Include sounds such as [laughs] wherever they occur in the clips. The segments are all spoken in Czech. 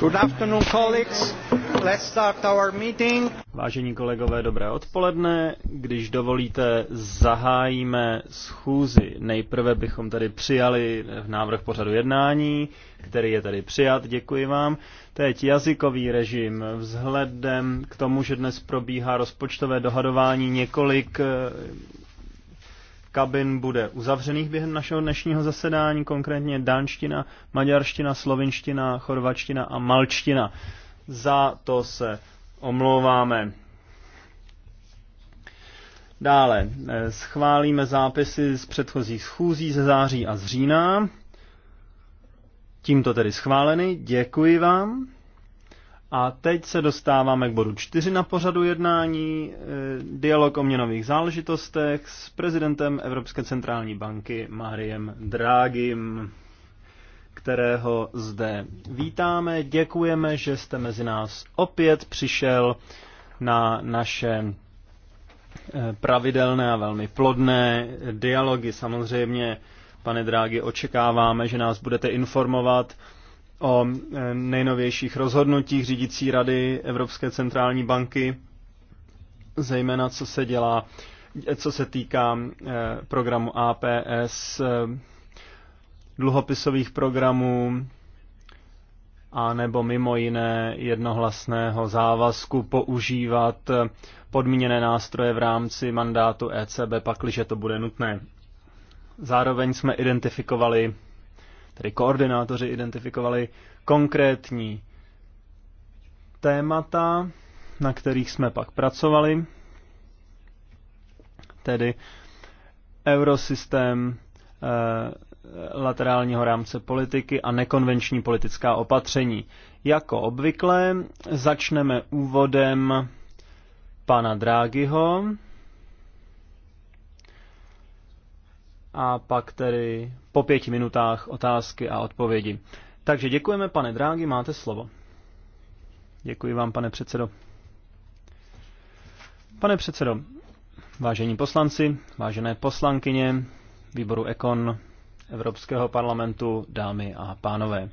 Good afternoon, colleagues. Let's start our meeting. Vážení kolegové, dobré odpoledne. Když dovolíte, zahájíme schůzi. Nejprve bychom tady přijali v návrh pořadu jednání, který je tady přijat, děkuji vám. Teď jazykový režim. Vzhledem k tomu, že dnes probíhá rozpočtové dohadování několik kabin bude uzavřených během našeho dnešního zasedání, konkrétně dánština, maďarština, slovinština, chorvačtina a malčtina. Za to se omlouváme. Dále eh, schválíme zápisy z předchozích schůzí ze září a z října. Tímto tedy schváleny. Děkuji vám. A teď se dostáváme k bodu 4 na pořadu jednání, eh, dialog o měnových záležitostech s prezidentem Evropské centrální banky Mariem Drágim, kterého zde vítáme. Děkujeme, že jste mezi nás opět přišel na naše eh, pravidelné a velmi plodné dialogy. Samozřejmě, pane Drági, očekáváme, že nás budete informovat o e, nejnovějších rozhodnutích řídící rady Evropské centrální banky, zejména co se dělá, e, co se týká e, programu APS, dluhopisových programů, a nebo mimo jiné jednohlasného závazku používat podmíněné nástroje v rámci mandátu ECB, pakliže to bude nutné. Zároveň jsme identifikovali tedy koordinátoři identifikovali konkrétní témata, na kterých jsme pak pracovali, tedy eurosystém e, laterálního rámce politiky a nekonvenční politická opatření. Jako obvykle začneme úvodem pana Drágyho, a pak tedy po pěti minutách otázky a odpovědi. Takže děkujeme, pane Drági, máte slovo. Děkuji vám, pane předsedo. Pane předsedo, vážení poslanci, vážené poslankyně výboru Ekon Evropského parlamentu, dámy a pánové.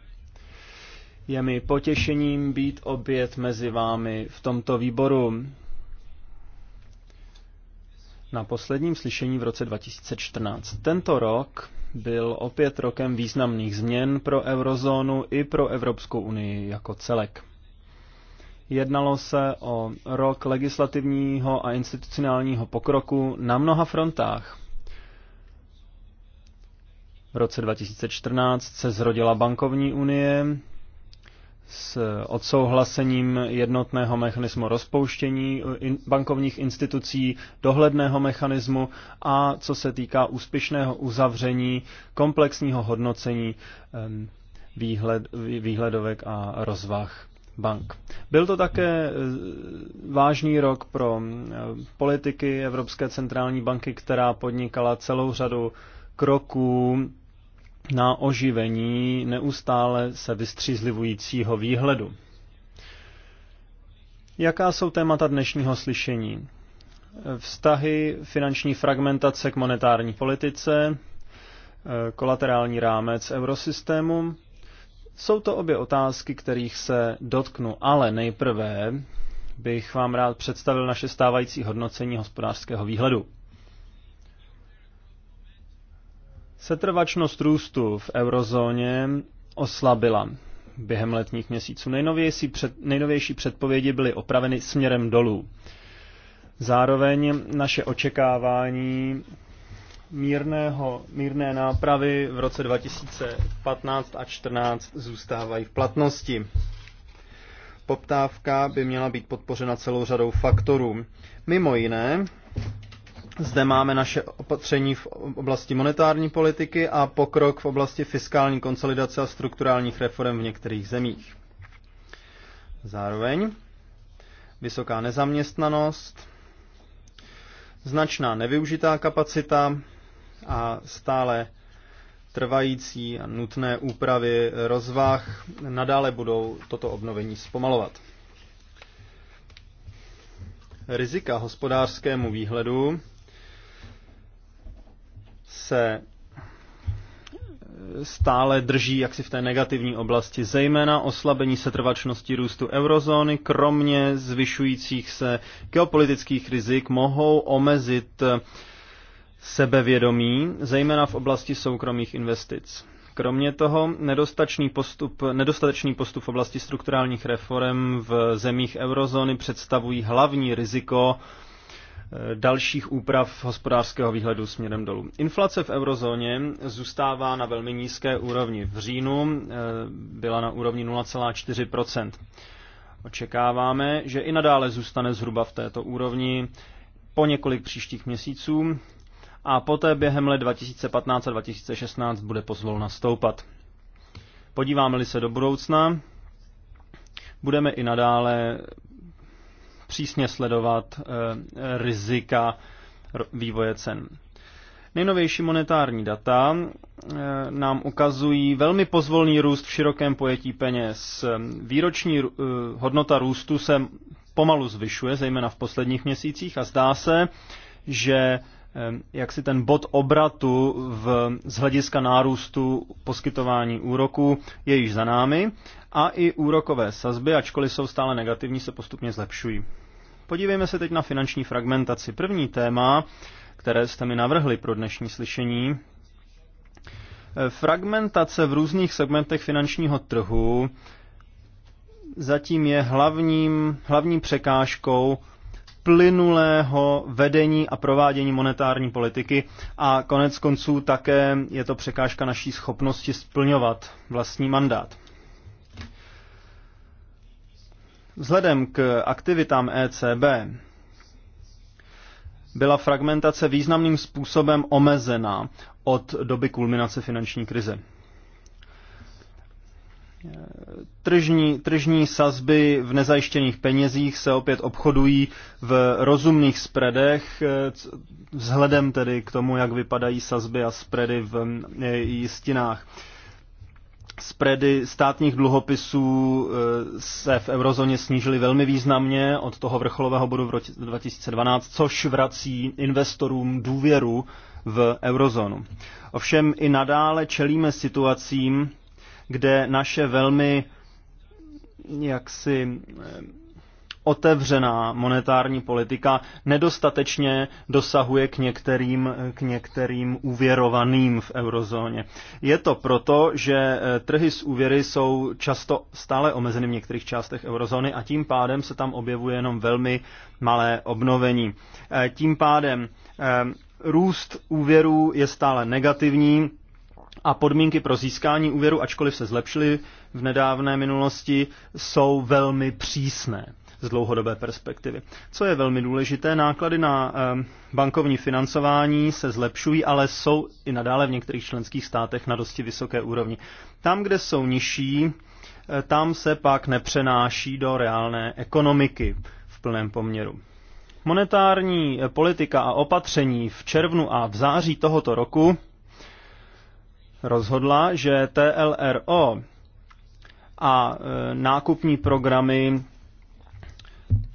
Je mi potěšením být opět mezi vámi v tomto výboru na posledním slyšení v roce 2014. Tento rok byl opět rokem významných změn pro eurozónu i pro Evropskou unii jako celek. Jednalo se o rok legislativního a institucionálního pokroku na mnoha frontách. V roce 2014 se zrodila bankovní unie, s odsouhlasením jednotného mechanismu rozpouštění bankovních institucí, dohledného mechanismu a co se týká úspěšného uzavření komplexního hodnocení výhled, výhledovek a rozvah bank. Byl to také e, vážný rok pro politiky Evropské centrální banky, která podnikala celou řadu kroků na oživení neustále se vystřízlivujícího výhledu. Jaká jsou témata dnešního slyšení? Vztahy finanční fragmentace k monetární politice, eh, kolaterální rámec eurosystému. Jsou to obě otázky, kterých se dotknu, ale nejprve bych vám rád představil naše stávající hodnocení hospodářského výhledu. Setrvačnost růstu v eurozóně oslabila během letních měsíců. Nejnovější, před, nejnovější předpovědi byly opraveny směrem dolů. Zároveň naše očekávání mírného, mírné nápravy v roce 2015 a 2014 zůstávají v platnosti. Poptávka by měla být podpořena celou řadou faktorů. Mimo jiné zde máme naše opatření v oblasti monetární politiky a pokrok v oblasti fiskální konsolidace a strukturálních reform v některých zemích. Zároveň vysoká nezaměstnanost, značná nevyužitá kapacita a stále trvající a nutné úpravy rozvah nadále budou toto obnovení zpomalovat. Rizika hospodářskému výhledu se stále drží jaksi v té negativní oblasti, zejména oslabení setrvačnosti růstu eurozóny, kromě zvyšujících se geopolitických rizik, mohou omezit sebevědomí, zejména v oblasti soukromých investic. Kromě toho nedostatečný postup, nedostatečný postup v oblasti strukturálních reform v zemích eurozóny představují hlavní riziko Eh, dalších úprav hospodářského výhledu směrem dolů. Inflace v eurozóně zůstává na velmi nízké úrovni. V říjnu eh, byla na úrovni 0,4 Očekáváme, že i nadále zůstane zhruba v této úrovni po několik příštích měsíců a poté během let 2015 a 2016 bude pozvolna stoupat. Podíváme-li se do budoucna, budeme i nadále přísně sledovat eh, rizika vývoje cen. Nejnovější monetární data eh, nám ukazují velmi pozvolný růst v širokém pojetí peněz. Výroční eh, hodnota růstu se pomalu zvyšuje, zejména v posledních měsících, a zdá se, že jak si ten bod obratu v, z hlediska nárůstu poskytování úroku je již za námi a i úrokové sazby, ačkoliv jsou stále negativní, se postupně zlepšují. Podívejme se teď na finanční fragmentaci. První téma, které jste mi navrhli pro dnešní slyšení, Fragmentace v různých segmentech finančního trhu zatím je hlavním, hlavní překážkou plynulého vedení a provádění monetární politiky a konec konců také je to překážka naší schopnosti splňovat vlastní mandát. Vzhledem k aktivitám ECB byla fragmentace významným způsobem omezená od doby kulminace finanční krize. Tržní, tržní sazby v nezajištěných penězích se opět obchodují v rozumných spredech, eh, vzhledem tedy k tomu, jak vypadají sazby a spredy v eh, jistinách. Spready státních dluhopisů eh, se v eurozóně snížily velmi významně od toho vrcholového bodu v roce 2012, což vrací investorům důvěru v eurozónu. Ovšem i nadále čelíme situacím, kde naše velmi jaksi eh, otevřená monetární politika nedostatečně dosahuje k některým, k některým uvěrovaným v eurozóně. Je to proto, že e, trhy s úvěry jsou často stále omezeny v některých částech eurozóny a tím pádem se tam objevuje jenom velmi malé obnovení. E, tím pádem e, růst úvěrů je stále negativní, a podmínky pro získání úvěru, ačkoliv se zlepšily v nedávné minulosti, jsou velmi přísné z dlouhodobé perspektivy. Co je velmi důležité, náklady na ehm, bankovní financování se zlepšují, ale jsou i nadále v některých členských státech na dosti vysoké úrovni. Tam, kde jsou nižší, eh, tam se pak nepřenáší do reálné ekonomiky v plném poměru. Monetární eh, politika a opatření v červnu a v září tohoto roku rozhodla, že TLRO a eh, nákupní programy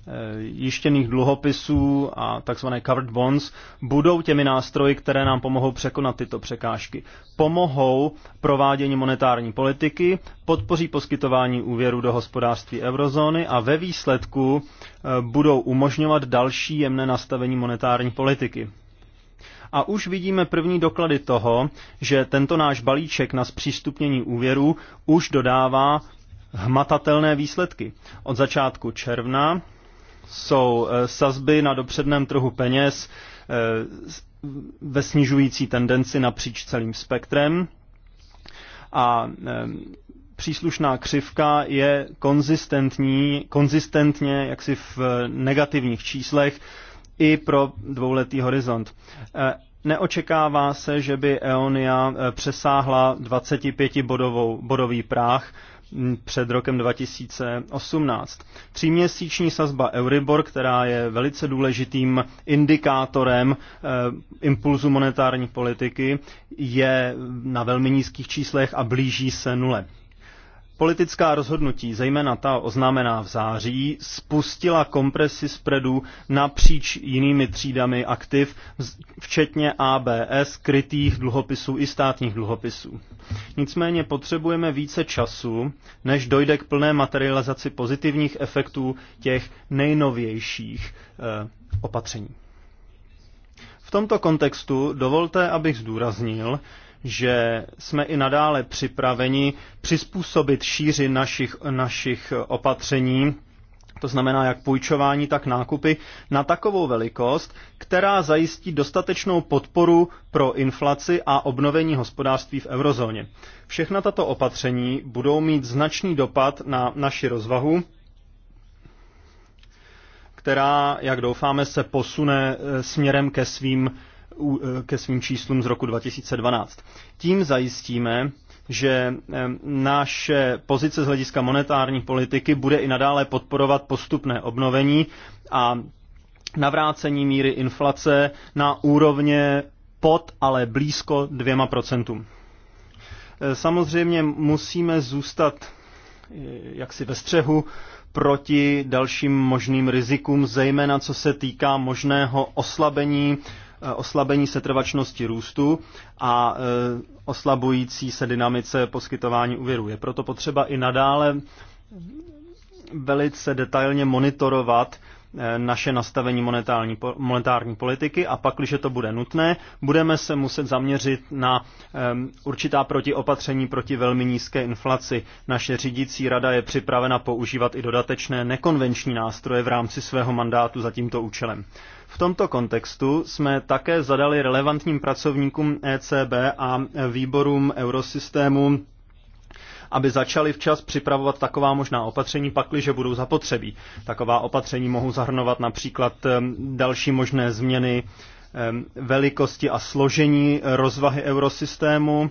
Eh, jištěných dluhopisů a takzvané covered bonds budou těmi nástroji, které nám pomohou překonat tyto překážky. Pomohou provádění monetární politiky, podpoří poskytování úvěru do hospodářství eurozóny a ve výsledku eh, budou umožňovat další jemné nastavení monetární politiky. A už vidíme první doklady toho, že tento náš balíček na zpřístupnění úvěru už dodává hmatatelné výsledky. Od začátku června jsou eh, sazby na dopředném trhu peněz eh, ve snižující tendenci napříč celým spektrem a eh, příslušná křivka je konzistentní, konzistentně jaksi v negativních číslech i pro dvouletý horizont. Neočekává se, že by Eonia přesáhla 25 bodový práh před rokem 2018. Tříměsíční sazba Euribor, která je velice důležitým indikátorem e, impulzu monetární politiky, je na velmi nízkých číslech a blíží se nule. Politická rozhodnutí, zejména ta oznámená v září, spustila kompresi spreadů napříč jinými třídami aktiv, včetně ABS, krytých dluhopisů i státních dluhopisů. Nicméně potřebujeme více času, než dojde k plné materializaci pozitivních efektů těch nejnovějších eh, opatření. V tomto kontextu dovolte, abych zdůraznil, že jsme i nadále připraveni přizpůsobit šíři našich, našich opatření, to znamená jak půjčování, tak nákupy, na takovou velikost, která zajistí dostatečnou podporu pro inflaci a obnovení hospodářství v eurozóně. Všechna tato opatření budou mít značný dopad na naši rozvahu, která, jak doufáme, se posune eh, směrem ke svým E, ke svým číslům z roku 2012. Tím zajistíme, že e, naše pozice z hlediska monetární politiky bude i nadále podporovat postupné obnovení a navrácení míry inflace na úrovně pod, ale blízko dvěma procentům. E, samozřejmě musíme zůstat jaksi ve střehu proti dalším možným rizikům, zejména co se týká možného oslabení Eh, oslabení setrvačnosti růstu a eh, oslabující se dynamice poskytování úvěru. Je proto potřeba i nadále velice detailně monitorovat eh, naše nastavení monetární, monetární politiky a pak, když to bude nutné, budeme se muset zaměřit na um, určitá protiopatření proti velmi nízké inflaci. Naše řídící rada je připravena používat i dodatečné nekonvenční nástroje v rámci svého mandátu za tímto účelem. V tomto kontextu jsme také zadali relevantním pracovníkům ECB a výborům eurosystému aby začali včas připravovat taková možná opatření, pakliže budou zapotřebí. Taková opatření mohou zahrnovat například ehm, další možné změny ehm, velikosti a složení rozvahy eurosystému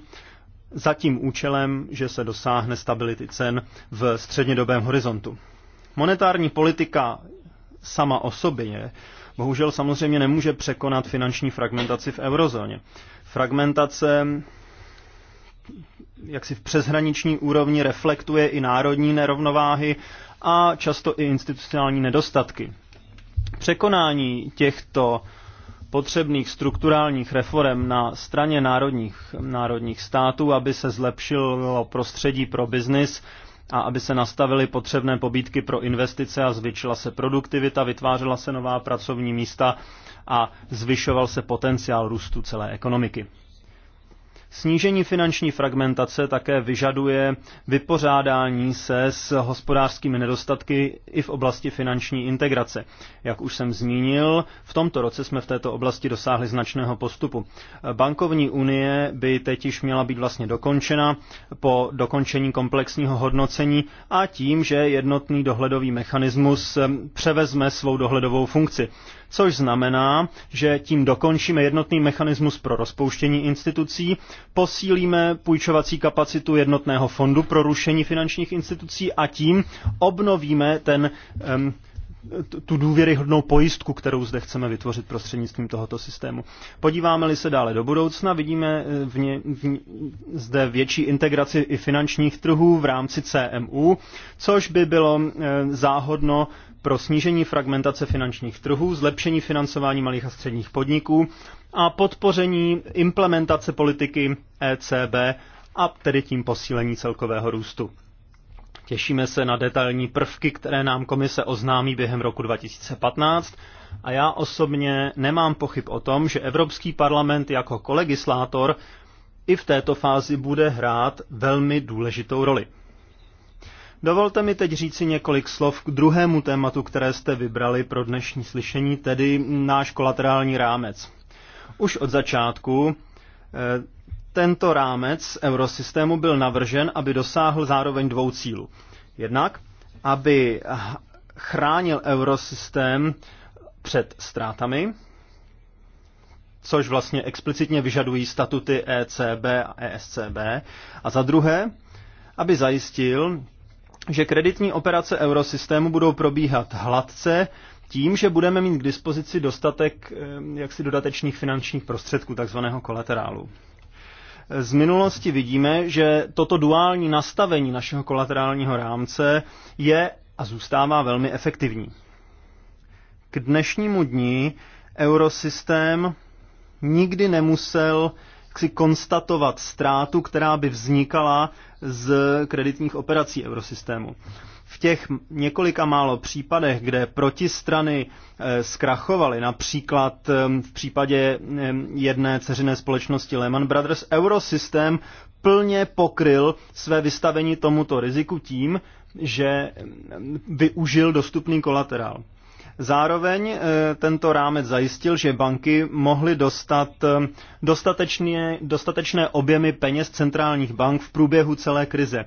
za tím účelem, že se dosáhne stability cen v střednědobém horizontu. Monetární politika sama o sobě bohužel samozřejmě nemůže překonat finanční fragmentaci v eurozóně. Fragmentace jak si v přeshraniční úrovni reflektuje i národní nerovnováhy a často i institucionální nedostatky. Překonání těchto potřebných strukturálních reform na straně národních, národních států, aby se zlepšilo prostředí pro biznis, a aby se nastavily potřebné pobídky pro investice a zvětšila se produktivita, vytvářela se nová pracovní místa a zvyšoval se potenciál růstu celé ekonomiky. Snížení finanční fragmentace také vyžaduje vypořádání se s hospodářskými nedostatky i v oblasti finanční integrace. Jak už jsem zmínil, v tomto roce jsme v této oblasti dosáhli značného postupu. Bankovní unie by teď již měla být vlastně dokončena po dokončení komplexního hodnocení a tím, že jednotný dohledový mechanismus převezme svou dohledovou funkci což znamená, že tím dokončíme jednotný mechanismus pro rozpouštění institucí, posílíme půjčovací kapacitu jednotného fondu pro rušení finančních institucí a tím obnovíme ten um, tu důvěryhodnou pojistku, kterou zde chceme vytvořit prostřednictvím tohoto systému. Podíváme-li se dále do budoucna, vidíme eh, v ně, v ně, zde větší integraci i finančních trhů v rámci CMU, což by bylo eh, záhodno pro snížení fragmentace finančních trhů, zlepšení financování malých a středních podniků a podpoření implementace politiky ECB a tedy tím posílení celkového růstu. Těšíme se na detailní prvky, které nám komise oznámí během roku 2015 a já osobně nemám pochyb o tom, že Evropský parlament jako kolegislátor i v této fázi bude hrát velmi důležitou roli. Dovolte mi teď říci několik slov k druhému tématu, které jste vybrali pro dnešní slyšení, tedy náš kolaterální rámec. Už od začátku eh, tento rámec eurosystému byl navržen, aby dosáhl zároveň dvou cílů. Jednak, aby chránil eurosystém před ztrátami, což vlastně explicitně vyžadují statuty ECB a ESCB, a za druhé, aby zajistil, že kreditní operace eurosystému budou probíhat hladce, tím, že budeme mít k dispozici dostatek eh, jaksi dodatečných finančních prostředků, takzvaného kolaterálu. Z minulosti vidíme, že toto duální nastavení našeho kolaterálního rámce je a zůstává velmi efektivní. K dnešnímu dni eurosystém nikdy nemusel si konstatovat ztrátu, která by vznikala z kreditních operací eurosystému. V těch několika málo případech, kde protistrany eh, zkrachovaly, například ehm, v případě ehm, jedné ceřiné společnosti Lehman Brothers, eurosystém plně pokryl své vystavení tomuto riziku tím, že ehm, využil dostupný kolaterál. Zároveň eh, tento rámec zajistil, že banky mohly dostat eh, dostatečné, dostatečné objemy peněz centrálních bank v průběhu celé krize,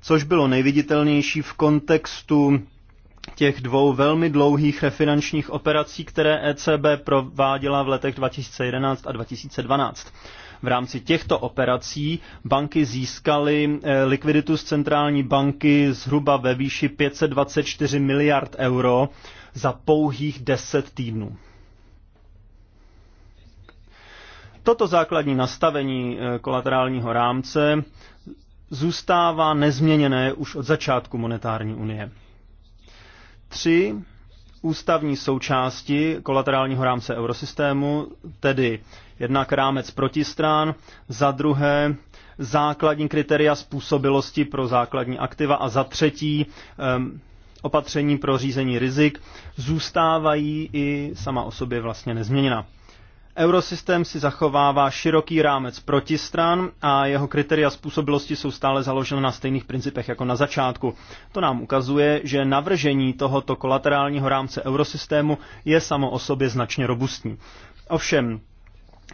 což bylo nejviditelnější v kontextu těch dvou velmi dlouhých refinančních operací, které ECB prováděla v letech 2011 a 2012. V rámci těchto operací banky získaly eh, likviditu z centrální banky zhruba ve výši 524 miliard euro, za pouhých deset týdnů. Toto základní nastavení eh, kolaterálního rámce zůstává nezměněné už od začátku monetární unie. Tři ústavní součásti kolaterálního rámce eurosystému, tedy jednak rámec protistrán, za druhé základní kritéria způsobilosti pro základní aktiva a za třetí ehm, opatření pro řízení rizik zůstávají i sama o sobě vlastně nezměněna. Eurosystém si zachovává široký rámec protistran a jeho kritéria způsobilosti jsou stále založena na stejných principech jako na začátku. To nám ukazuje, že navržení tohoto kolaterálního rámce eurosystému je samo o sobě značně robustní. Ovšem,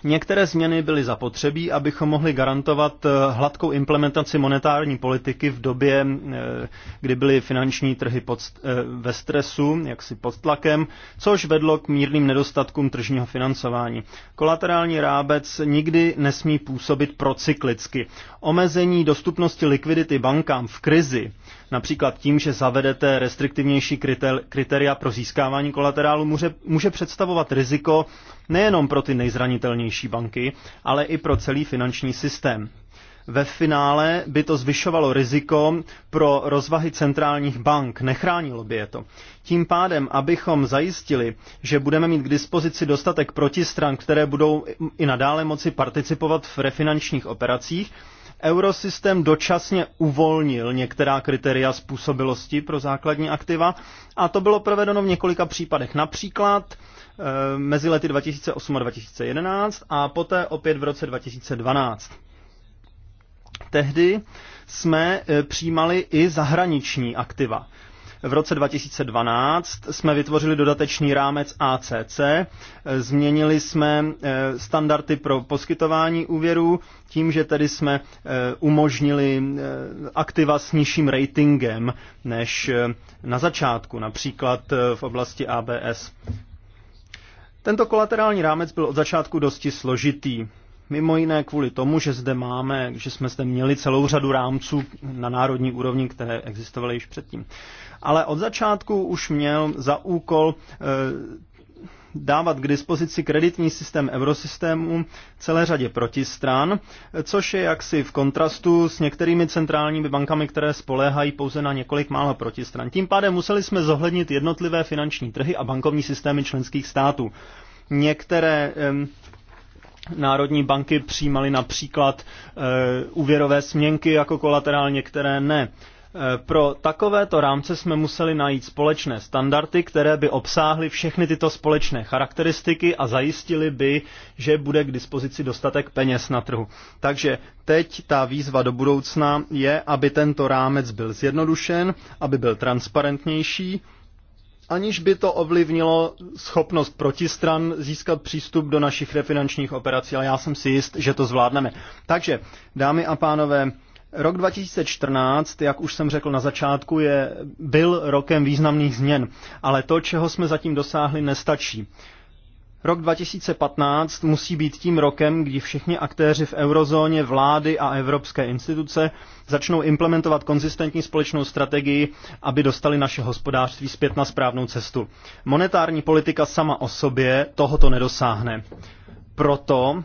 Některé změny byly zapotřebí, abychom mohli garantovat eh, hladkou implementaci monetární politiky v době, eh, kdy byly finanční trhy pod, eh, ve stresu, jaksi pod tlakem, což vedlo k mírným nedostatkům tržního financování. Kolaterální rábec nikdy nesmí působit procyklicky. Omezení dostupnosti likvidity bankám v krizi například tím, že zavedete restriktivnější kritéria pro získávání kolaterálu, může, může představovat riziko nejenom pro ty nejzranitelnější banky, ale i pro celý finanční systém. Ve finále by to zvyšovalo riziko pro rozvahy centrálních bank, nechránilo by je to. Tím pádem, abychom zajistili, že budeme mít k dispozici dostatek protistran, které budou i nadále moci participovat v refinančních operacích, Eurosystem dočasně uvolnil některá kritéria způsobilosti pro základní aktiva a to bylo provedeno v několika případech. Například eh, mezi lety 2008 a 2011 a poté opět v roce 2012. Tehdy jsme eh, přijímali i zahraniční aktiva. V roce 2012 jsme vytvořili dodatečný rámec ACC, změnili jsme eh, standardy pro poskytování úvěrů tím, že tedy jsme eh, umožnili eh, aktiva s nižším ratingem než na začátku, například v oblasti ABS. Tento kolaterální rámec byl od začátku dosti složitý. Mimo jiné kvůli tomu, že zde máme, že jsme zde měli celou řadu rámců na národní úrovni, které existovaly již předtím. Ale od začátku už měl za úkol eh, dávat k dispozici kreditní systém eurosystému celé řadě protistran, což je jaksi v kontrastu s některými centrálními bankami, které spoléhají pouze na několik málo protistran. Tím pádem museli jsme zohlednit jednotlivé finanční trhy a bankovní systémy členských států. Některé národní banky přijímaly například e, úvěrové směnky jako kolaterál, některé ne. E, pro takovéto rámce jsme museli najít společné standardy, které by obsáhly všechny tyto společné charakteristiky a zajistili by, že bude k dispozici dostatek peněz na trhu. Takže teď ta výzva do budoucna je, aby tento rámec byl zjednodušen, aby byl transparentnější aniž by to ovlivnilo schopnost protistran získat přístup do našich refinančních operací, ale já jsem si jist, že to zvládneme. Takže, dámy a pánové, Rok 2014, jak už jsem řekl na začátku, je, byl rokem významných změn, ale to, čeho jsme zatím dosáhli, nestačí. Rok 2015 musí být tím rokem, kdy všichni aktéři v eurozóně, vlády a evropské instituce začnou implementovat konzistentní společnou strategii, aby dostali naše hospodářství zpět na správnou cestu. Monetární politika sama o sobě tohoto nedosáhne. Proto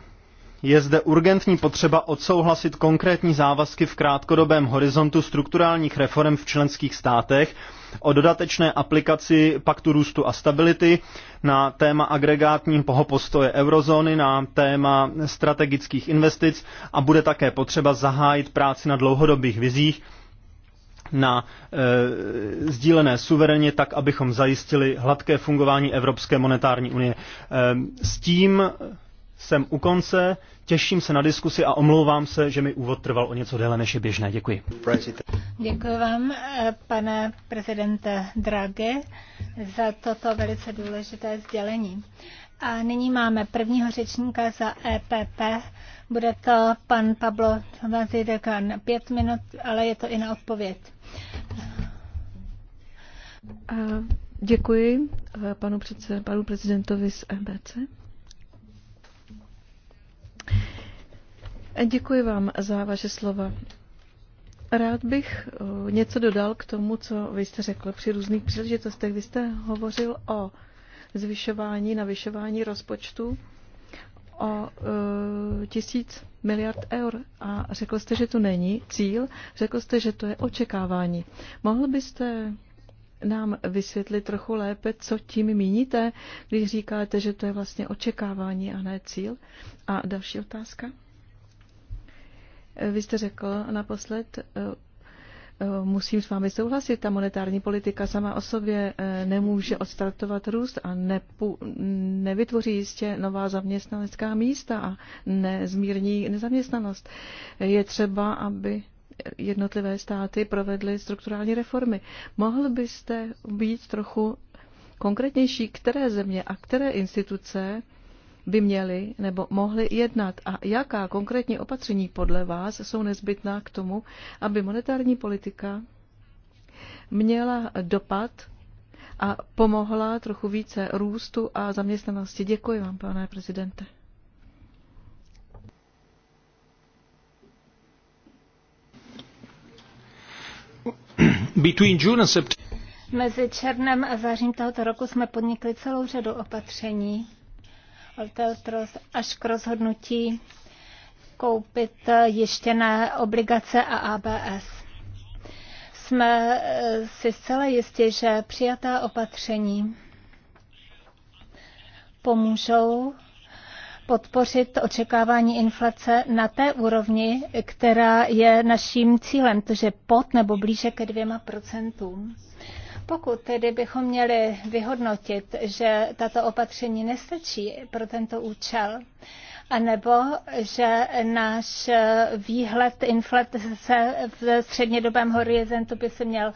je zde urgentní potřeba odsouhlasit konkrétní závazky v krátkodobém horizontu strukturálních reform v členských státech, o dodatečné aplikaci paktu růstu a stability, na téma agregátního postoje eurozóny, na téma strategických investic a bude také potřeba zahájit práci na dlouhodobých vizích, na e, sdílené suvereně, tak abychom zajistili hladké fungování Evropské monetární unie. E, s tím jsem u konce, těším se na diskusi a omlouvám se, že mi úvod trval o něco déle než je běžné. Děkuji. Děkuji vám, eh, pane prezidente Drage, za toto velice důležité sdělení. A nyní máme prvního řečníka za EPP. Bude to pan Pablo Vazidekan. Pět minut, ale je to i na odpověď. Eh, děkuji eh, panu, předse, panu prezidentovi z MBC. E Děkuji vám za vaše slova. Rád bych eh, něco dodal k tomu, co vy jste řekl při různých příležitostech. Vy jste hovořil o zvyšování, navyšování rozpočtu o e, tisíc miliard eur a řekl jste, že to není cíl, řekl jste, že to je očekávání. Mohl byste nám vysvětlit trochu lépe, co tím míníte, když říkáte, že to je vlastně očekávání a ne cíl? A další otázka? Vy jste řekl naposled, eh, eh, musím s vámi souhlasit, ta monetární politika sama o sobě eh, nemůže odstartovat růst a nepu, nevytvoří jistě nová zaměstnanecká místa a nezmírní nezaměstnanost. Je třeba, aby jednotlivé státy provedly strukturální reformy. Mohl byste být trochu konkrétnější, které země a které instituce by měli nebo mohli jednat a jaká konkrétní opatření podle vás jsou nezbytná k tomu, aby monetární politika měla dopad a pomohla trochu více růstu a zaměstnanosti. Děkuji vám, pane prezidente. Mezi černem a zářím tohoto roku jsme podnikli celou řadu opatření, Alteltros až k rozhodnutí koupit jištěné obligace a ABS. Jsme eh, si zcela jistí, že přijatá opatření pomůžou podpořit očekávání inflace na té úrovni, která je naším cílem, to pod nebo blíže ke dvěma procentům. Pokud tedy bychom měli vyhodnotit, že tato opatření nestačí pro tento účel, anebo že náš výhled inflace v střednědobém horizontu by se měl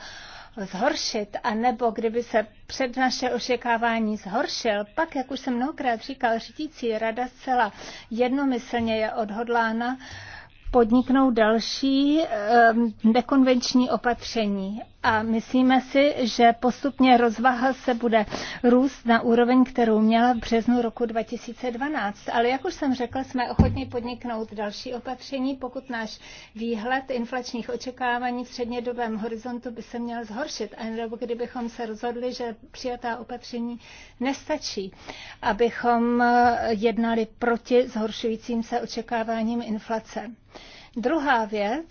zhoršit, anebo kdyby se před naše očekávání zhoršil, pak, jak už jsem mnohokrát říkal, řídící rada zcela jednomyslně je odhodlána podniknout další ehm, nekonvenční opatření a myslíme si, že postupně rozvaha se bude růst na úroveň, kterou měla v březnu roku 2012. Ale jak už jsem řekla, jsme ochotni podniknout další opatření, pokud náš výhled inflačních očekávání v střednědobém horizontu by se měl zhoršit, nebo kdybychom se rozhodli, že přijatá opatření nestačí, abychom eh, jednali proti zhoršujícím se očekáváním inflace. Druhá věc,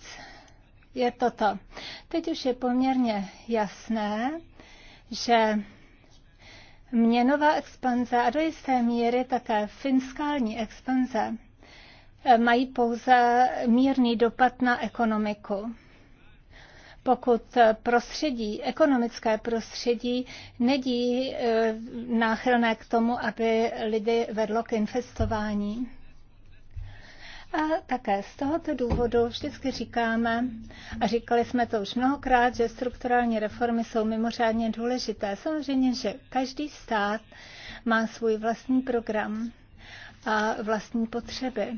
je toto. Teď už je poměrně jasné, že měnová expanze a do jisté míry také fiskální expanze eh, mají pouze mírný dopad na ekonomiku. Pokud eh, prostředí, ekonomické prostředí nedí eh, náchylné k tomu, aby lidi vedlo k investování. A také z tohoto důvodu vždycky říkáme, a říkali jsme to už mnohokrát, že strukturální reformy jsou mimořádně důležité. Samozřejmě, že každý stát má svůj vlastní program a vlastní potřeby.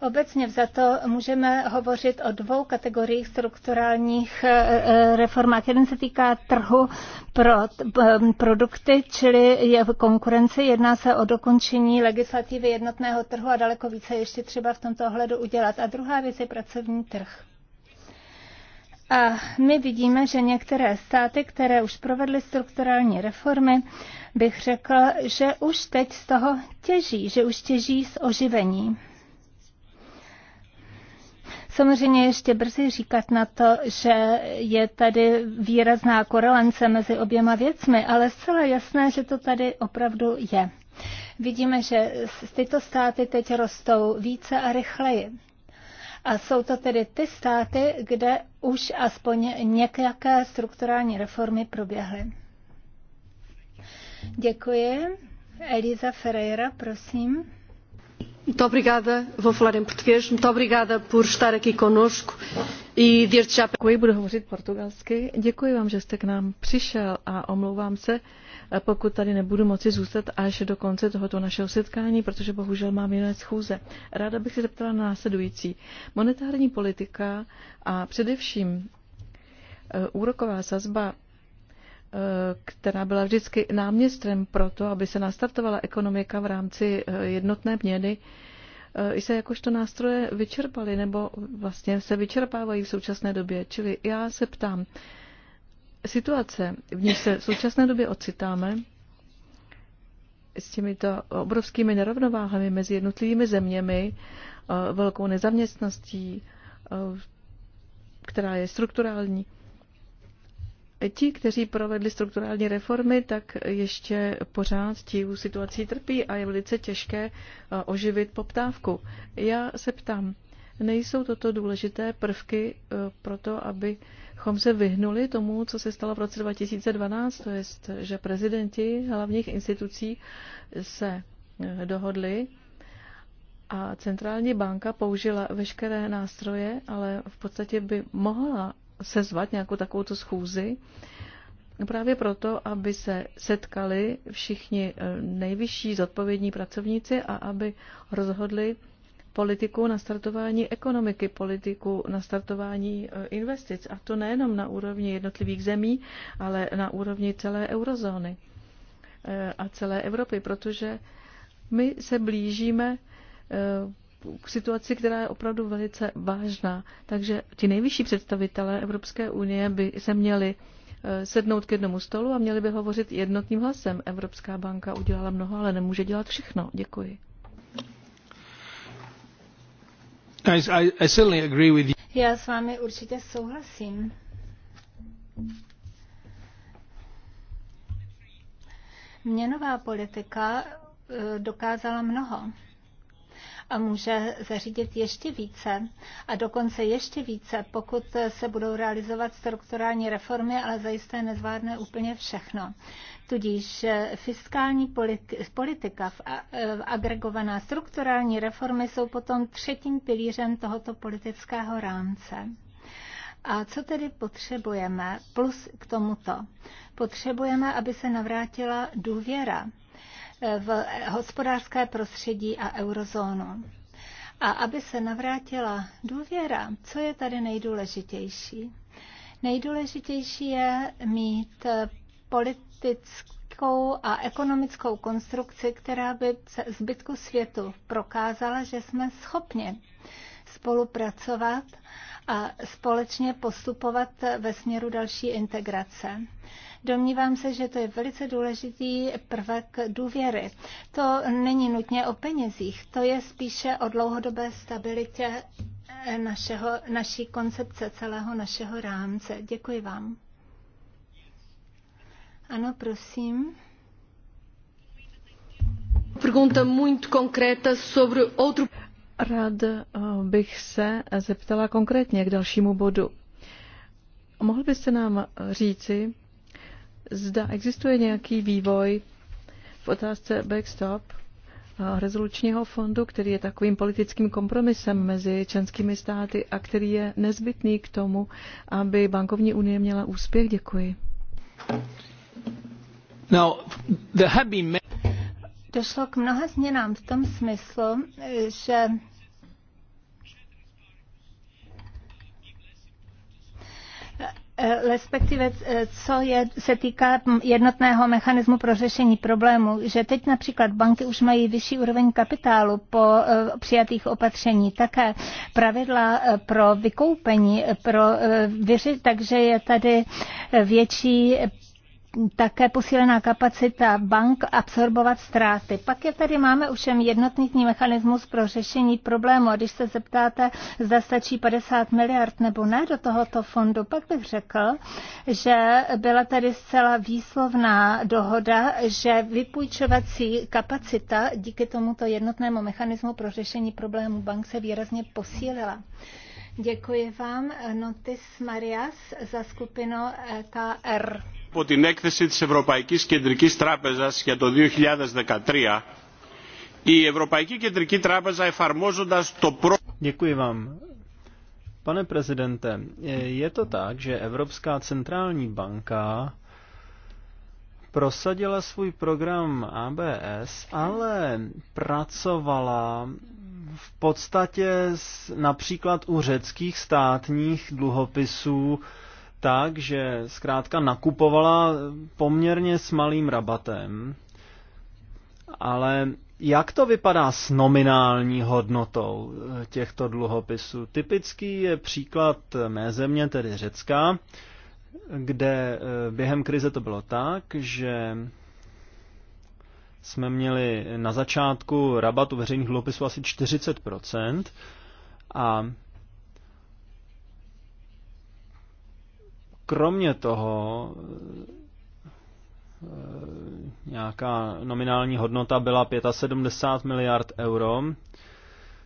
Obecně to můžeme hovořit o dvou kategoriích strukturálních eh, eh, reformách. Jeden se týká trhu pro eh, produkty, čili je v konkurenci. Jedná se o dokončení legislativy jednotného trhu a daleko více ještě třeba v tomto ohledu udělat. A druhá věc je pracovní trh. A my vidíme, že některé státy, které už provedly strukturální reformy, bych řekl, že už teď z toho těží, že už těží z oživení. Samozřejmě ještě brzy říkat na to, že je tady výrazná korelence mezi oběma věcmi, ale zcela jasné, že to tady opravdu je. Vidíme, že tyto státy teď rostou více a rychleji. A jsou to tedy ty státy, kde už aspoň nějaké strukturální reformy proběhly. Děkuji. Eliza Ferreira, prosím. Muito obrigada, vou falar em português. Muito obrigada por estar aqui conosco i e desde já... Děkuji, budu hovořit portugalsky. Děkuji vám, že jste k nám přišel a omlouvám se, pokud tady nebudu moci zůstat až do konce tohoto našeho setkání, protože bohužel mám jiné schůze. Ráda bych se zeptala na následující. Monetární politika a především eh, úroková sazba Eh, která byla vždycky náměstrem pro to, aby se nastartovala ekonomika v rámci eh, jednotné měny, eh, se jakožto nástroje vyčerpaly nebo vlastně se vyčerpávají v současné době. Čili já se ptám, situace, v níž se v současné době ocitáme, s těmito obrovskými nerovnováhami mezi jednotlivými zeměmi, velkou nezaměstností, která je strukturální, Ti, kteří provedli strukturální reformy, tak ještě pořád tíhu situací trpí a je velice těžké eh, oživit poptávku. Já se ptám, nejsou toto důležité prvky eh, pro to, abychom se vyhnuli tomu, co se stalo v roce 2012, to jest, že prezidenti hlavních institucí se eh, dohodli a centrální banka použila veškeré nástroje, ale v podstatě by mohla sezvat nějakou takovou schůzi, právě proto, aby se setkali všichni eh, nejvyšší zodpovědní pracovníci a aby rozhodli politiku na startování ekonomiky, politiku na startování eh, investic. A to nejenom na úrovni jednotlivých zemí, ale na úrovni celé eurozóny eh, a celé Evropy, protože my se blížíme k situaci, která je opravdu velice vážná. Takže ti nejvyšší představitelé Evropské unie by se měli eh, sednout k jednomu stolu a měli by hovořit jednotným hlasem. Evropská banka udělala mnoho, ale nemůže dělat všechno. Děkuji. Já s vámi určitě souhlasím. Měnová politika eh, dokázala mnoho a může zařídit ještě více a dokonce ještě více, pokud se budou realizovat strukturální reformy, ale zajisté nezvládne úplně všechno. Tudíž eh, fiskální politika eh, v agregovaná strukturální reformy jsou potom třetím pilířem tohoto politického rámce. A co tedy potřebujeme plus k tomuto? Potřebujeme, aby se navrátila důvěra v hospodářské prostředí a eurozónu. A aby se navrátila důvěra, co je tady nejdůležitější? Nejdůležitější je mít politickou a ekonomickou konstrukci, která by zbytku světu prokázala, že jsme schopni spolupracovat a společně postupovat ve směru další integrace. Domnívám se, že to je velice důležitý prvek důvěry. To není nutně o penězích, to je spíše o dlouhodobé stabilitě našeho, naší koncepce, celého našeho rámce. Děkuji vám. Ano, prosím. Pergunta muito concreta sobre outro... Rád eh, bych se zeptala konkrétně k dalšímu bodu. Mohl byste nám eh, říci, zda existuje nějaký vývoj v otázce backstop rezolučního fondu, který je takovým politickým kompromisem mezi členskými státy a který je nezbytný k tomu, aby bankovní unie měla úspěch. Děkuji. Now, there have been... Došlo k mnoha změnám v tom smyslu, že Eh, respektive eh, co je, se týká jednotného mechanismu pro řešení problému, že teď například banky už mají vyšší úroveň kapitálu po eh, přijatých opatření, také pravidla pro vykoupení, pro vyřešení, takže je tady větší také posílená kapacita bank absorbovat ztráty. Pak je tady máme ovšem jednotný mechanismus pro řešení problému. A když se zeptáte, zda stačí 50 miliard nebo ne do tohoto fondu, pak bych řekl, že byla tady zcela výslovná dohoda, že vypůjčovací kapacita díky tomuto jednotnému mechanismu pro řešení problému bank se výrazně posílila. Děkuji vám, Notis Marias, za skupinu e KR από την έκθεση της Ευρωπαϊκής Κεντρικής Τράπεζας για το 2013 η Ευρωπαϊκή Κεντρική Τράπεζα εφαρμόζοντας το προ... Pane prezidente, je to tak, že Evropská centrální banka prosadila svůj program ABS, ale pracovala v podstatě například u řeckých státních dluhopisů tak, že zkrátka nakupovala poměrně s malým rabatem, ale jak to vypadá s nominální hodnotou eh, těchto dluhopisů? Typický je příklad mé země, tedy Řecka, kde eh, během krize to bylo tak, že jsme měli na začátku rabatu veřejných dluhopisů asi 40% a Kromě toho eh, nějaká nominální hodnota byla 75 miliard euro,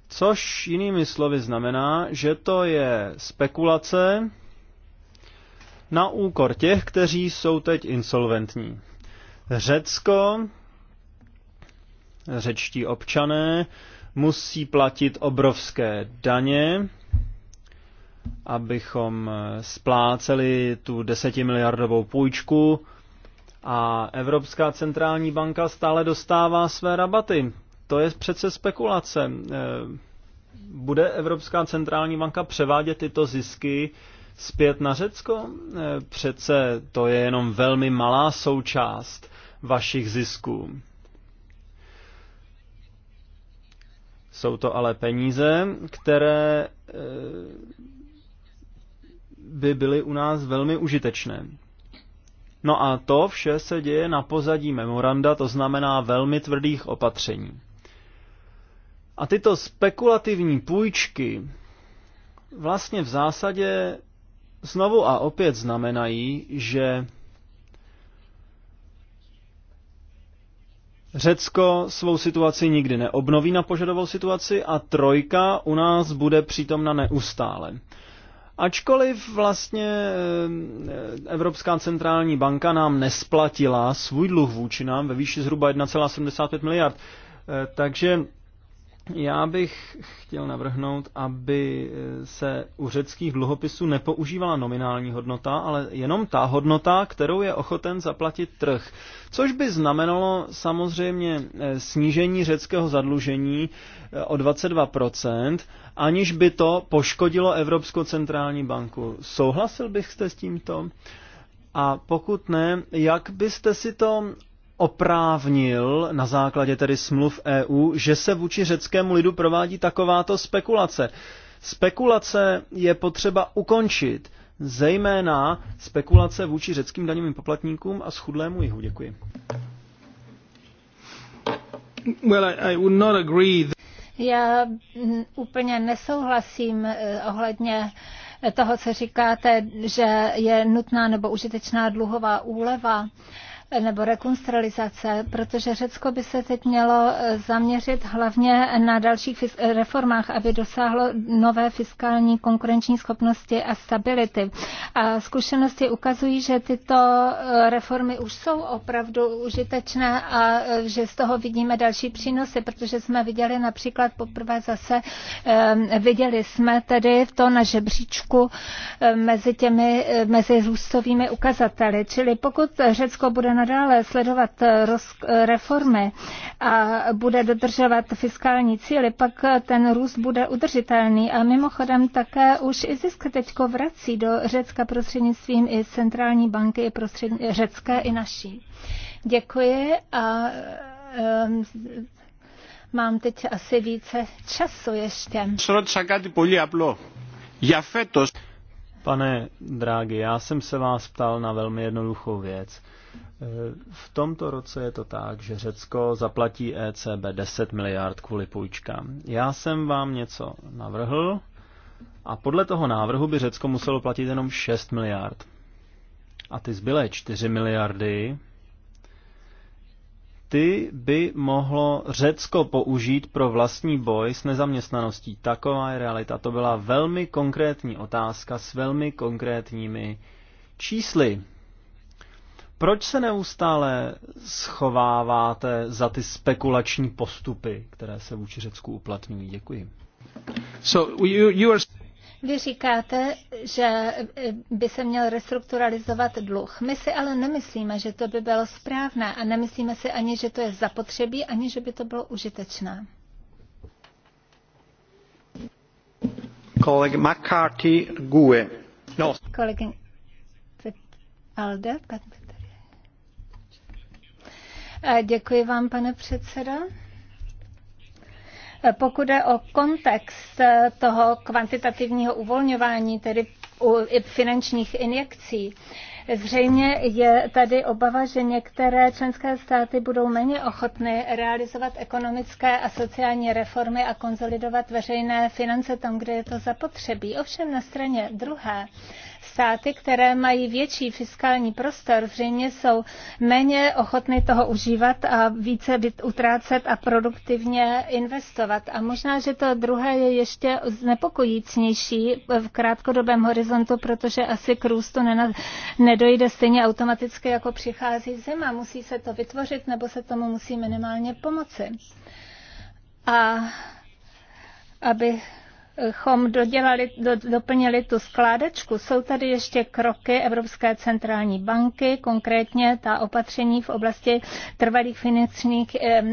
což jinými slovy znamená, že to je spekulace na úkor těch, kteří jsou teď insolventní. Řecko, řečtí občané, musí platit obrovské daně, abychom eh, spláceli tu desetimiliardovou půjčku a Evropská centrální banka stále dostává své rabaty. To je přece spekulace. Eh, bude Evropská centrální banka převádět tyto zisky zpět na Řecko? Eh, přece to je jenom velmi malá součást vašich zisků. Jsou to ale peníze, které by byly u nás velmi užitečné. No a to vše se děje na pozadí memoranda, to znamená velmi tvrdých opatření. A tyto spekulativní půjčky vlastně v zásadě znovu a opět znamenají, že Řecko svou situaci nikdy neobnoví na požadovou situaci a trojka u nás bude přítomna neustále. Ačkoliv vlastně eh, Evropská centrální banka nám nesplatila svůj dluh vůči nám ve výši zhruba 1,75 miliard, eh, takže já bych chtěl navrhnout, aby eh, se u řeckých dluhopisů nepoužívala nominální hodnota, ale jenom ta hodnota, kterou je ochoten zaplatit trh. Což by znamenalo samozřejmě eh, snížení řeckého zadlužení eh, o 22%, aniž by to poškodilo Evropskou centrální banku. Souhlasil byste s tímto? A pokud ne, jak byste si to oprávnil na základě tedy smluv EU, že se vůči řeckému lidu provádí takováto spekulace. Spekulace je potřeba ukončit, zejména spekulace vůči řeckým daňovým poplatníkům a schudlému jihu. Děkuji. Well, I, I would not agree that... Já mm, úplně nesouhlasím eh, ohledně toho, co říkáte, že je nutná nebo užitečná dluhová úleva nebo rekonstralizace, protože Řecko by se teď mělo eh, zaměřit hlavně na dalších reformách, aby dosáhlo nové fiskální konkurenční schopnosti a stability. A zkušenosti ukazují, že tyto eh, reformy už jsou opravdu užitečné a eh, že z toho vidíme další přínosy, protože jsme viděli například poprvé zase, viděli jsme tedy to na žebříčku mezi těmi, mezi růstovými ukazateli. Čili pokud Řecko bude na nadále sledovat eh, eh, reformy a bude dodržovat fiskální cíly, pak eh, ten růst bude udržitelný. A mimochodem také už i zisk teďko vrací do Řecka prostřednictvím i centrální banky, i prostřed... řecké, i naší. Děkuji a um, mám teď asi více času ještě. Pane Drágy, já jsem se vás ptal na velmi jednoduchou věc. V tomto roce je to tak, že Řecko zaplatí ECB 10 miliard kvůli půjčkám. Já jsem vám něco navrhl a podle toho návrhu by Řecko muselo platit jenom 6 miliard. A ty zbylé 4 miliardy, ty by mohlo Řecko použít pro vlastní boj s nezaměstnaností. Taková je realita. To byla velmi konkrétní otázka s velmi konkrétními čísly. Proč se neustále schováváte za ty spekulační postupy, které se vůči Řecku uplatňují? Děkuji. So you, you are... Vy říkáte, že by se měl restrukturalizovat dluh. My si ale nemyslíme, že to by bylo správné a nemyslíme si ani, že to je zapotřebí, ani že by to bylo užitečné. Kolega McCarthy, GUE. No. Kolegin Alde, Děkuji vám, pane předsedo. Pokud je o kontext eh, toho kvantitativního uvolňování, tedy finančních injekcí, Zřejmě je tady obava, že některé členské státy budou méně ochotny realizovat ekonomické a sociální reformy a konsolidovat veřejné finance tam, kde je to zapotřebí. Ovšem na straně druhé státy, které mají větší fiskální prostor, zřejmě jsou méně ochotny toho užívat a více utrácet a produktivně investovat. A možná, že to druhé je ještě znepokojícnější v krátkodobém horizontu, protože asi k růstu nedojde stejně automaticky, jako přichází zima. Musí se to vytvořit nebo se tomu musí minimálně pomoci. A aby chom dodělali, do, doplnili tu skládečku. Jsou tady ještě kroky Evropské centrální banky, konkrétně ta opatření v oblasti trvalých finančních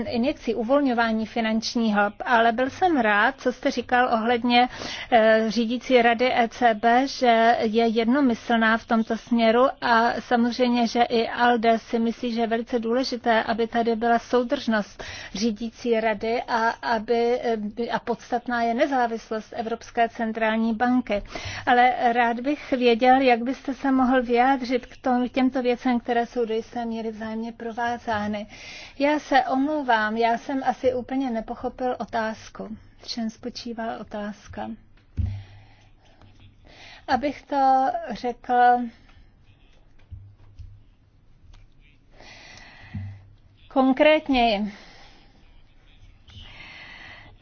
injekcí, uvolňování finančního. Ale byl jsem rád, co jste říkal ohledně eh, řídící rady ECB, že je jednomyslná v tomto směru a samozřejmě, že i ALDE si myslí, že je velice důležité, aby tady byla soudržnost řídící rady a, aby, eh, a podstatná je nezávislost činnost Evropské centrální banky. Ale rád bych věděl, jak byste se mohl vyjádřit k těmto věcem, které jsou do jisté míry vzájemně provázány. Já se omlouvám, já jsem asi úplně nepochopil otázku. V čem spočívá otázka? Abych to řekl konkrétněji.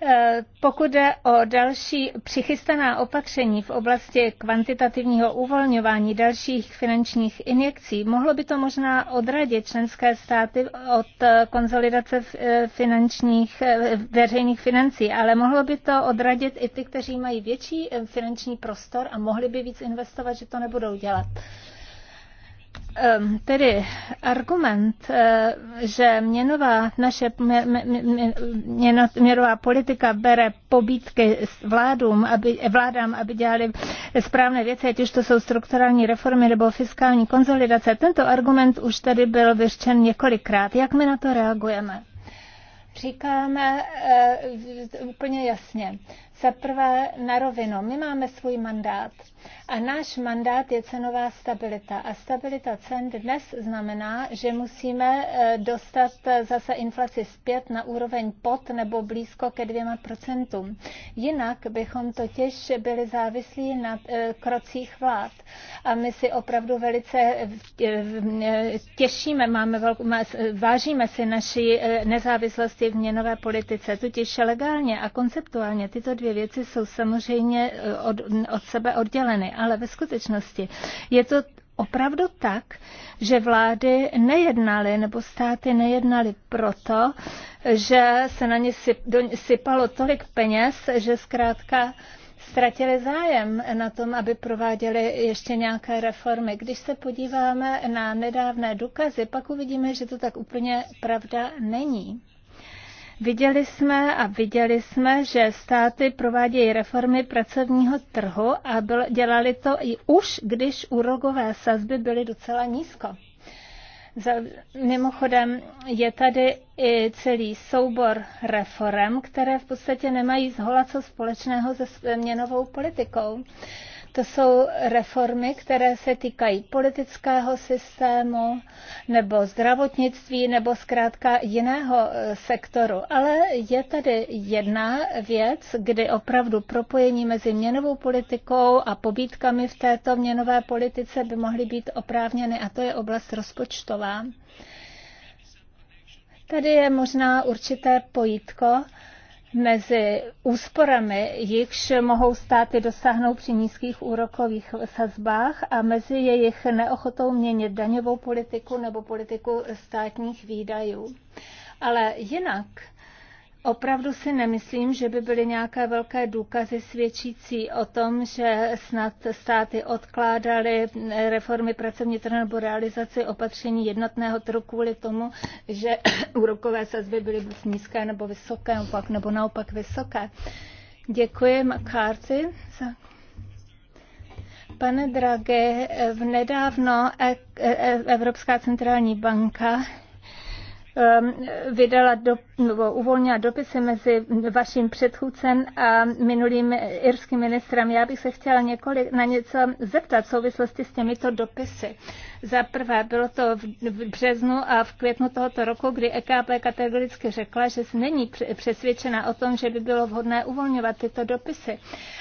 Eh, pokud jde o další přichystaná opatření v oblasti kvantitativního uvolňování dalších finančních injekcí, mohlo by to možná odradit členské státy od eh, konsolidace eh, finančních, veřejných financí, ale mohlo by to odradit i ty, kteří mají větší finanční prostor a mohli by víc investovat, že to nebudou dělat. Ehm, tedy argument, eh, že měnová, naše měnová politika bere pobítky vládům, aby, vládám, aby dělali správné věci, ať už to jsou strukturální reformy nebo fiskální konzolidace, tento argument už tady byl vyřčen několikrát. Jak my na to reagujeme? Říkáme uh, úplně jasně za prvé na rovinu, my máme svůj mandát a náš mandát je cenová stabilita. A stabilita cen dnes znamená, že musíme eh, dostat eh, zase inflaci zpět na úroveň pod nebo blízko ke dvěma procentům. Jinak bychom totiž byli závislí na eh, krocích vlád. A my si opravdu velice těšíme, máme velkou, vážíme si naší nezávislosti v měnové politice. Totiž legálně a konceptuálně tyto dvě dvě věci jsou samozřejmě eh, od, od sebe odděleny, ale ve skutečnosti je to opravdu tak, že vlády nejednaly nebo státy nejednaly proto, že se na ně sypalo tolik peněz, že zkrátka ztratili zájem na tom, aby prováděli ještě nějaké reformy. Když se podíváme na nedávné důkazy, pak uvidíme, že to tak úplně pravda není. Viděli jsme a viděli jsme, že státy provádějí reformy pracovního trhu a bylo, dělali to i už, když úrokové sazby byly docela nízko. Za, mimochodem je tady i celý soubor reform, které v podstatě nemají zhola co společného se měnovou politikou. Uh, to jsou reformy, které se týkají politického systému nebo zdravotnictví nebo zkrátka jiného e, sektoru. Ale je tady jedna věc, kdy opravdu propojení mezi měnovou politikou a pobídkami v této měnové politice by mohly být oprávněny a to je oblast rozpočtová. Tady je možná určité pojítko mezi úsporami, jichž mohou státy dosáhnout při nízkých úrokových sazbách a mezi jejich neochotou měnit daňovou politiku nebo politiku státních výdajů. Ale jinak Opravdu si nemyslím, že by byly nějaké velké důkazy svědčící o tom, že snad státy odkládaly reformy pracovní trhu nebo realizaci opatření jednotného trhu kvůli tomu, že [coughs] úrokové sazby byly buď nízké nebo vysoké, opak, nebo naopak vysoké. Děkuji McCarthy za Pane Drage, v nedávno e- e- Evropská centrální banka Um, vydala do, nebo uvolnila dopisy mezi vaším předchůdcem a minulým irským ministrem. Já bych se chtěla několik, na něco zeptat v souvislosti s těmito dopisy. Za prvé bylo to v březnu a v květnu tohoto roku, kdy EKP kategoricky řekla, že není přesvědčena o tom, že by bylo vhodné uvolňovat tyto dopisy.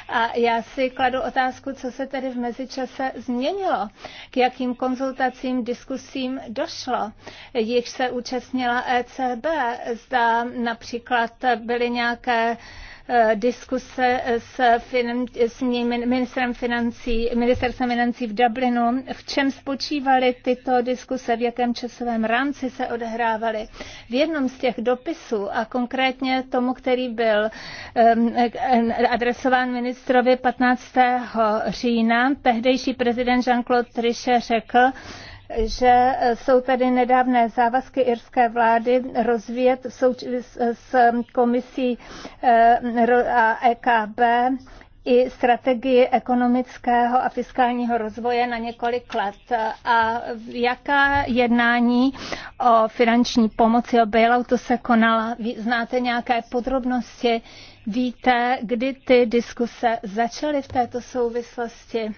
A já si kladu otázku, co se tedy v mezičase změnilo, k jakým konzultacím, diskusím došlo, jich se účastnila ECB, zda například byly nějaké Eh, diskuse s, finan, s ministrem financí, ministerstvem financí v Dublinu. V čem spočívaly tyto diskuse, v jakém časovém rámci se odehrávaly? V jednom z těch dopisů, a konkrétně tomu, který byl eh, adresován ministrovi 15. října, tehdejší prezident Jean-Claude Trichet řekl, že jsou tady nedávné závazky irské vlády rozvíjet s komisí eh, a EKB i strategii ekonomického a fiskálního rozvoje na několik let. A jaká jednání o finanční pomoci, o bailoutu se konala? znáte nějaké podrobnosti? Víte, kdy ty diskuse začaly v této souvislosti?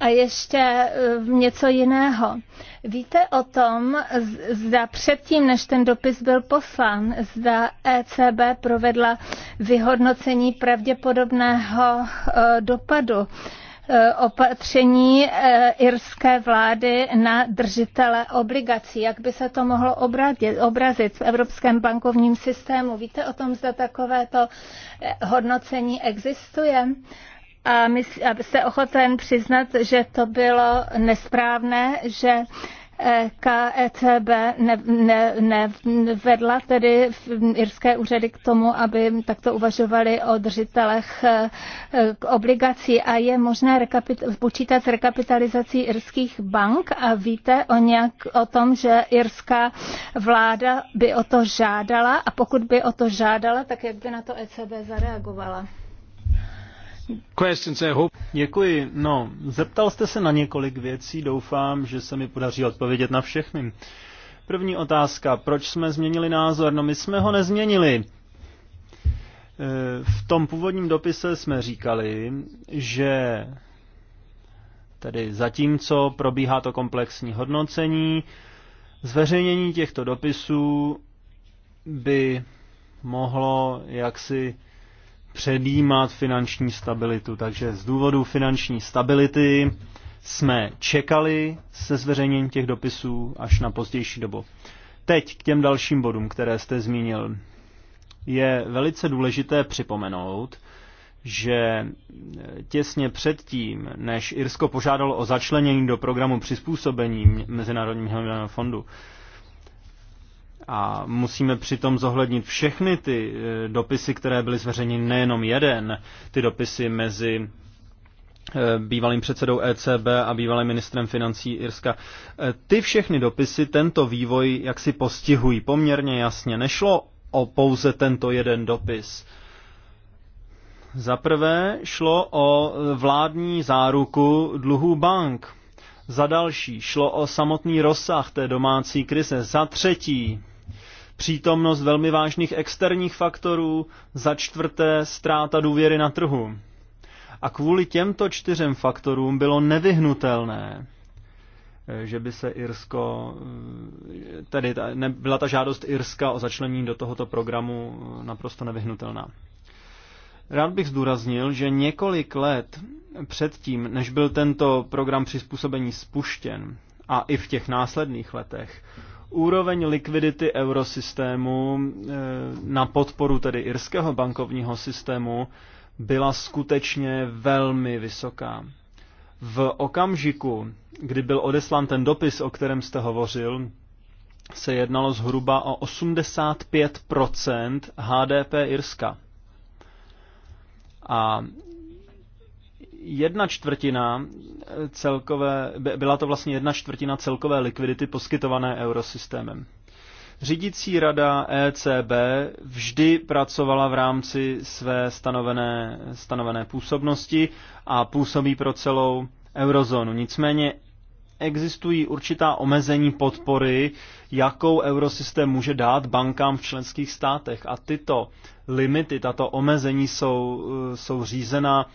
A ještě e, něco jiného. Víte o tom, zda předtím, než ten dopis byl poslán, zda ECB provedla vyhodnocení pravděpodobného e, dopadu e, opatření irské vlády na držitele obligací. Jak by se to mohlo obrazit v evropském bankovním systému? Víte o tom, zda takovéto hodnocení existuje? a jste ochoten přiznat, že to bylo nesprávné, že eh, KECB nevedla ne, ne tedy irské úřady k tomu, aby takto uvažovali o držitelech eh, obligací a je možné rekapit- počítat s rekapitalizací irských bank a víte o, nějak, o tom, že irská vláda by o to žádala a pokud by o to žádala, tak jak by na to ECB zareagovala? Děkuji. No, zeptal jste se na několik věcí, doufám, že se mi podaří odpovědět na všechny. První otázka, proč jsme změnili názor? No my jsme ho nezměnili. E, v tom původním dopise jsme říkali, že tedy zatímco probíhá to komplexní hodnocení, zveřejnění těchto dopisů by mohlo jaksi předjímat finanční stabilitu. Takže z důvodu finanční stability jsme čekali se zveřejněním těch dopisů až na pozdější dobu. Teď k těm dalším bodům, které jste zmínil. Je velice důležité připomenout, že těsně předtím, než Irsko požádalo o začlenění do programu přizpůsobení Mezinárodního fondu, a musíme přitom zohlednit všechny ty eh, dopisy, které byly zveřejněny, nejenom jeden, ty dopisy mezi eh, bývalým předsedou ECB a bývalým ministrem financí Irska. Eh, ty všechny dopisy tento vývoj jaksi postihují poměrně jasně. Nešlo o pouze tento jeden dopis. Za prvé šlo o vládní záruku dluhů bank. Za další šlo o samotný rozsah té domácí krize. Za třetí přítomnost velmi vážných externích faktorů, za čtvrté ztráta důvěry na trhu. A kvůli těmto čtyřem faktorům bylo nevyhnutelné, eh, že by se Irsko, eh, tedy ta, ne, byla ta žádost Irska o začlenění do tohoto programu eh, naprosto nevyhnutelná. Rád bych zdůraznil, že několik let předtím, než byl tento program přizpůsobení spuštěn, a i v těch následných letech, úroveň likvidity eurosystému eh, na podporu tedy irského bankovního systému byla skutečně velmi vysoká. V okamžiku, kdy byl odeslán ten dopis, o kterém jste hovořil, se jednalo zhruba o 85 HDP Irska. A jedna čtvrtina eh, celkové, byla to vlastně jedna čtvrtina celkové likvidity poskytované eurosystémem. Řídící rada ECB vždy pracovala v rámci své stanovené, stanovené působnosti a působí pro celou eurozónu. Nicméně existují určitá omezení podpory, jakou eurosystém může dát bankám v členských státech. A tyto limity, tato omezení jsou, eh, jsou řízena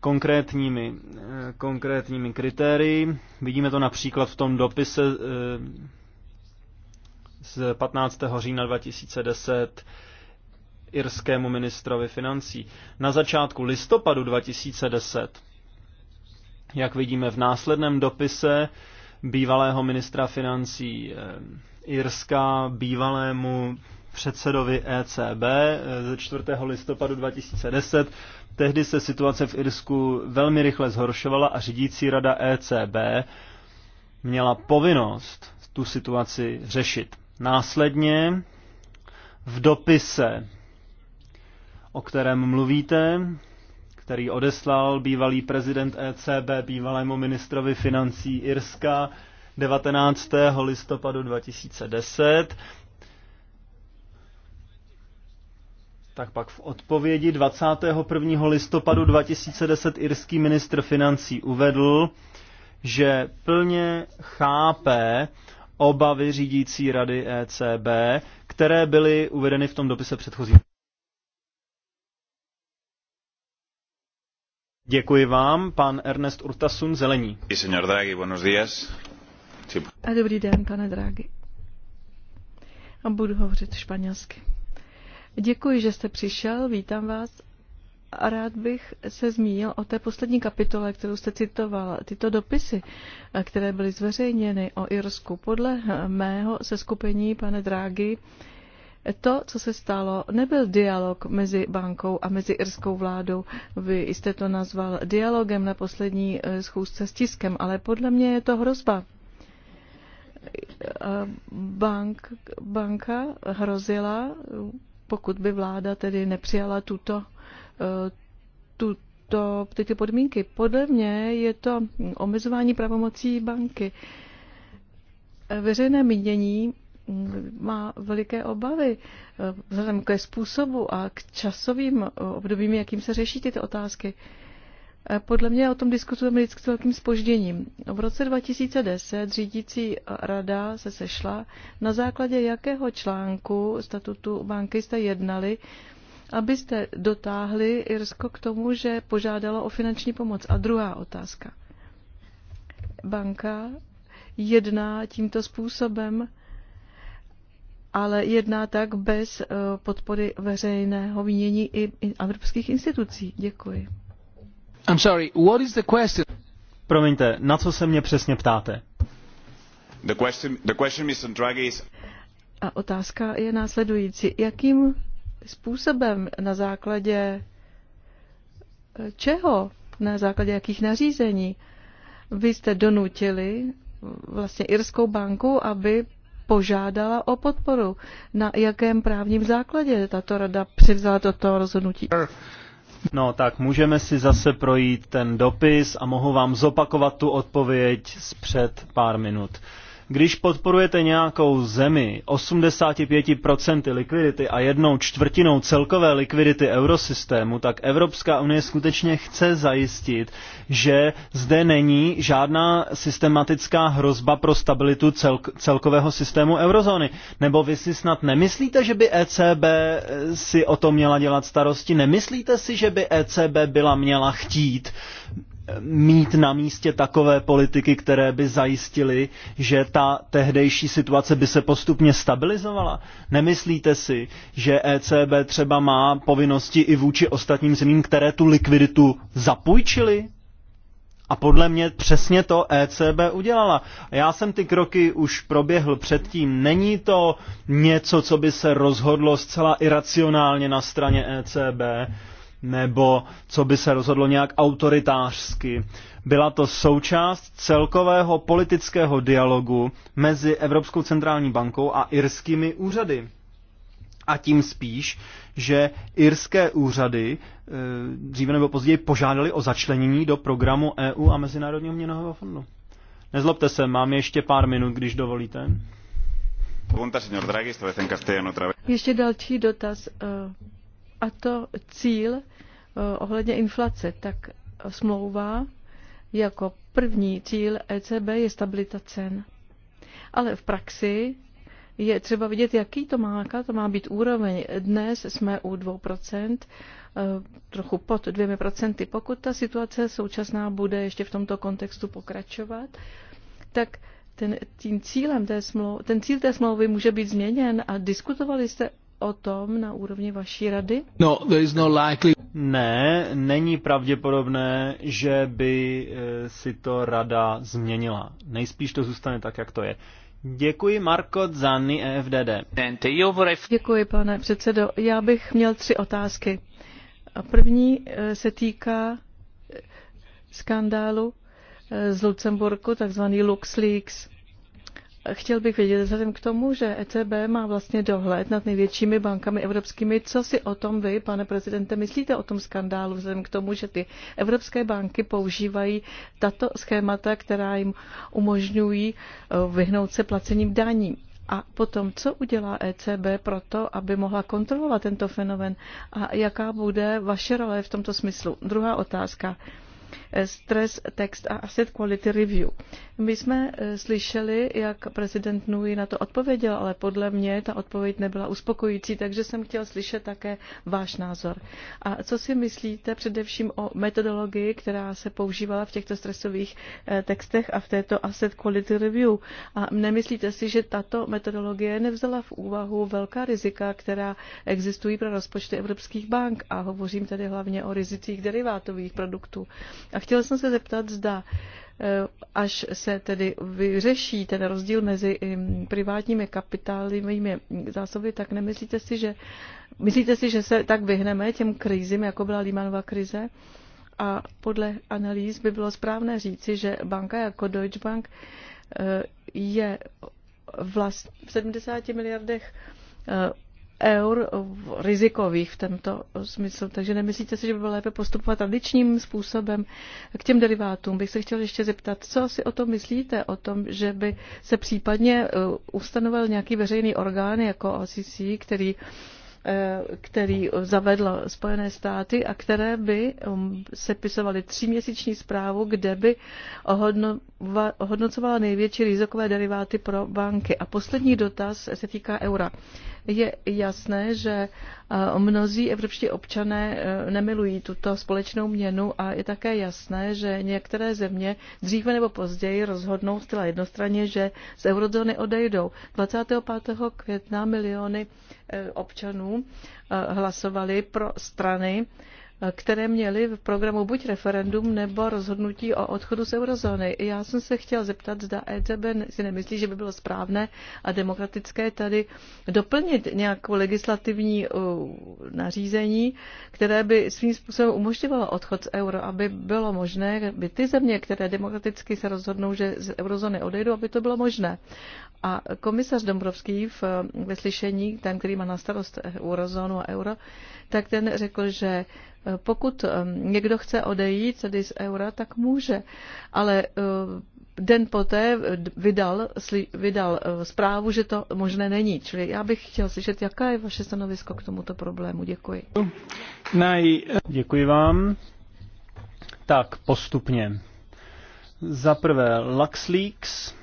konkrétními, eh, konkrétními kritérii. Vidíme to například v tom dopise eh, z 15. října 2010 irskému ministrovi financí. Na začátku listopadu 2010, jak vidíme v následném dopise bývalého ministra financí eh, Irska, bývalému předsedovi ECB eh, ze 4. listopadu 2010. Tehdy se situace v Irsku velmi rychle zhoršovala a řídící rada ECB měla povinnost tu situaci řešit. Následně v dopise, o kterém mluvíte, který odeslal bývalý prezident ECB bývalému ministrovi financí Irska 19. listopadu 2010, Tak pak v odpovědi 21. listopadu 2010 irský ministr financí uvedl, že plně chápe obavy řídící rady ECB, které byly uvedeny v tom dopise předchozí. Děkuji vám, pan Ernest Urtasun, Zelení. Dobrý den, pane Draghi. A budu hovořit španělsky. Děkuji, že jste přišel, vítám vás a rád bych se zmínil o té poslední kapitole, kterou jste citoval. Tyto dopisy, které byly zveřejněny o Irsku, podle mého seskupení, pane Drágy, to, co se stalo, nebyl dialog mezi bankou a mezi irskou vládou. Vy jste to nazval dialogem na poslední eh, schůzce s tiskem, ale podle mě je to hrozba. Eh, bank, banka hrozila pokud by vláda tedy nepřijala tuto, eh, tuto, tyto podmínky. Podle mě je to omezování pravomocí banky. Eh, veřejné mínění mm, má veliké obavy eh, vzhledem ke způsobu a k časovým obdobím, jakým se řeší tyto otázky. Eh, podle mě o tom diskutujeme vždycky s velkým spožděním. V roce 2010 řídící rada se sešla. Na základě jakého článku statutu banky jste jednali, abyste dotáhli Irsko k tomu, že požádalo o finanční pomoc? A druhá otázka. Banka jedná tímto způsobem, ale jedná tak bez eh, podpory veřejného mínění i evropských institucí. Děkuji. I'm sorry, what is the question? Promiňte, na co se mě přesně ptáte? The question, the question, Mr. Draghi, is... A otázka je následující. Jakým způsobem na základě eh, čeho, na základě jakých nařízení vy jste donutili eh, vlastně Irskou banku, aby požádala o podporu. Na jakém právním základě tato rada převzala toto rozhodnutí? No tak můžeme si zase projít ten dopis a mohu vám zopakovat tu odpověď z před pár minut. Když podporujete nějakou zemi 85% likvidity a jednou čtvrtinou celkové likvidity eurosystému, tak Evropská unie skutečně chce zajistit, že zde není žádná systematická hrozba pro stabilitu celk- celkového systému eurozóny. Nebo vy si snad nemyslíte, že by ECB si o to měla dělat starosti? Nemyslíte si, že by ECB byla měla chtít mít na místě takové politiky, které by zajistily, že ta tehdejší situace by se postupně stabilizovala? Nemyslíte si, že ECB třeba má povinnosti i vůči ostatním zemím, které tu likviditu zapůjčily? A podle mě přesně to ECB udělala. Já jsem ty kroky už proběhl předtím. Není to něco, co by se rozhodlo zcela iracionálně na straně ECB, nebo co by se rozhodlo nějak autoritářsky. Byla to součást celkového politického dialogu mezi Evropskou centrální bankou a irskými úřady. A tím spíš, že irské úřady eh, dříve nebo později požádali o začlenění do programu EU a Mezinárodního měnového fondu. Nezlobte se, mám ještě pár minut, když dovolíte. Ještě další dotaz eh, a to cíl eh, ohledně inflace, tak smlouva jako první cíl ECB je stabilita cen. Ale v praxi je třeba vidět, jaký to má, jaká to má být úroveň. Dnes jsme u 2%, eh, trochu pod 2%. Pokud ta situace současná bude ještě v tomto kontextu pokračovat, tak ten, tím cílem té smlouvy, ten cíl té smlouvy může být změněn a diskutovali jste o tom na úrovni vaší rady? No, there is no likely... Ne, není pravděpodobné, že by e, si to rada změnila. Nejspíš to zůstane tak, jak to je. Děkuji Marko Zanny EFDD. Děkuji, pane předsedo. Já bych měl tři otázky. První e, se týká e, skandálu z Lucemburku, takzvaný LuxLeaks. Chtěl bych vědět, vzhledem k tomu, že ECB má vlastně dohled nad největšími bankami evropskými, co si o tom vy, pane prezidente, myslíte o tom skandálu, vzhledem k tomu, že ty evropské banky používají tato schémata, která jim umožňují eh, vyhnout se placením daní. A potom, co udělá ECB pro to, aby mohla kontrolovat tento fenomen a jaká bude vaše role v tomto smyslu? Druhá otázka. Eh, stres text a asset quality review. My jsme eh, slyšeli, jak prezident Nui na to odpověděl, ale podle mě ta odpověď nebyla uspokojící, takže jsem chtěl slyšet také váš názor. A co si myslíte především o metodologii, která se používala v těchto stresových eh, textech a v této asset quality review? A nemyslíte si, že tato metodologie nevzala v úvahu velká rizika, která existují pro rozpočty evropských bank? A hovořím tady hlavně o rizicích derivátových produktů. A chtěla jsem se zeptat, zda eh, až se tedy vyřeší ten rozdíl mezi privátními kapitálovými zásoby, tak nemyslíte si, že, myslíte si, že se tak vyhneme těm krizím, jako byla Lehmanova krize? A podle analýz by bylo správné říci, že banka jako Deutsche Bank eh, je vlast v 70 miliardech eh, eur rizikových v tento smyslu. Takže nemyslíte si, že by bylo lépe postupovat tradičním způsobem k těm derivátům? Bych se chtěl ještě zeptat, co si o tom myslíte, o tom, že by se případně e, ustanovil nějaký veřejný orgán jako OCC, který e, který zavedl Spojené státy a které by um, sepisovaly tříměsíční zprávu, kde by ohodnocovala největší rizikové deriváty pro banky. A poslední dotaz se týká eura je jasné, že eh, mnozí evropští občané eh, nemilují tuto společnou měnu a je také jasné, že některé země dříve nebo později rozhodnou zcela jednostranně, že z eurozóny odejdou. 25. května miliony eh, občanů hlasovali pro strany, které měly v programu buď referendum nebo rozhodnutí o odchodu z eurozóny. Já jsem se chtěl zeptat, zda ECB si nemyslí, že by bylo správné a demokratické tady doplnit nějakou legislativní uh, nařízení, které by svým způsobem umožňovalo odchod z euro, aby bylo možné, aby ty země, které demokraticky se rozhodnou, že z eurozóny odejdou, aby to bylo možné. A komisař Dombrovský v, eh, ve slyšení, ten, který má na starost eurozónu a euro, tak ten řekl, že eh, pokud eh, někdo chce odejít tedy z eura, tak může. Ale eh, den poté vydal, vydal zprávu, že to možné není. Čili já bych chtěl slyšet, jaká je vaše stanovisko k tomuto problému. Děkuji. Děkuji vám. Tak, postupně. Za prvé LuxLeaks.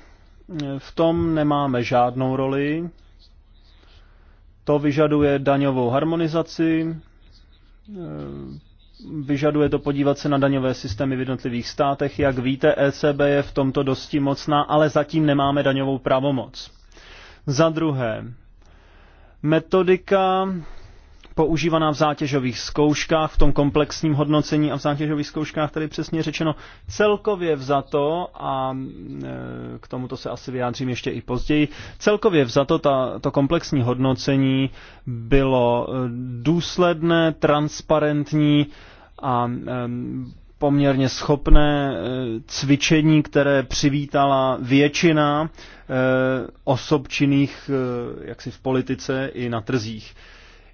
V tom nemáme žádnou roli. To vyžaduje daňovou harmonizaci, eh, vyžaduje to podívat se na daňové systémy v jednotlivých státech. Jak víte, ECB je v tomto dosti mocná, ale zatím nemáme daňovou pravomoc. Za druhé, metodika používaná v zátěžových zkouškách, v tom komplexním hodnocení a v zátěžových zkouškách tady přesně řečeno celkově vzato, a e, k tomuto se asi vyjádřím ještě i později, celkově vzato ta, to komplexní hodnocení bylo e, důsledné, transparentní a e, poměrně schopné cvičení, které přivítala většina osob činných jaksi v politice i na trzích.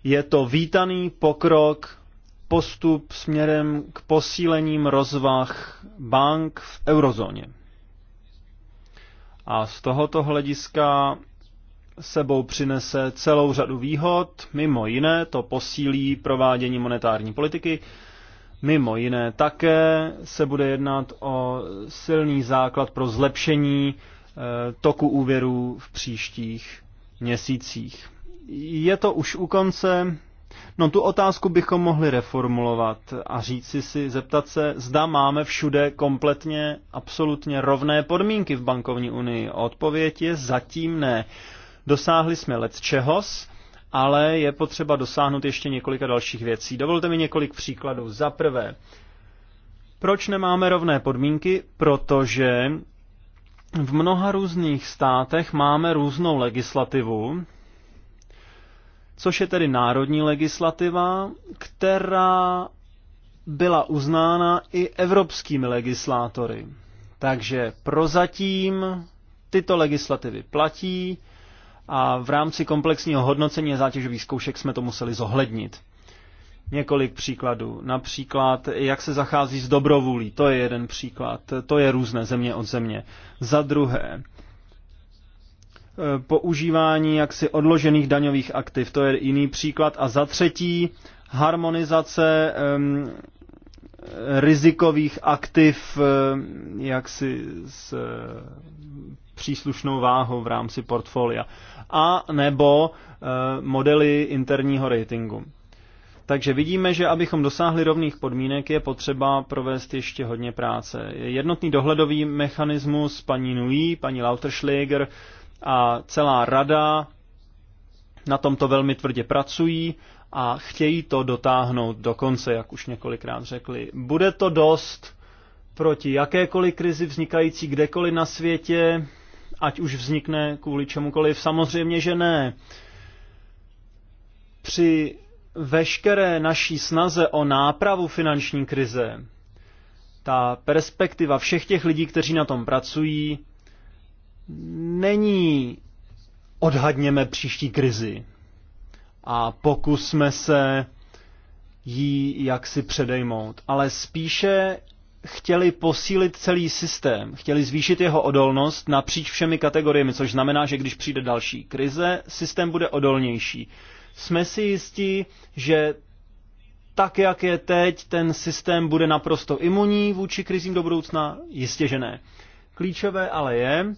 Je to vítaný pokrok, postup směrem k posílením rozvah bank v eurozóně. A z tohoto hlediska sebou přinese celou řadu výhod, mimo jiné to posílí provádění monetární politiky, mimo jiné také se bude jednat o silný základ pro zlepšení eh, toku úvěrů v příštích měsících je to už u konce. No tu otázku bychom mohli reformulovat a říci si, zeptat se, zda máme všude kompletně, absolutně rovné podmínky v bankovní unii. Odpověď je zatím ne. Dosáhli jsme let čehos, ale je potřeba dosáhnout ještě několika dalších věcí. Dovolte mi několik příkladů. Za prvé, proč nemáme rovné podmínky? Protože v mnoha různých státech máme různou legislativu, což je tedy národní legislativa, která byla uznána i evropskými legislátory. Takže prozatím tyto legislativy platí a v rámci komplexního hodnocení a zátěžových zkoušek jsme to museli zohlednit. Několik příkladů. Například, jak se zachází s dobrovůlí, to je jeden příklad, to je různé země od země. Za druhé, Eh, používání jaksi odložených daňových aktiv, to je jiný příklad. A za třetí, harmonizace um, rizikových aktiv um, jaksi s um, příslušnou váhou v rámci portfolia a nebo um, modely interního ratingu. Takže vidíme, že abychom dosáhli rovných podmínek, je potřeba provést ještě hodně práce. Jednotný dohledový mechanismus paní Nui, paní Lauterschläger, a celá rada na tomto velmi tvrdě pracují a chtějí to dotáhnout do konce, jak už několikrát řekli. Bude to dost proti jakékoliv krizi vznikající kdekoliv na světě, ať už vznikne kvůli čemukoliv, samozřejmě, že ne. Při veškeré naší snaze o nápravu finanční krize, ta perspektiva všech těch lidí, kteří na tom pracují, není odhadněme příští krizi a pokusme se jí jaksi předejmout, ale spíše chtěli posílit celý systém, chtěli zvýšit jeho odolnost napříč všemi kategoriemi, což znamená, že když přijde další krize, systém bude odolnější. Jsme si jistí, že tak, jak je teď, ten systém bude naprosto imunní vůči krizím do budoucna? Jistě, že ne. Klíčové ale je,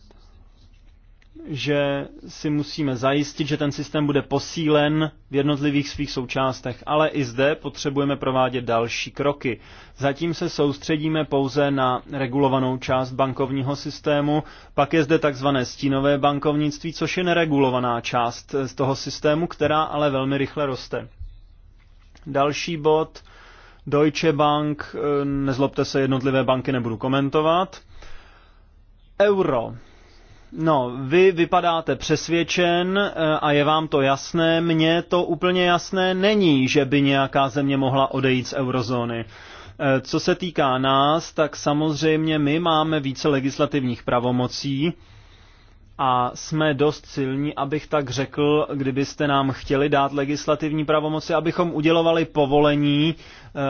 že si musíme zajistit, že ten systém bude posílen v jednotlivých svých součástech, ale i zde potřebujeme provádět další kroky. Zatím se soustředíme pouze na regulovanou část bankovního systému, pak je zde takzvané stínové bankovnictví, což je neregulovaná část z toho systému, která ale velmi rychle roste. Další bod, Deutsche Bank, eh, nezlobte se, jednotlivé banky nebudu komentovat. Euro. No, vy vypadáte přesvědčen eh, a je vám to jasné. Mně to úplně jasné není, že by nějaká země mohla odejít z eurozóny. Eh, co se týká nás, tak samozřejmě my máme více legislativních pravomocí, a jsme dost silní, abych tak řekl, kdybyste nám chtěli dát legislativní pravomoci, abychom udělovali povolení,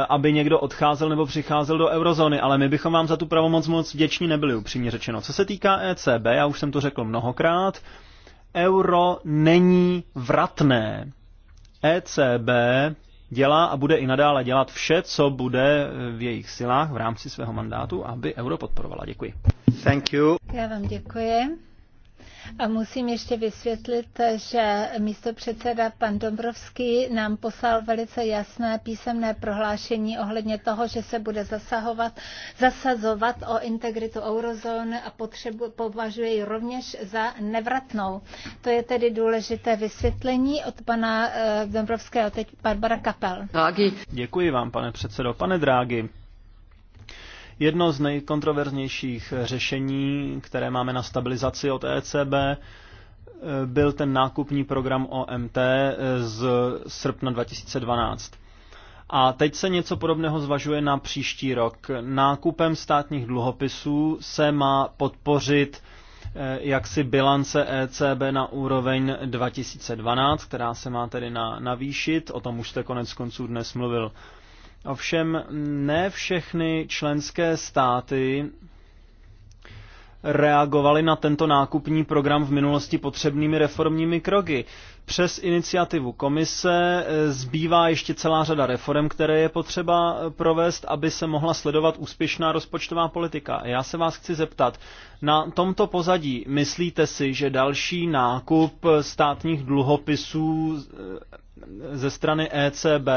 eh, aby někdo odcházel nebo přicházel do eurozóny, ale my bychom vám za tu pravomoc moc vděční nebyli, upřímně řečeno. Co se týká ECB, já už jsem to řekl mnohokrát, euro není vratné. ECB dělá a bude i nadále dělat vše, co bude eh, v jejich silách v rámci svého mandátu, aby euro podporovala. Děkuji. Thank you. Já vám děkuji. A musím ještě vysvětlit, že místo předseda pan Dombrovský nám poslal velice jasné písemné prohlášení ohledně toho, že se bude zasahovat, zasazovat o integritu eurozóny a potřebu, považuje ji rovněž za nevratnou. To je tedy důležité vysvětlení od pana eh, Dombrovského. Teď Barbara Kapel. Děkuji vám, pane předsedo. Pane Drági, Jedno z nejkontroverznějších řešení, které máme na stabilizaci od ECB, byl ten nákupní program OMT z srpna 2012. A teď se něco podobného zvažuje na příští rok. Nákupem státních dluhopisů se má podpořit eh, jaksi bilance ECB na úroveň 2012, která se má tedy na, navýšit, o tom už jste konec konců dnes mluvil Ovšem ne všechny členské státy reagovaly na tento nákupní program v minulosti potřebnými reformními kroky. Přes iniciativu komise eh, zbývá ještě celá řada reform, které je potřeba eh, provést, aby se mohla sledovat úspěšná rozpočtová politika. Já se vás chci zeptat, na tomto pozadí myslíte si, že další nákup eh, státních dluhopisů ze strany ECB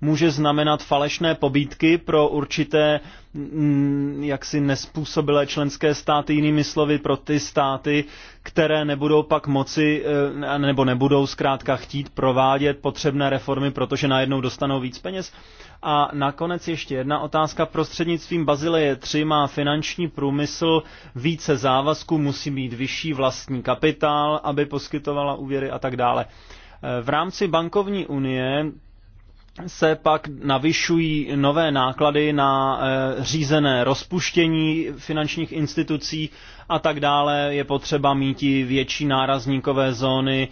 může znamenat falešné pobídky pro určité mm, jaksi nespůsobilé členské státy, jinými slovy pro ty státy, které nebudou pak moci, eh, nebo nebudou zkrátka chtít provádět potřebné reformy, protože najednou dostanou víc peněz. A nakonec ještě jedna otázka. Prostřednictvím Bazileje 3 má finanční průmysl více závazků, musí mít vyšší vlastní kapitál, aby poskytovala úvěry a tak dále. Eh, v rámci bankovní unie se pak navyšují nové náklady na eh, řízené rozpuštění finančních institucí, a tak dále. Je potřeba mít i větší nárazníkové zóny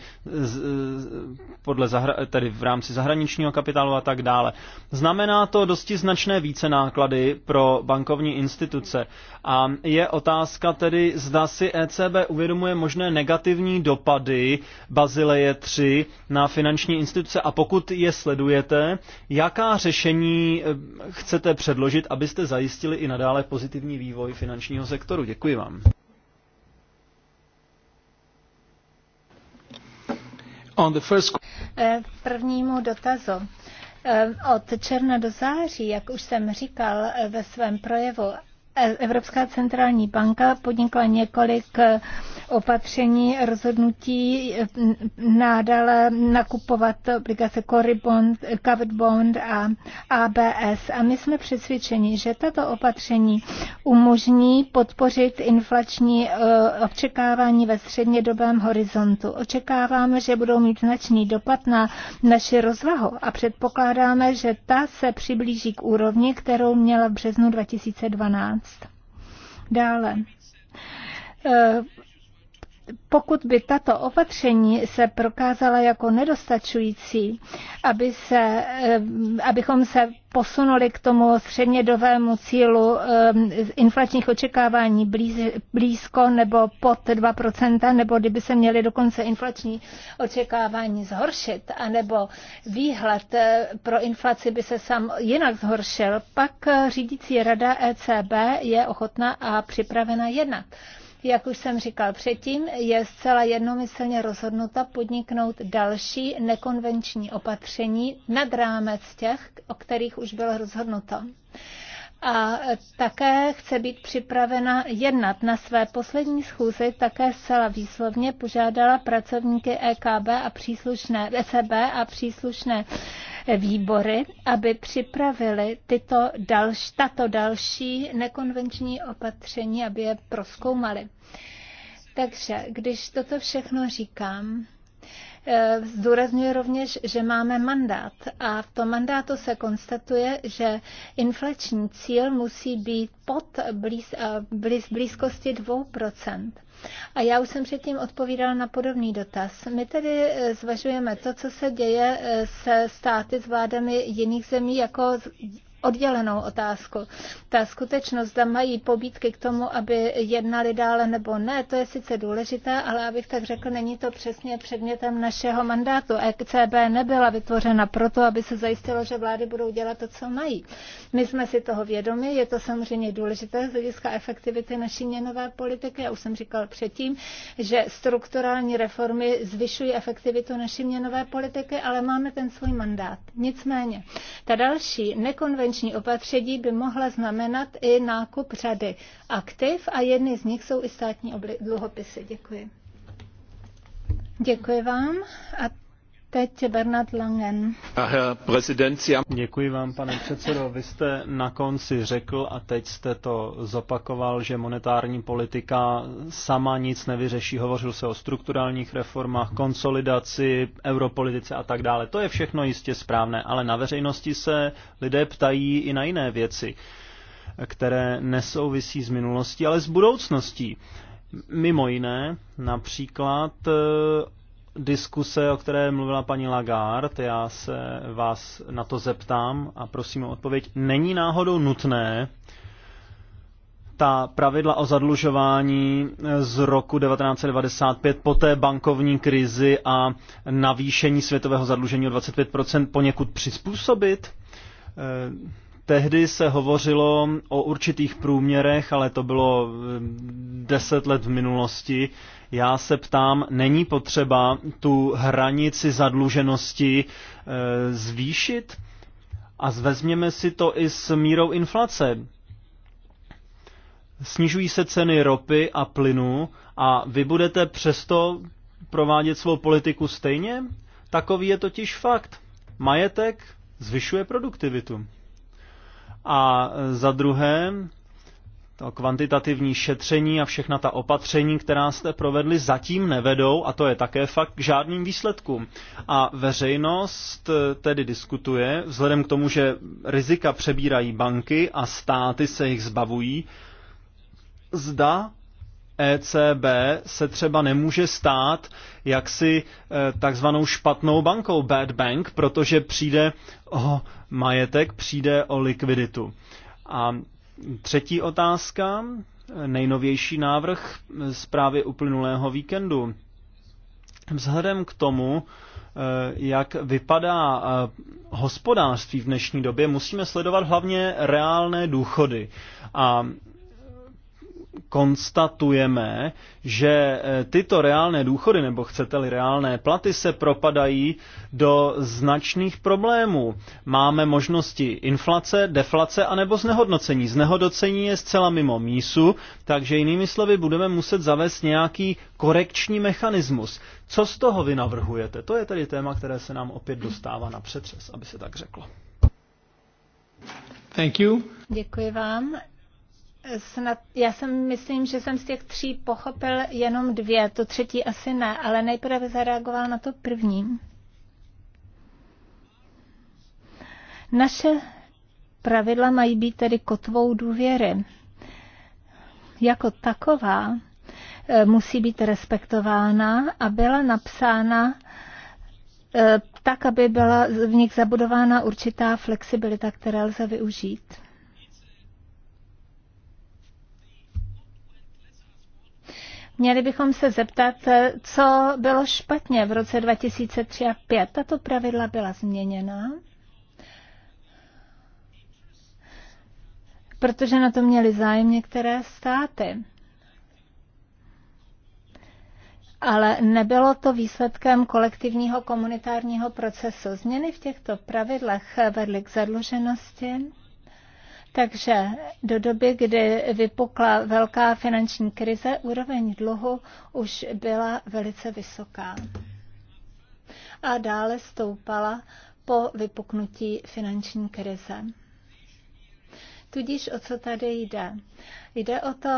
podle zahra- tedy v rámci zahraničního kapitálu a tak dále. Znamená to dosti značné více náklady pro bankovní instituce a je otázka tedy, zda si ECB uvědomuje možné negativní dopady Bazileje 3 na finanční instituce a pokud je sledujete, jaká řešení eh, chcete předložit, abyste zajistili i nadále pozitivní vývoj finančního sektoru. Děkuji vám. Eh, prvnímu dotazu. Eh, od června do září, jak už jsem říkal eh, ve svém projevu, E, Evropská centrální banka podnikla několik e, opatření, rozhodnutí nadále nakupovat obligace Cory Bond, Covered Bond a ABS. A my jsme přesvědčeni, že tato opatření umožní podpořit inflační e, očekávání ve střednědobém horizontu. Očekáváme, že budou mít značný dopad na naši rozvahu a předpokládáme, že ta se přiblíží k úrovni, kterou měla v březnu 2012. Dále eh, pokud by tato opatření se prokázala jako nedostačující, aby se, eh, abychom se posunuli k tomu střednědovému cílu eh, inflačních očekávání blízko nebo pod 2%, nebo kdyby se měly dokonce inflační očekávání zhoršit, anebo výhled eh, pro inflaci by se sám jinak zhoršil, pak řídící rada ECB je ochotná a připravena jednat jak už jsem říkal předtím, je zcela jednomyslně rozhodnuta podniknout další nekonvenční opatření nad rámec těch, o kterých už bylo rozhodnuto a také chce být připravena jednat. Na své poslední schůzi také zcela výslovně požádala pracovníky EKB a příslušné ECB a příslušné výbory, aby připravili tyto další, tato další nekonvenční opatření, aby je proskoumali. Takže když toto všechno říkám, eh, Zdůraznuju rovněž, že máme mandát a v tom mandátu se konstatuje, že inflační cíl musí být pod blíz, eh, blíz, blízkosti 2%. A já už jsem předtím odpovídala na podobný dotaz. My tedy eh, zvažujeme to, co se děje eh, se státy s vládami jiných zemí, jako oddělenou otázku. Ta skutečnost, zda mají pobídky k tomu, aby jednali dále nebo ne, to je sice důležité, ale abych tak řekl, není to přesně předmětem našeho mandátu. ECB nebyla vytvořena proto, aby se zajistilo, že vlády budou dělat to, co mají. My jsme si toho vědomi, je to samozřejmě důležité z hlediska efektivity naší měnové politiky. Já už jsem říkal předtím, že strukturální reformy zvyšují efektivitu naší měnové politiky, ale máme ten svůj mandát. Nicméně, ta další nekonvenční finanční opatření by mohla znamenat i nákup řady aktiv a jedny z nich jsou i státní dluhopisy. Děkuji. Děkuji vám. A Děkuji vám, pane předsedo. Vy jste na konci řekl, a teď jste to zopakoval, že monetární politika sama nic nevyřeší. Hovořil se o strukturálních reformách, konsolidaci, europolitice a tak dále. To je všechno jistě správné, ale na veřejnosti se lidé ptají i na jiné věci, které nesouvisí s minulostí, ale s budoucností. Mimo jiné, například eh, diskuse, o které mluvila paní Lagarde, já se vás na to zeptám a prosím o odpověď. Není náhodou nutné ta pravidla o zadlužování z roku 1995 po té bankovní krizi a navýšení světového zadlužení o 25% poněkud přizpůsobit? Eh, tehdy se hovořilo o určitých průměrech, ale to bylo eh, deset let v minulosti. Já se ptám, není potřeba tu hranici zadluženosti e, zvýšit? A zvezměme si to i s mírou inflace. Snižují se ceny ropy a plynu a vy budete přesto provádět svou politiku stejně? Takový je totiž fakt. Majetek zvyšuje produktivitu. A za druhé, to kvantitativní šetření a všechna ta opatření, která jste provedli, zatím nevedou, a to je také fakt, k žádným výsledkům. A veřejnost eh, tedy diskutuje, vzhledem k tomu, že rizika přebírají banky a státy se jich zbavují, zda ECB se třeba nemůže stát jaksi eh, takzvanou špatnou bankou, bad bank, protože přijde o majetek, přijde o likviditu. A Třetí otázka, nejnovější návrh zprávy uplynulého víkendu. Vzhledem k tomu, eh, jak vypadá eh, hospodářství v dnešní době, musíme sledovat hlavně reálné důchody. A konstatujeme, že eh, tyto reálné důchody, nebo chcete-li reálné platy, se propadají do značných problémů. Máme možnosti inflace, deflace anebo znehodnocení. Znehodnocení je zcela mimo mísu, takže jinými slovy budeme muset zavést nějaký korekční mechanismus. Co z toho vy navrhujete? To je tedy téma, které se nám opět dostává na přetřes, aby se tak řeklo. Thank you. Děkuji vám snad, já jsem myslím, že jsem z těch tří pochopil jenom dvě, to třetí asi ne, ale nejprve zareagoval na to první. Naše pravidla mají být tedy kotvou důvěry. Jako taková e, musí být respektována a byla napsána e, tak, aby byla v nich zabudována určitá flexibilita, která lze využít. Měli bychom se zeptat, co bylo špatně v roce 2003 a 2005. Tato pravidla byla změněna, protože na to měly zájem některé státy. Ale nebylo to výsledkem kolektivního komunitárního procesu. Změny v těchto pravidlech vedly k zadluženosti takže do doby, kdy vypukla velká finanční krize, úroveň dluhu už byla velice vysoká. A dále stoupala po vypuknutí finanční krize. Tudíž o co tady jde? Jde o to,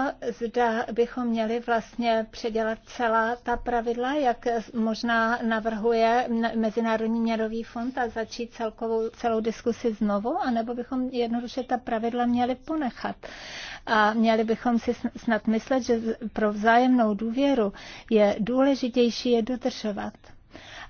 zda bychom měli vlastně předělat celá ta pravidla, jak možná navrhuje Mezinárodní měrový fond a začít celkovou, celou diskusi znovu, anebo bychom jednoduše ta pravidla měli ponechat. A měli bychom si snad myslet, že pro vzájemnou důvěru je důležitější je dodržovat.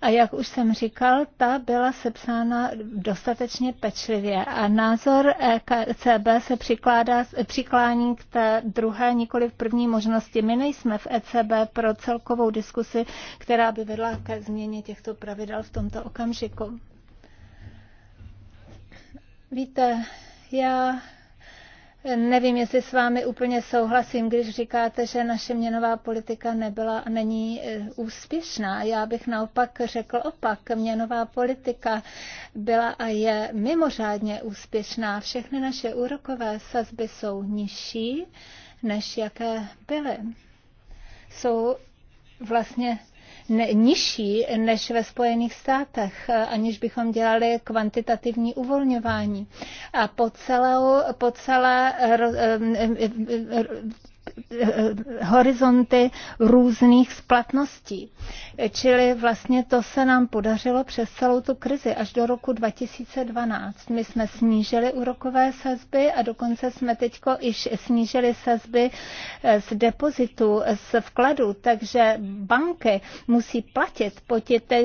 A jak už jsem říkal, ta byla sepsána dostatečně pečlivě a názor ECB se přikládá, přiklání k té druhé, nikoli v první možnosti. My nejsme v ECB pro celkovou diskusi, která by vedla ke změně těchto pravidel v tomto okamžiku. Víte, já Nevím, jestli s vámi úplně souhlasím, když říkáte, že naše měnová politika nebyla a není e, úspěšná. Já bych naopak řekl opak. Měnová politika byla a je mimořádně úspěšná. Všechny naše úrokové sazby jsou nižší, než jaké byly. Jsou vlastně nižší než ve Spojených státech, aniž bychom dělali kvantitativní uvolňování. A po celou, po celé Eh, horizonty různých splatností. Čili vlastně to se nám podařilo přes celou tu krizi až do roku 2012. My jsme snížili úrokové sazby a dokonce jsme teď již snížili sazby eh, z depozitu, z vkladu, takže banky musí platit,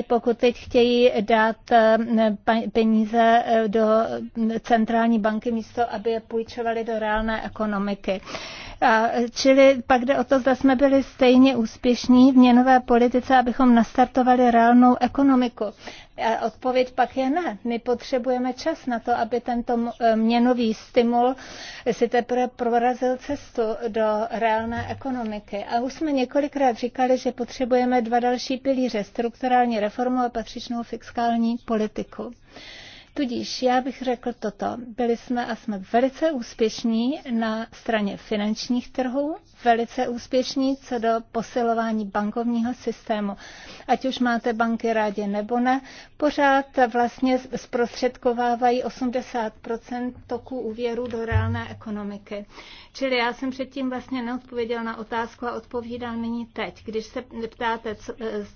pokud teď chtějí dát eh, peníze do centrální banky místo, aby je půjčovali do reálné ekonomiky. A Čili pak jde o to, zda jsme byli stejně úspěšní v měnové politice, abychom nastartovali reálnou ekonomiku. A odpověď pak je ne. My potřebujeme čas na to, aby tento e, měnový stimul si teprve prorazil cestu do reálné ekonomiky. A už jsme několikrát říkali, že potřebujeme dva další pilíře, strukturální reformu a patřičnou fiskální politiku. Tudíž já bych řekl toto. Byli jsme a jsme velice úspěšní na straně finančních trhů velice úspěšní co do posilování bankovního systému. Ať už máte banky rádi nebo ne, pořád vlastně zprostředkovávají 80 toku úvěru do reálné ekonomiky. Čili já jsem předtím vlastně neodpověděl na otázku a odpovídám nyní teď. Když se ptáte, co,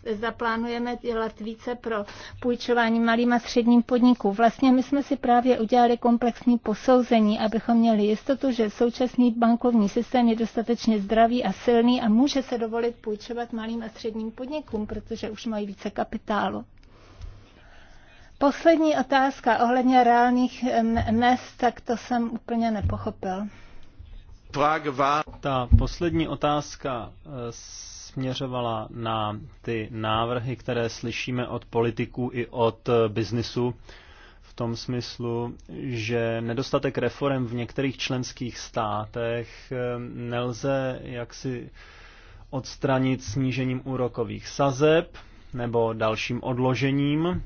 e, zaplánujeme dělat více pro půjčování malým a středním podnikům. Vlastně my jsme si právě udělali komplexní posouzení, abychom měli jistotu, že současný bankovní systém je dostatečně finančně zdravý a silný a může se dovolit půjčovat malým a středním podnikům, protože už mají více kapitálu. Poslední otázka ohledně reálných mest, tak to jsem úplně nepochopil. Ta poslední otázka e, směřovala na ty návrhy, které slyšíme od politiků i od e, biznisu tom smyslu, že nedostatek reform v některých členských státech eh, nelze jaksi odstranit snížením úrokových sazeb nebo dalším odložením,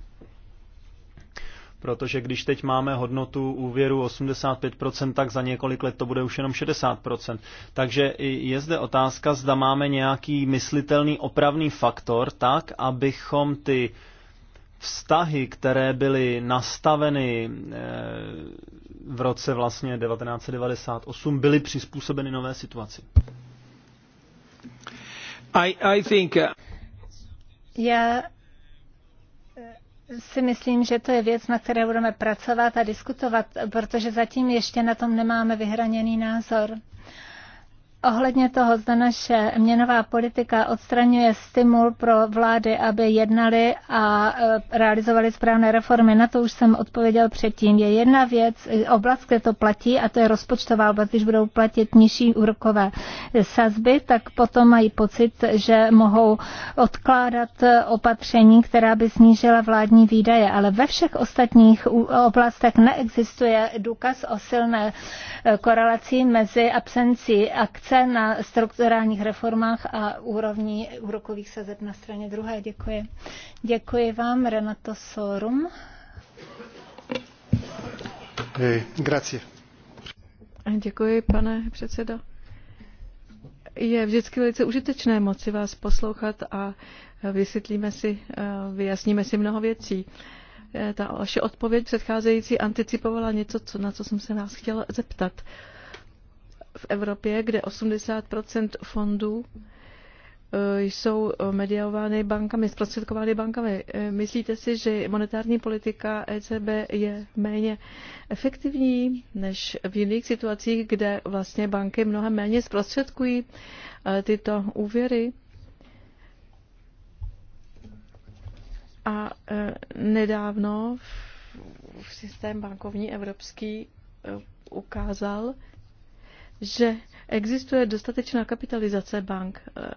protože když teď máme hodnotu úvěru 85%, tak za několik let to bude už jenom 60%. Takže je zde otázka, zda máme nějaký myslitelný opravný faktor, tak abychom ty vztahy, které byly nastaveny eh, v roce vlastně 1998, byly přizpůsobeny nové situaci? I, I think, uh... Já eh, si myslím, že to je věc, na které budeme pracovat a diskutovat, protože zatím ještě na tom nemáme vyhraněný názor. Uh, ohledně toho, zda naše měnová politika odstraňuje stimul pro vlády, aby jednali a e, realizovali správné reformy, na to už jsem odpověděl předtím. Je jedna věc, e, oblast, kde to platí, a to je rozpočtová oblast, když budou platit nižší úrokové sazby, tak potom mají pocit, že mohou odkládat opatření, která by snížila vládní výdaje, ale ve všech ostatních oblastech neexistuje důkaz o silné e, korelaci mezi absencí akce práce na strukturálních reformách a úrovni úrokových sazeb na straně druhé. Děkuji. Děkuji vám, Renato Sorum. Hey, eh, grazie. Děkuji, pane předsedo. Je vždycky velice užitečné moci vás poslouchat a vysvětlíme si, eh, vyjasníme si mnoho věcí. Eh, ta vaše odpověď předcházející anticipovala něco, co, na co jsem se vás chtěla zeptat. Uh, v Evropě, kde 80 fondů eh, jsou eh, mediovány bankami, zprostředkovány bankami. Eh, myslíte si, že monetární politika ECB je méně efektivní než v jiných situacích, kde vlastně banky mnohem méně zprostředkují tyto úvěry? A nedávno v systém bankovní evropský ukázal, že existuje dostatečná kapitalizace bank, eh,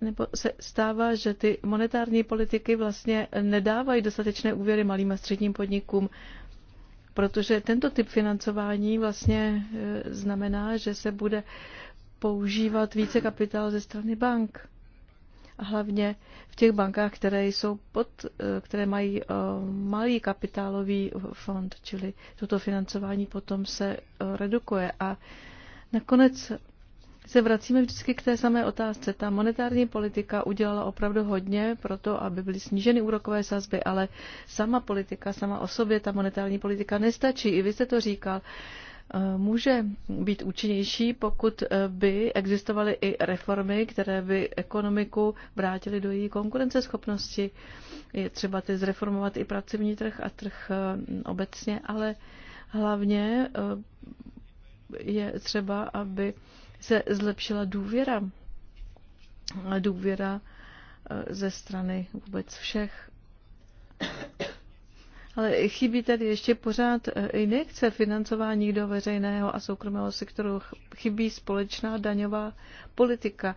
nebo se stává, že ty monetární politiky vlastně nedávají dostatečné úvěry malým a středním podnikům, protože tento typ financování vlastně eh, znamená, že se bude používat více kapitál ze strany bank hlavně v těch bankách, které, jsou pod, eh, které mají eh, malý kapitálový fond, čili toto financování potom se eh, redukuje. A nakonec se vracíme vždycky k té samé otázce. Ta monetární politika udělala opravdu hodně pro to, aby byly sníženy úrokové sazby, ale sama politika, sama o sobě, ta monetární politika nestačí. I vy jste to říkal může být účinnější, pokud eh, by existovaly i reformy, které by ekonomiku vrátily do její konkurenceschopnosti. Je třeba tedy zreformovat i pracovní trh a trh eh, obecně, ale hlavně eh, je třeba, aby se zlepšila důvěra. Důvěra ze strany vůbec všech. Ale chybí tady ještě pořád e, injekce financování do veřejného a soukromého sektoru. Chybí společná daňová politika.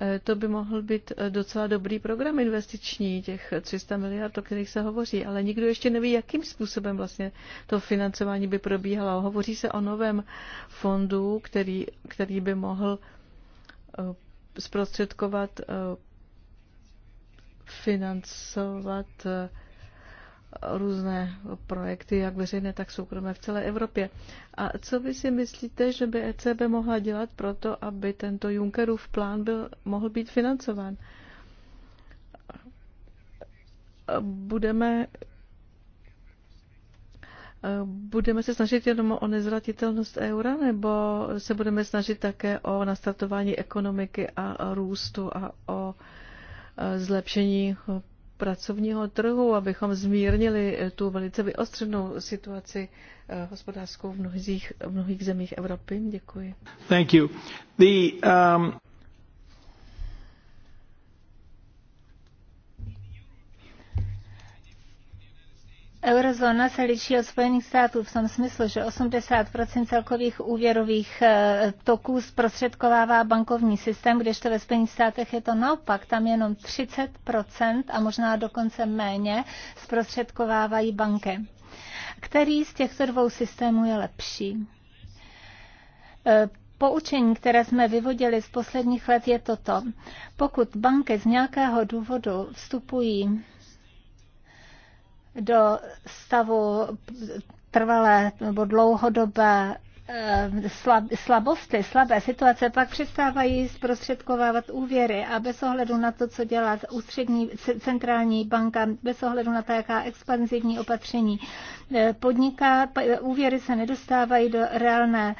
E, to by mohl být e, docela dobrý program investiční, těch 300 miliard, o kterých se hovoří, ale nikdo ještě neví, jakým způsobem vlastně to financování by probíhalo. Hovoří se o novém fondu, který, který by mohl zprostředkovat, financovat různé projekty, jak veřejné, tak soukromé v celé Evropě. A co vy si myslíte, že by ECB mohla dělat pro to, aby tento Junckerův plán byl, mohl být financován? Budeme Budeme se snažit jenom o nezvratitelnost eura, nebo se budeme snažit také o nastartování ekonomiky a růstu a o e, zlepšení pracovního trhu, abychom zmírnili eh, tu velice vyostřenou situaci eh, hospodářskou v mnohých, v mnohých zemích Evropy. Děkuji. Thank you. The, um... Eurozóna se liší od Spojených států v tom smyslu, že 80 celkových úvěrových eh, toků zprostředkovává bankovní systém, kdežto ve Spojených státech je to naopak. Tam jenom 30 a možná dokonce méně zprostředkovávají banky. Který z těchto dvou systémů je lepší? Eh, poučení, které jsme vyvodili z posledních let, je toto. Pokud banky z nějakého důvodu vstupují do stavu trvalé nebo dlouhodobé Ehm, slab, slabosti, slabé situace pak přestávají zprostředkovávat úvěry a bez ohledu na to, co dělá ústřední centrální banka, bez ohledu na to, jaká expanzivní opatření e, podniká, e, úvěry se nedostávají do reálné,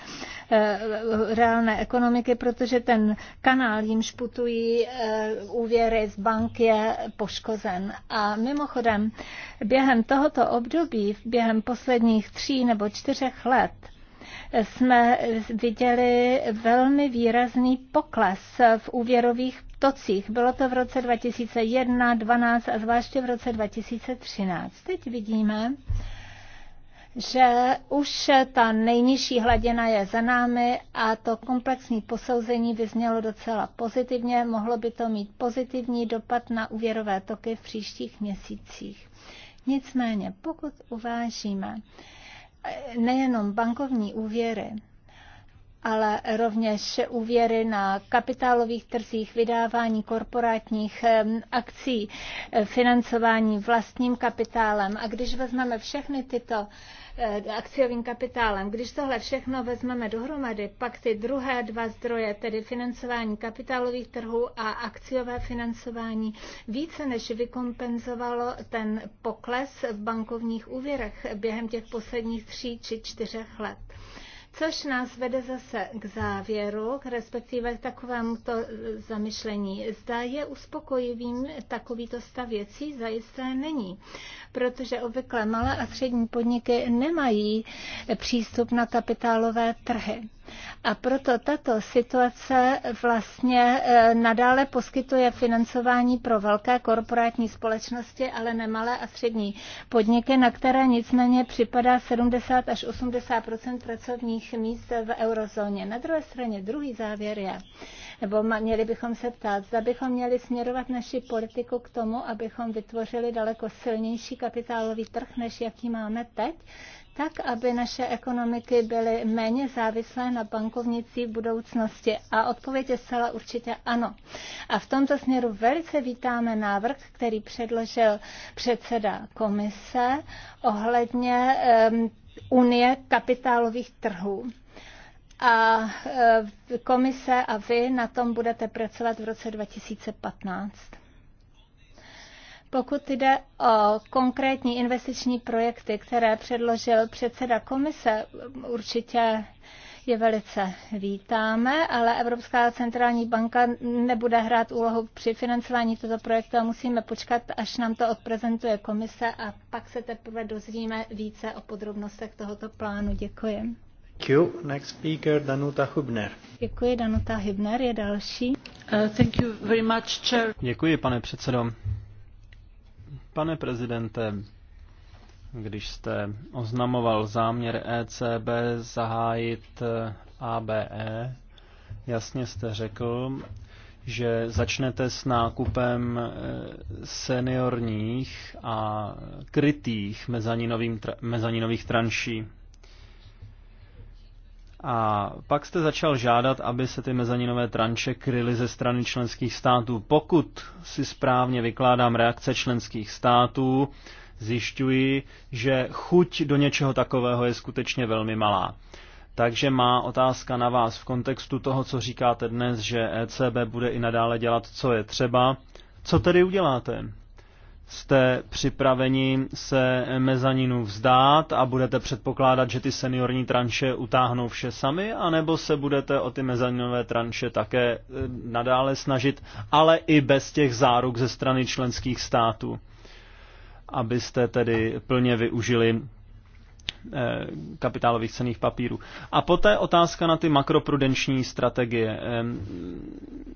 e, reálné ekonomiky, protože ten kanál, jim šputují úvěry z bank, je poškozen. A mimochodem, během tohoto období, během posledních tří nebo čtyřech let, jsme viděli velmi výrazný pokles v úvěrových tocích. Bylo to v roce 2001, 2012 a zvláště v roce 2013. Teď vidíme, že už ta nejnižší hladina je za námi a to komplexní posouzení vyznělo docela pozitivně. Mohlo by to mít pozitivní dopad na úvěrové toky v příštích měsících. Nicméně, pokud uvážíme, nejenom bankovní úvěry, ale rovněž úvěry na kapitálových trzích, vydávání korporátních akcí, financování vlastním kapitálem. A když vezmeme všechny tyto Eh, akciovým kapitálem. Když tohle všechno vezmeme dohromady, pak ty druhé dva zdroje, tedy financování kapitálových trhů a akciové financování, více než vykompenzovalo ten pokles v bankovních úvěrech během těch posledních tří či čtyřech let. Což nás vede zase k závěru, k respektive k takovému to zamyšlení. Zda je uspokojivým takovýto stav věcí, zajisté není, protože obvykle malé a střední podniky nemají přístup na kapitálové trhy. A proto tato situace vlastně eh, nadále poskytuje financování pro velké korporátní společnosti, ale ne malé a střední podniky, na které nicméně připadá 70 až 80 pracovních míst v eurozóně. Na druhé straně druhý závěr je, nebo měli bychom se ptát, zda bychom měli směrovat naši politiku k tomu, abychom vytvořili daleko silnější kapitálový trh, než jaký máme teď, tak, aby naše ekonomiky byly méně závislé na bankovnicí v budoucnosti? A odpověď je zcela určitě ano. A v tomto směru velice vítáme návrh, který předložil předseda komise ohledně um, Unie kapitálových trhů a e, komise a vy na tom budete pracovat v roce 2015. Pokud jde o konkrétní investiční projekty, které předložil předseda komise, určitě je velice vítáme, ale Evropská centrální banka nebude hrát úlohu při financování tohoto projektu a musíme počkat, až nám to odprezentuje komise a pak se teprve dozvíme více o podrobnostech tohoto plánu. Děkuji. Q. Next speaker, Danuta Hubner. Děkuji, Danuta Hubner, je další. Uh, thank you very much, chair. Děkuji, pane předsedo. Pane prezidente, když jste oznamoval záměr ECB zahájit uh, ABE, jasně jste řekl, že začnete s nákupem uh, seniorních a krytých mezaninových tranší. A pak jste začal žádat, aby se ty mezaninové tranče kryly ze strany členských států. Pokud si správně vykládám reakce členských států, zjišťuji, že chuť do něčeho takového je skutečně velmi malá. Takže má otázka na vás v kontextu toho, co říkáte dnes, že ECB bude i nadále dělat, co je třeba. Co tedy uděláte? jste připraveni se mezaninu vzdát a budete předpokládat, že ty seniorní tranše utáhnou vše sami, anebo se budete o ty mezaninové tranše také eh, nadále snažit, ale i bez těch záruk ze strany členských států, abyste tedy plně využili eh, kapitálových cených papírů. A poté otázka na ty makroprudenční strategie.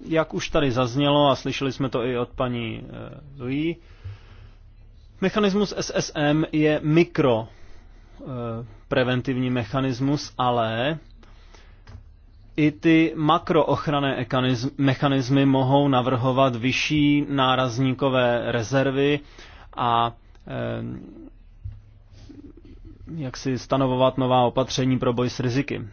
Jak už tady zaznělo a slyšeli jsme to i od paní eh, Louis, Mechanismus SSM je mikro eh, preventivní mechanismus, ale i ty makroochranné mechanismy mohou navrhovat vyšší nárazníkové rezervy a eh, jak si stanovovat nová opatření pro boj s riziky.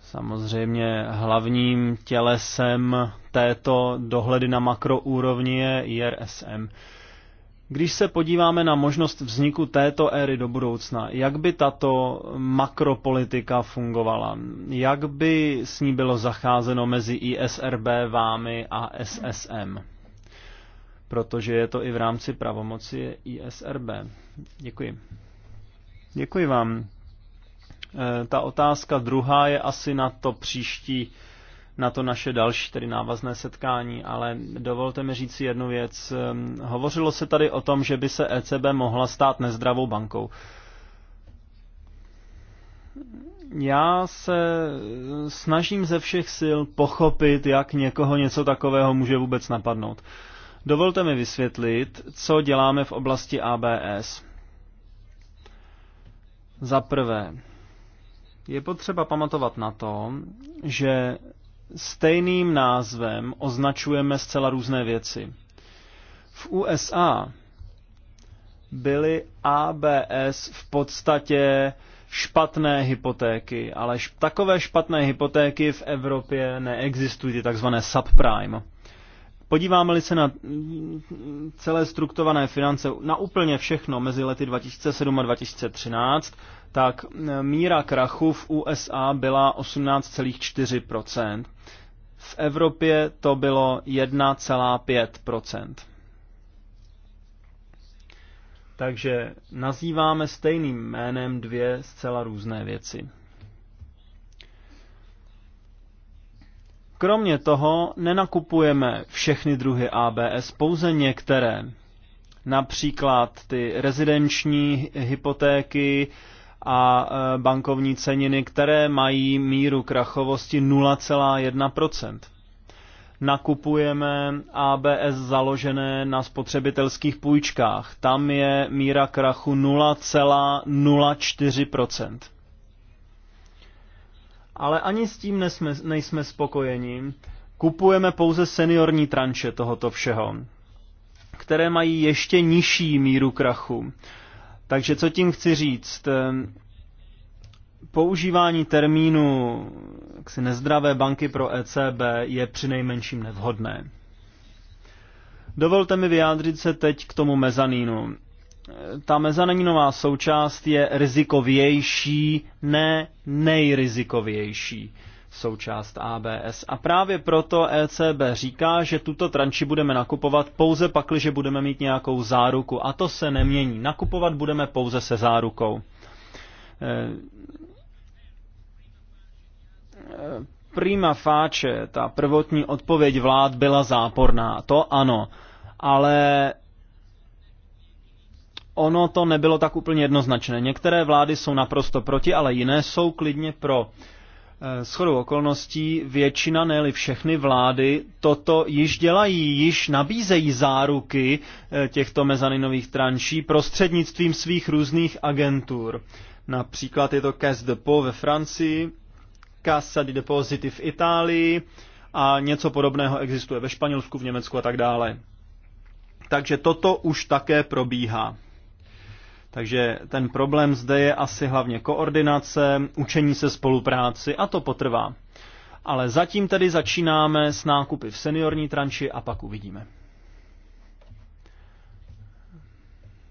Samozřejmě hlavním tělesem této dohledy na makroúrovni je IRSM. Když se podíváme na možnost vzniku této éry do budoucna, jak by tato makropolitika fungovala? Jak by s ní bylo zacházeno mezi ISRB, vámi a SSM? Protože je to i v rámci pravomoci ISRB. Děkuji. Děkuji vám. E, ta otázka druhá je asi na to příští na to naše další, tedy návazné setkání, ale dovolte mi říct si jednu věc. Ehm, hovořilo se tady o tom, že by se ECB mohla stát nezdravou bankou. Já se snažím ze všech sil pochopit, jak někoho něco takového může vůbec napadnout. Dovolte mi vysvětlit, co děláme v oblasti ABS. Za prvé, je potřeba pamatovat na to, že stejným názvem označujeme zcela různé věci. V USA byly ABS v podstatě špatné hypotéky, ale š- takové špatné hypotéky v Evropě neexistují, ty takzvané subprime. Podíváme-li se na celé strukturované finance na úplně všechno mezi lety 2007 a 2013, tak e, míra krachu v USA byla 18,4%. V Evropě to bylo 1,5%. Takže nazýváme stejným jménem dvě zcela různé věci. Kromě toho nenakupujeme všechny druhy ABS, pouze některé. Například ty rezidenční hypotéky, a e, bankovní ceniny, které mají míru krachovosti 0,1 nakupujeme ABS založené na spotřebitelských půjčkách. Tam je míra krachu 0,04%. Ale ani s tím nesme, nejsme spokojeni. Kupujeme pouze seniorní tranše tohoto všeho, které mají ještě nižší míru krachu. Takže co tím chci říct? Ehm, používání termínu jaksi nezdravé banky pro ECB je přinejmenším nevhodné. Dovolte mi vyjádřit se teď k tomu mezanínu. Ta mezanínová součást je rizikovější, ne nejrizikovější součást ABS. A právě proto ECB říká, že tuto tranči budeme nakupovat pouze pakli, že budeme mít nějakou záruku. A to se nemění. Nakupovat budeme pouze se zárukou. Eh, prima fáče, ta prvotní odpověď vlád byla záporná, to ano, ale ono to nebylo tak úplně jednoznačné. Některé vlády jsou naprosto proti, ale jiné jsou klidně pro. Uh, Eh, shodou okolností většina, ne všechny vlády toto již dělají, již nabízejí záruky eh, těchto mezaninových tranší prostřednictvím svých různých agentur. Například je to Caisse Depot ve Francii, Cassa di Depositi v Itálii a něco podobného existuje ve Španělsku, v Německu a tak dále. Takže toto už také probíhá. Takže ten problém zde je asi hlavně koordinace, učení se spolupráci a to potrvá. Ale zatím tedy začínáme s nákupy v seniorní tranči a pak uvidíme.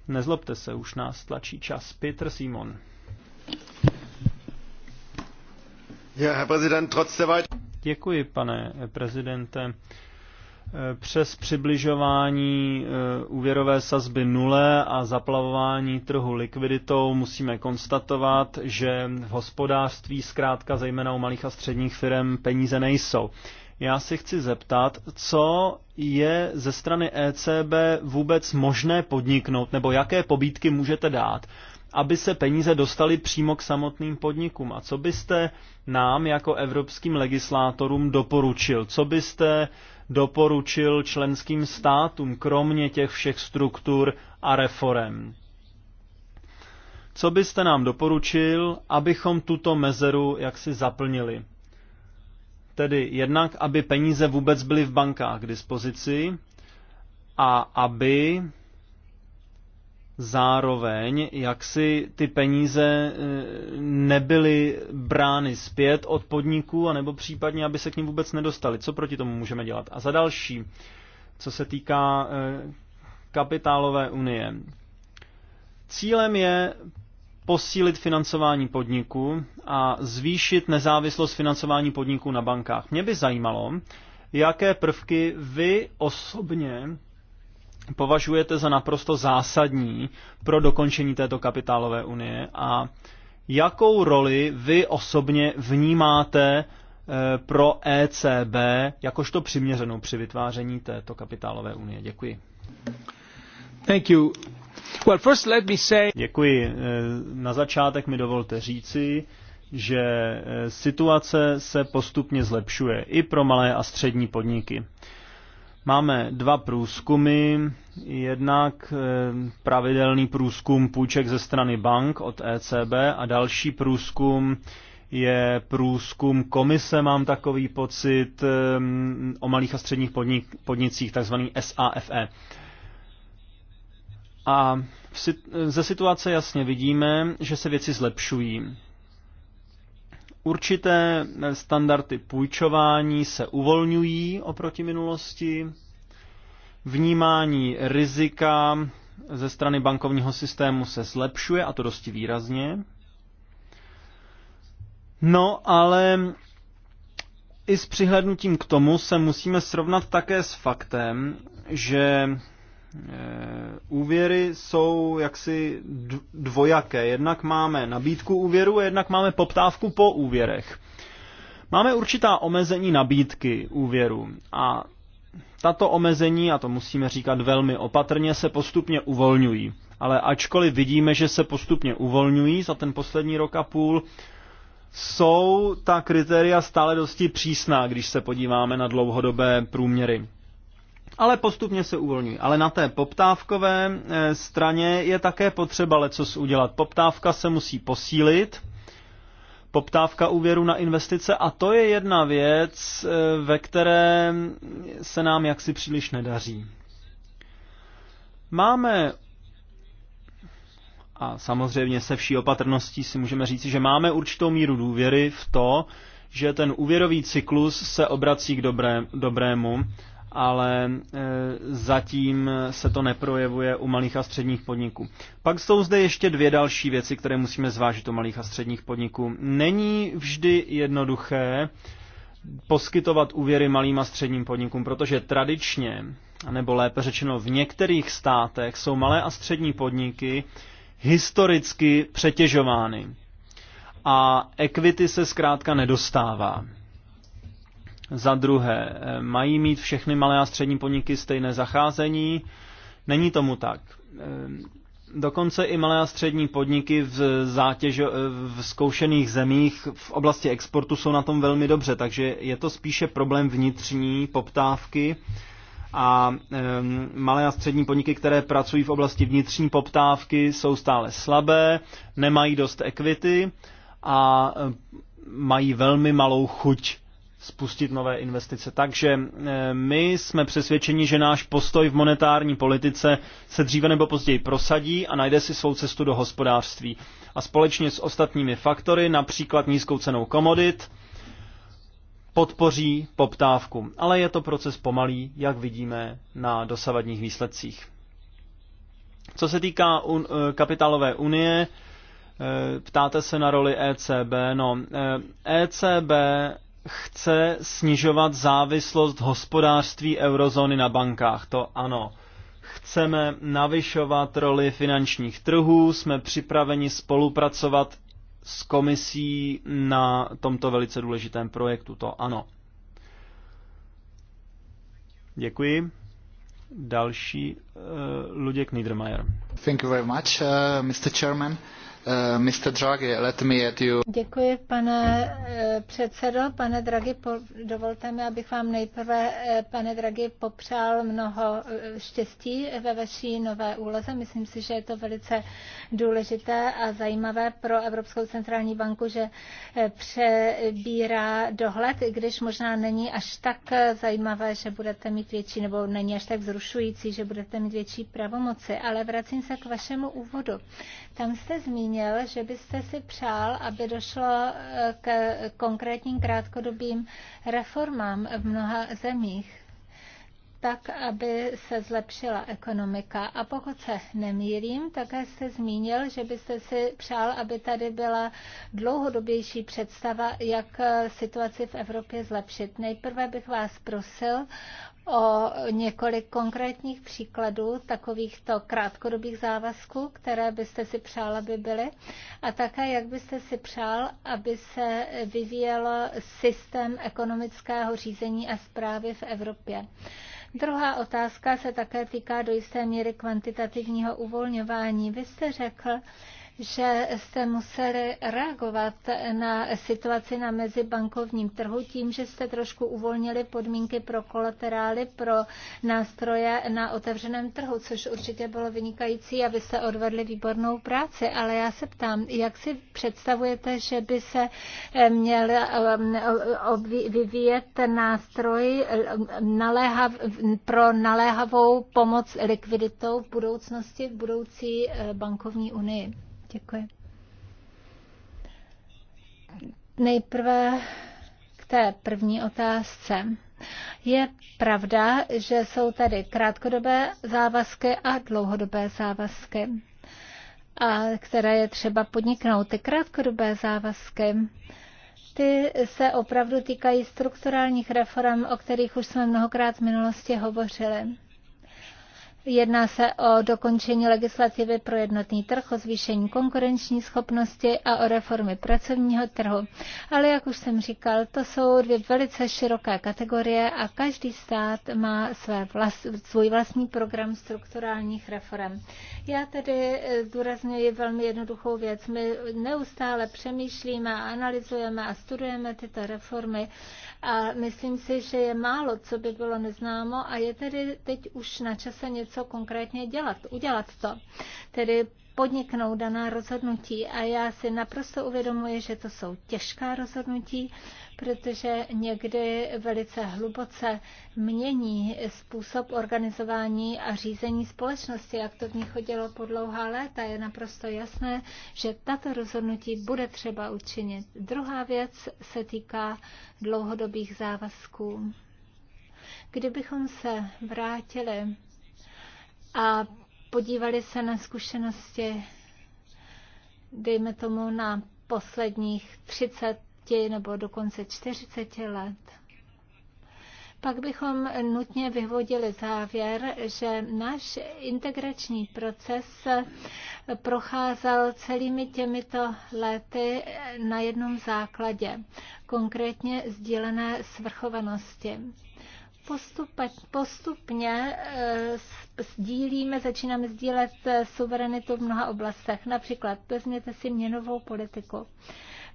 Nezlobte se, už nás tlačí čas. Petr Simon. Děkuji, pane prezidente. Eh, přes přibližování eh, úvěrové sazby nule a zaplavování trhu likviditou musíme konstatovat, že v hospodářství zkrátka zejména u malých a středních firm peníze nejsou. Já si chci zeptat, co je ze strany ECB vůbec možné podniknout, nebo jaké pobídky můžete dát, aby se peníze dostaly přímo k samotným podnikům. A co byste nám jako evropským legislátorům doporučil? Co byste doporučil členským státům, kromě těch všech struktur a reform. Co byste nám doporučil, abychom tuto mezeru jaksi zaplnili? Tedy jednak, aby peníze vůbec byly v bankách k dispozici a aby zároveň, jak si ty peníze e, nebyly brány zpět od podniků, anebo případně, aby se k ním vůbec nedostali. Co proti tomu můžeme dělat? A za další, co se týká e, kapitálové unie. Cílem je posílit financování podniků a zvýšit nezávislost financování podniků na bankách. Mě by zajímalo, jaké prvky vy osobně považujete za naprosto zásadní pro dokončení této kapitálové unie a jakou roli vy osobně vnímáte eh, pro ECB jakožto přiměřenou při vytváření této kapitálové unie. Děkuji. Thank you. Well, first let me say... Děkuji. Eh, na začátek mi dovolte říci, že eh, situace se postupně zlepšuje i pro malé a střední podniky. Máme dva průzkumy. Jednak eh, pravidelný průzkum půjček ze strany bank od ECB a další průzkum je průzkum komise, mám takový pocit, eh, o malých a středních podnik, podnicích, takzvaný SAFE. A e. ze situace jasně vidíme, že se věci zlepšují. Určité standardy půjčování se uvolňují oproti minulosti. Vnímání rizika ze strany bankovního systému se zlepšuje, a to dosti výrazně. No, ale i s přihlednutím k tomu se musíme srovnat také s faktem, že Eh, úvěry jsou jaksi dvojaké. Jednak máme nabídku úvěru a jednak máme poptávku po úvěrech. Máme určitá omezení nabídky úvěru a tato omezení, a to musíme říkat velmi opatrně, se postupně uvolňují. Ale ačkoliv vidíme, že se postupně uvolňují za ten poslední rok a půl, jsou ta kritéria stále dosti přísná, když se podíváme na dlouhodobé průměry ale postupně se uvolňují. Ale na té poptávkové eh, straně je také potřeba lecos udělat. Poptávka se musí posílit, poptávka úvěru na investice a to je jedna věc, eh, ve které se nám jaksi příliš nedaří. Máme a samozřejmě se vší opatrností si můžeme říci, že máme určitou míru důvěry v to, že ten úvěrový cyklus se obrací k dobré, dobrému ale e, zatím se to neprojevuje u malých a středních podniků. Pak jsou zde ještě dvě další věci, které musíme zvážit u malých a středních podniků. Není vždy jednoduché poskytovat úvěry malým a středním podnikům, protože tradičně, nebo lépe řečeno v některých státech, jsou malé a střední podniky historicky přetěžovány a equity se zkrátka nedostává. Za druhé, eh, mají mít všechny malé a střední podniky stejné zacházení? Není tomu tak. Eh, dokonce i malé a střední podniky v, zátěž, eh, v zkoušených zemích v oblasti exportu jsou na tom velmi dobře, takže je to spíše problém vnitřní poptávky a malé a střední podniky, které pracují v oblasti vnitřní poptávky, jsou stále slabé, nemají dost equity a mají velmi malou chuť spustit nové investice. Takže eh, my jsme přesvědčeni, že náš postoj v monetární politice se dříve nebo později prosadí a najde si svou cestu do hospodářství. A společně s ostatními faktory, například nízkou cenou komodit, podpoří poptávku. Ale je to proces pomalý, jak vidíme na dosavadních výsledcích. Co se týká un, eh, kapitálové unie, eh, ptáte se na roli ECB. No, ECB e chce snižovat závislost hospodářství eurozóny na bankách. To ano. Chceme navyšovat roli finančních trhů, jsme připraveni spolupracovat s komisí na tomto velice důležitém projektu. To ano. Děkuji. Další uh, Luděk Niedermayer. Thank you very much, uh, eh, Mr. Chairman. Eh, Mr. Draghi, let me add you. Děkuji, pane eh, předsedo. Pane Draghi, dovolte mi, abych vám nejprve, eh, pane Draghi, popřál mnoho štěstí ve vaší nové úloze. Myslím si, že je to velice důležité a zajímavé pro Evropskou centrální banku, že přebírá dohled, i když možná není až tak zajímavé, že budete mít větší, nebo není až tak vzrušující, že budete mít větší pravomoci. Ale vracím se k vašemu úvodu. Tam jste zmínil, že byste si přál, aby došlo eh, k konkrétním krátkodobým reformám v mnoha zemích tak, aby se zlepšila ekonomika. A pokud se nemýlím, také jste zmínil, že byste si přál, aby tady byla dlouhodobější představa, jak eh, situaci v Evropě zlepšit. Nejprve bych vás prosil o několik konkrétních příkladů takovýchto krátkodobých závazků, které byste si přál, aby byly, a také jak byste si přál, aby se vyvíjel systém ekonomického řízení a zprávy v Evropě. Druhá otázka se také týká do jisté míry kvantitativního uvolňování. Vy jste řekl, že jste museli reagovat na situaci na mezibankovním trhu tím, že jste trošku uvolnili podmínky pro kolaterály, pro nástroje na otevřeném trhu, což určitě bylo vynikající a vy jste odvedli výbornou práci. Ale já se ptám, jak si představujete, že by se eh, měl eh, vyvíjet nástroj eh, naléhav, pro naléhavou pomoc likviditou v budoucnosti, v budoucí bankovní unii? Děkuji. Nejprve k té první otázce. Je pravda, že jsou tady krátkodobé závazky a dlouhodobé závazky, a které je třeba podniknout. Ty krátkodobé závazky ty se opravdu týkají strukturálních reform, o kterých už jsme mnohokrát v minulosti hovořili. Jedná se o dokončení legislativy pro jednotný trh, o zvýšení konkurenční schopnosti a o reformy pracovního trhu. Ale jak už jsem říkal, to jsou dvě velice široké kategorie a každý stát má své vlast, svůj vlastní program strukturálních reform. Já tedy eh, zdůraznuju velmi jednoduchou věc. My neustále přemýšlíme, analyzujeme a studujeme tyto reformy a myslím si, že je málo, co by bylo neznámo a je tedy teď už na čase něco něco konkrétně dělat, udělat to. Tedy podniknou daná rozhodnutí. A já si naprosto uvědomuji, že to jsou těžká rozhodnutí, protože někdy velice hluboce mění způsob organizování a řízení společnosti, jak to v ní chodilo po dlouhá léta. Je naprosto jasné, že tato rozhodnutí bude třeba učinit. Druhá věc se týká dlouhodobých závazků. Kdybychom se vrátili a podívali se na zkušenosti, dejme tomu, na posledních 30 nebo dokonce 40 let. Pak bychom nutně vyvodili závěr, že náš integrační proces procházel celými těmito lety na jednom základě, konkrétně sdílené svrchovanosti postupe, postupně eh, sdílíme, začínáme sdílet eh, suverenitu v mnoha oblastech. Například vezměte si měnovou politiku.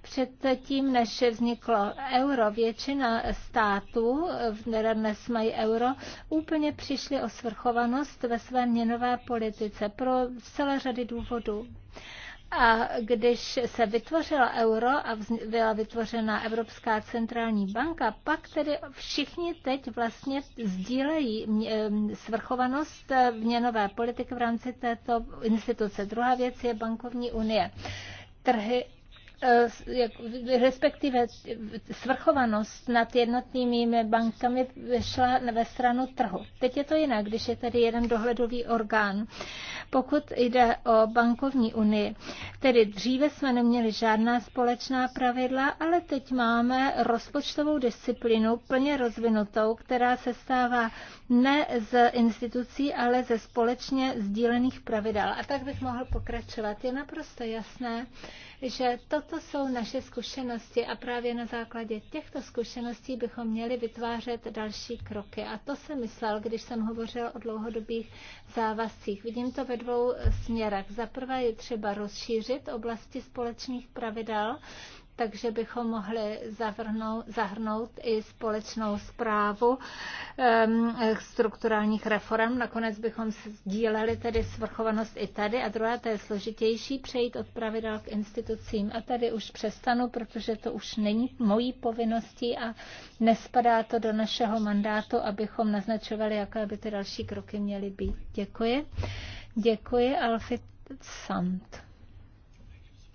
Předtím, než vzniklo euro, většina států, eh, které dnes mají euro, úplně přišly o svrchovanost ve své měnové politice pro celé řady důvodů. A když se vytvořila euro a byla vytvořena Evropská centrální banka, pak tedy všichni teď vlastně sdílejí svrchovanost eh, měnové politiky v rámci této instituce. Druhá věc je bankovní unie. Trhy Eh, respektive svrchovanost nad jednotnými bankami vyšla ve stranu trhu. Teď je to jinak, když je tady jeden dohledový orgán. Pokud jde o bankovní unii, tedy dříve jsme neměli žádná společná pravidla, ale teď máme rozpočtovou disciplínu plně rozvinutou, která se stává ne z institucí, ale ze společně sdílených pravidel. A tak bych mohl pokračovat. Je naprosto jasné, že toto jsou naše zkušenosti a právě na základě těchto zkušeností bychom měli vytvářet další kroky. A to jsem myslel, když jsem hovořil o dlouhodobých závazcích. Vidím to ve dvou směrech. Za prvé je třeba rozšířit oblasti společných pravidel takže bychom mohli zahrnout, zahrnout i společnou zprávu um, strukturálních reform. Nakonec bychom sdíleli tedy svrchovanost i tady. A druhá, to je složitější, přejít od pravidel k institucím. A tady už přestanu, protože to už není mojí povinností a nespadá to do našeho mandátu, abychom naznačovali, jaké by ty další kroky měly být. Děkuji. Děkuji, Alfie Sant.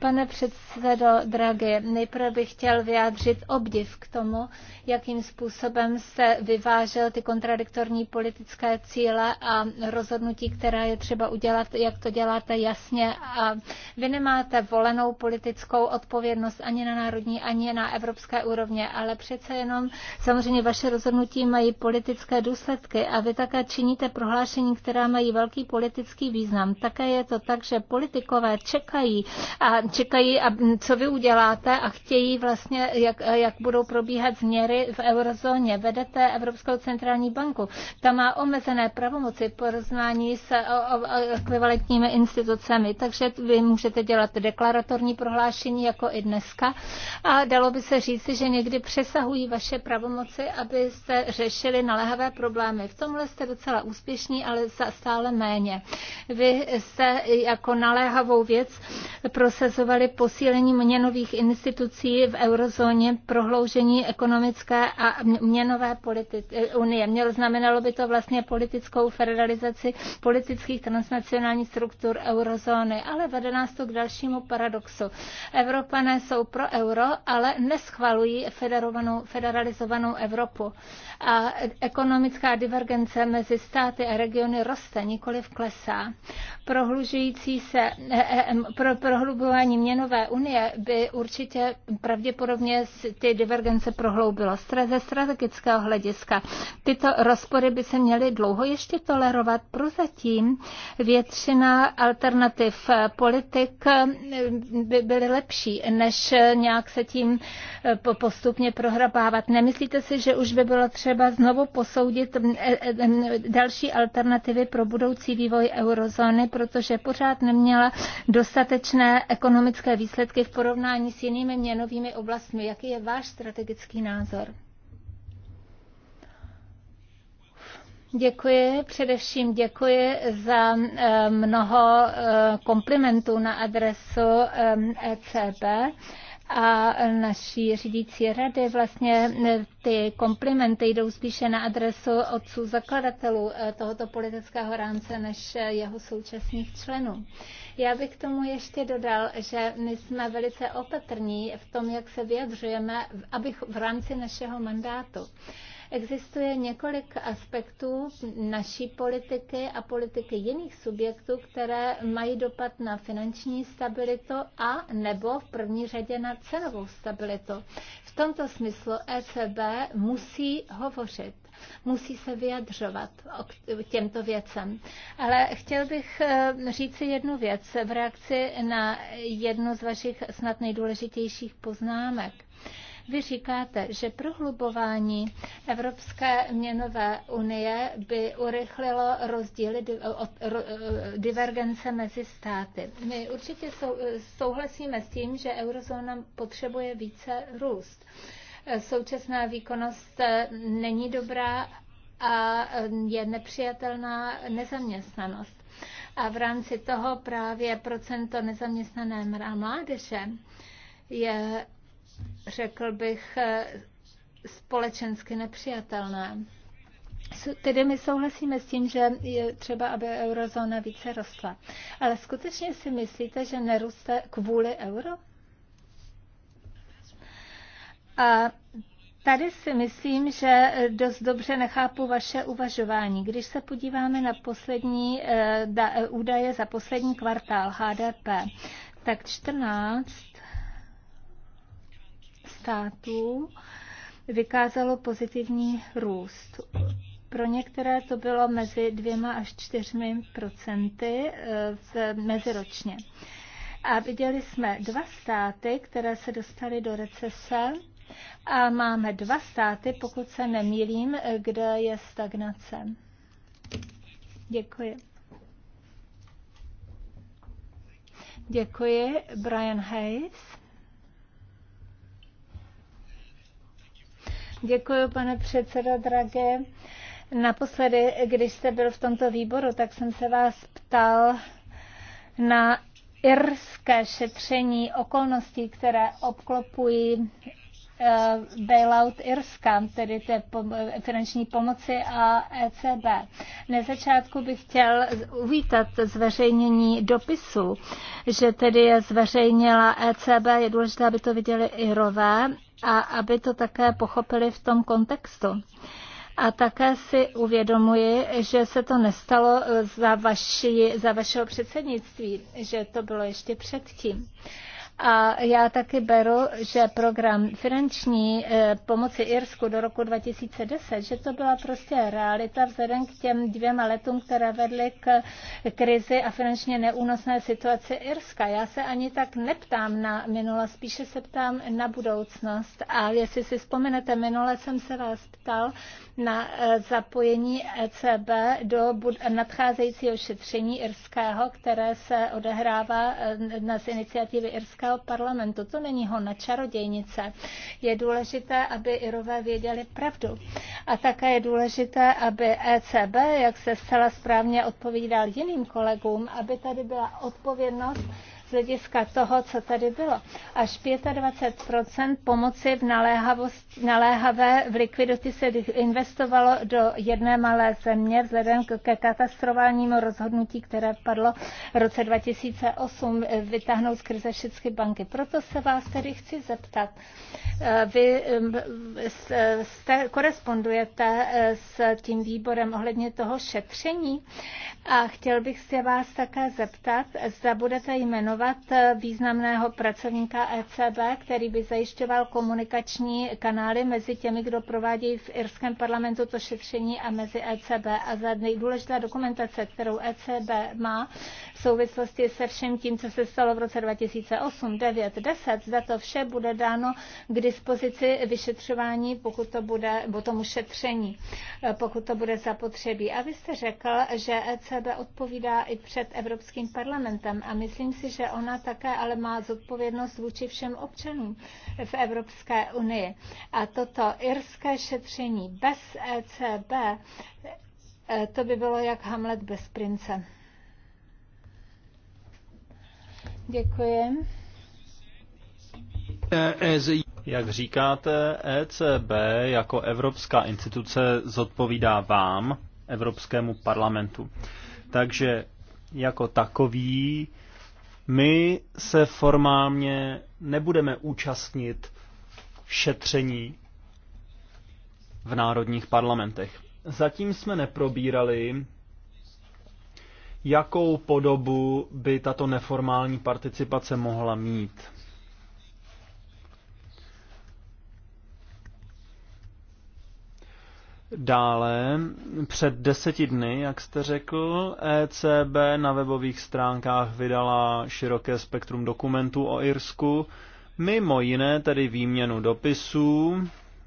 Pane předsedo Draghi, nejprve bych chtěl vyjádřit obdiv k tomu, jakým způsobem se vyvážel ty kontradiktorní politické cíle a rozhodnutí, která je třeba udělat, jak to děláte jasně. A vy nemáte volenou politickou odpovědnost ani na národní, ani na evropské úrovně, ale přece jenom samozřejmě vaše rozhodnutí mají politické důsledky a vy také činíte prohlášení, která mají velký politický význam. Také je to tak, že politikové čekají a čekají, co vy uděláte a chtějí vlastně, jak, jak budou probíhat změry v eurozóně. Vedete Evropskou centrální banku. Ta má omezené pravomoci porovnání s ekvivalentními institucemi, takže vy můžete dělat deklaratorní prohlášení jako i dneska a dalo by se říci, že někdy přesahují vaše pravomoci, aby se řešili naléhavé problémy. V tomhle jste docela úspěšní, ale stále méně. Vy jste jako naléhavou věc proces prosazovali posílení měnových institucí v eurozóně, prohloužení ekonomické a měnové politiky. Eh, unie. Mělo znamenalo by to vlastně politickou federalizaci politických transnacionálních struktur eurozóny, ale vede nás to k dalšímu paradoxu. Evropané jsou pro euro, ale neschvalují federovanou, federalizovanou Evropu. A ekonomická divergence mezi státy a regiony roste, nikoli klesá. Prohlužující se, eh, eh, pro, prohlubování budování měnové unie by určitě pravděpodobně ty divergence prohloubilo ze strategického hlediska. Tyto rozpory by se měly dlouho ještě tolerovat. Prozatím většina alternativ eh, politik eh, by byly lepší, než eh, nějak se tím postupně prohrabávat. Nemyslíte si, že už by bylo třeba znovu posoudit mm, mm, další alternativy pro budoucí vývoj eurozóny, protože pořád neměla dostatečné ekonomické ekonomické výsledky v porovnání s jinými měnovými oblastmi. Jaký je váš strategický názor? Děkuji, především děkuji za eh, mnoho eh, komplimentů na adresu ECB eh, a naší řídící rady vlastně eh, ty komplimenty jdou spíše na adresu otců zakladatelů eh, tohoto politického rámce než eh, jeho současných členů. Já bych k tomu ještě dodal, že my jsme velice opatrní v tom, jak se vyjadřujeme abych v rámci našeho mandátu. Existuje několik aspektů naší politiky a politiky jiných subjektů, které mají dopad na finanční stabilitu a nebo v první řadě na cenovou stabilitu. V tomto smyslu ECB musí hovořit musí se vyjadřovat k těmto věcem. Ale chtěl bych eh, říct si jednu věc v reakci na jednu z vašich snad nejdůležitějších poznámek. Vy říkáte, že prohlubování Evropské měnové unie by urychlilo rozdíly, divergence mezi státy. My určitě souhlasíme s tím, že eurozóna potřebuje více růst. Současná výkonnost eh, není dobrá a eh, je nepřijatelná nezaměstnanost. A v rámci toho právě procento nezaměstnané mládeže je řekl bych, eh, společensky nepřijatelné. Tedy my souhlasíme s tím, že je třeba, aby eurozóna více rostla. Ale skutečně si myslíte, že neroste kvůli euro? A Tady si myslím, že dost dobře nechápu vaše uvažování. Když se podíváme na poslední eh, údaje za poslední kvartál HDP, tak 14 států vykázalo pozitivní růst. Pro některé to bylo mezi dvěma až čtyřmi procenty eh, meziročně. A viděli jsme dva státy, které se dostaly do recese a máme dva státy, pokud se nemýlím, kde je stagnace. Děkuji. Děkuji, Brian Hayes. Děkuji, pane předsedo Dragé. Naposledy, když jste byl v tomto výboru, tak jsem se vás ptal na irské šetření okolností, které obklopují eh, bailout Irska, tedy té finanční pomoci a ECB. Na začátku bych chtěl uvítat zveřejnění dopisu, že tedy je zveřejnila ECB, je důležité, aby to viděli Irové a aby to také pochopili v tom kontextu. A také si uvědomuji, že se to nestalo za, vaši, za vašeho předsednictví, že to bylo ještě předtím. Uh, a já taky beru, že program finanční eh, pomoci Irsku do roku 2010, že to byla prostě realita vzhledem k těm dvěma letům, které vedly k krizi a finančně neúnosné situaci Irska. Já se ani tak neptám na minula, spíše se ptám na budoucnost. A jestli si vzpomenete, minule jsem se vás ptal na eh, zapojení ECB do nadcházejícího šetření irského, které se odehrává eh, z iniciativy Irska Evropského parlamentu. To není ho na čarodějnice. Je důležité, aby Irové věděli pravdu. A také je důležité, aby ECB, jak se zcela správně odpovídal jiným kolegům, aby tady byla odpovědnost z hlediska toho, co tady bylo. Až 25 pomoci v naléhavé v likvidity se investovalo do jedné malé země vzhledem ke katastrofálnímu rozhodnutí, které padlo v roce 2008 vytáhnout z krize všechny banky. Proto se vás tedy chci zeptat. Eh, vy eh, eh, jste, korespondujete s tím výborem ohledně toho šetření a chtěl bych se vás také zeptat, zda budete jmenovat jmenovat významného pracovníka ECB, který by zajišťoval komunikační kanály mezi těmi, kdo provádějí v irském parlamentu to šetření a mezi ECB. A za nejdůležitá dokumentace, kterou ECB má, v souvislosti se všem tím, co se stalo v roce 2008, 9, 10, zda to vše bude dáno k dispozici vyšetřování, pokud to bude, bo tomu šetření, eh, pokud to bude zapotřebí. A vy jste řekl, že ECB odpovídá i před Evropským parlamentem a myslím si, že ona také ale má zodpovědnost vůči všem občanům v Evropské unii. A toto irské šetření bez ECB, eh, to by bylo jak Hamlet bez prince. Děkuji. Jak říkáte, ECB jako evropská instituce zodpovídá vám, Evropskému parlamentu. Takže jako takový my se formálně nebudeme účastnit šetření v národních parlamentech. Zatím jsme neprobírali jakou podobu by tato neformální participace mohla mít. Dále, před deseti dny, jak jste řekl, ECB na webových stránkách vydala široké spektrum dokumentů o Irsku, mimo jiné tedy výměnu dopisů,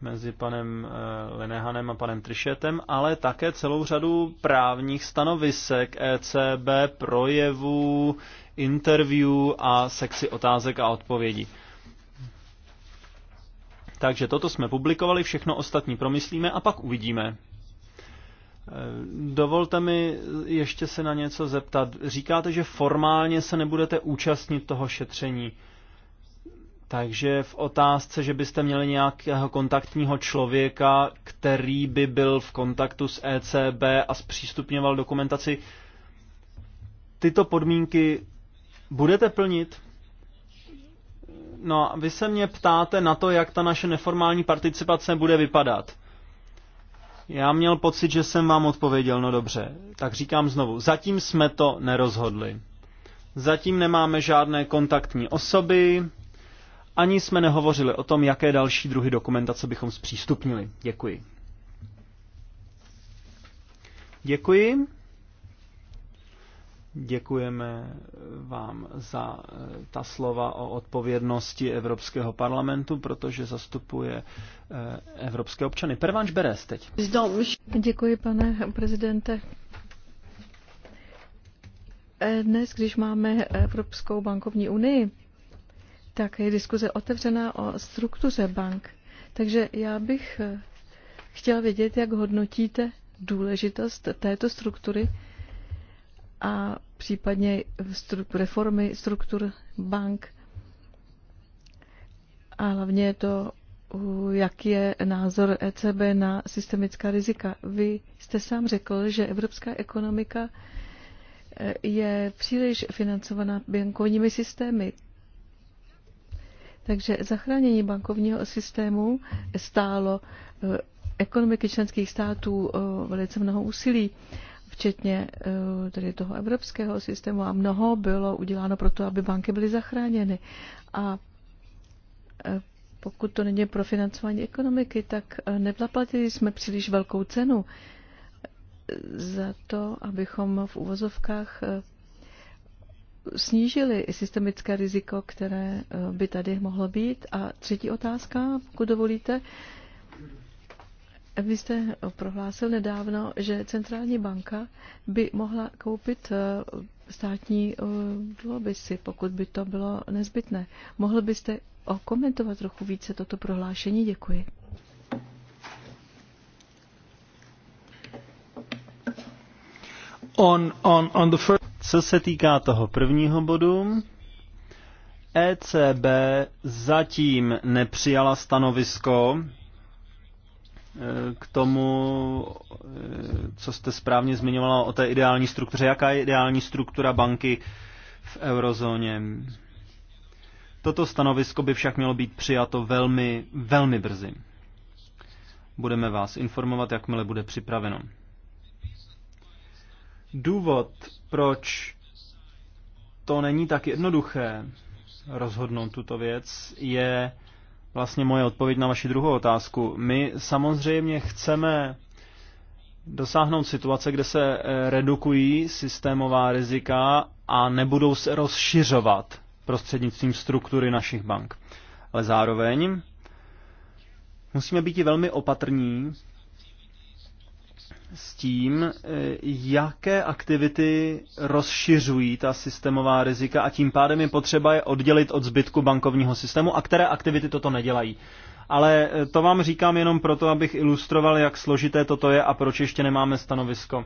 mezi panem eh, Linehanem a panem Trišetem, ale také celou řadu právních stanovisek, ECB, projevů, interview a sexy otázek a odpovědí. Takže toto jsme publikovali, všechno ostatní promyslíme a pak uvidíme. Eh, dovolte mi ještě se na něco zeptat. Říkáte, že formálně se nebudete účastnit toho šetření. Takže v otázce, že byste měli nějakého kontaktního člověka, který by byl v kontaktu s ECB a zpřístupňoval dokumentaci, tyto podmínky budete plnit? No a vy se mě ptáte na to, jak ta naše neformální participace bude vypadat. Já měl pocit, že jsem vám odpověděl, no dobře. Tak říkám znovu, zatím jsme to nerozhodli. Zatím nemáme žádné kontaktní osoby, ani jsme nehovořili o tom, jaké další druhy dokumentace bychom zpřístupnili. Děkuji. Děkuji. Děkujeme vám za eh, ta slova o odpovědnosti Evropského parlamentu, protože zastupuje eh, evropské občany. Pervanš Beres teď. Děkuji, pane prezidente. Eh, dnes, když máme Evropskou bankovní unii, tak je diskuze otevřená o struktuře bank. Takže já bych eh, chtěla vědět, jak hodnotíte důležitost této struktury a případně reformy struktur bank a hlavně to, eh, jaký je názor ECB na systemická rizika. Vy jste sám řekl, že evropská ekonomika eh, je příliš financovaná bankovními systémy. Takže zachránění bankovního systému stálo eh, ekonomiky členských států eh, velice mnoho úsilí, včetně eh, tedy toho evropského systému a mnoho bylo uděláno pro to, aby banky byly zachráněny. A pokud to není pro financování ekonomiky, tak nezaplatili jsme příliš velkou cenu za to, abychom v uvozovkách snížili systemické riziko, které eh, by tady mohlo být. A třetí otázka, pokud dovolíte. Vy jste prohlásil nedávno, že centrální banka by mohla koupit eh, státní eh, dluhopisy, pokud by to bylo nezbytné. Mohl byste okomentovat trochu více toto prohlášení? Děkuji. On, on, on the first... Co se týká toho prvního bodu, ECB zatím nepřijala stanovisko e, k tomu, e, co jste správně zmiňovala o té ideální struktuře. Jaká je ideální struktura banky v eurozóně? Toto stanovisko by však mělo být přijato velmi, velmi brzy. Budeme vás informovat, jakmile bude připraveno. Důvod, proč to není tak jednoduché rozhodnout tuto věc, je vlastně moje odpověď na vaši druhou otázku. My samozřejmě chceme dosáhnout situace, kde se eh, redukují systémová rizika a nebudou se rozšiřovat prostřednictvím struktury našich bank. Ale zároveň musíme být i velmi opatrní s tím, eh, jaké aktivity rozšiřují ta systémová rizika a tím pádem je potřeba je oddělit od zbytku bankovního systému a které aktivity toto nedělají. Ale eh, to vám říkám jenom proto, abych ilustroval, jak složité toto je a proč ještě nemáme stanovisko.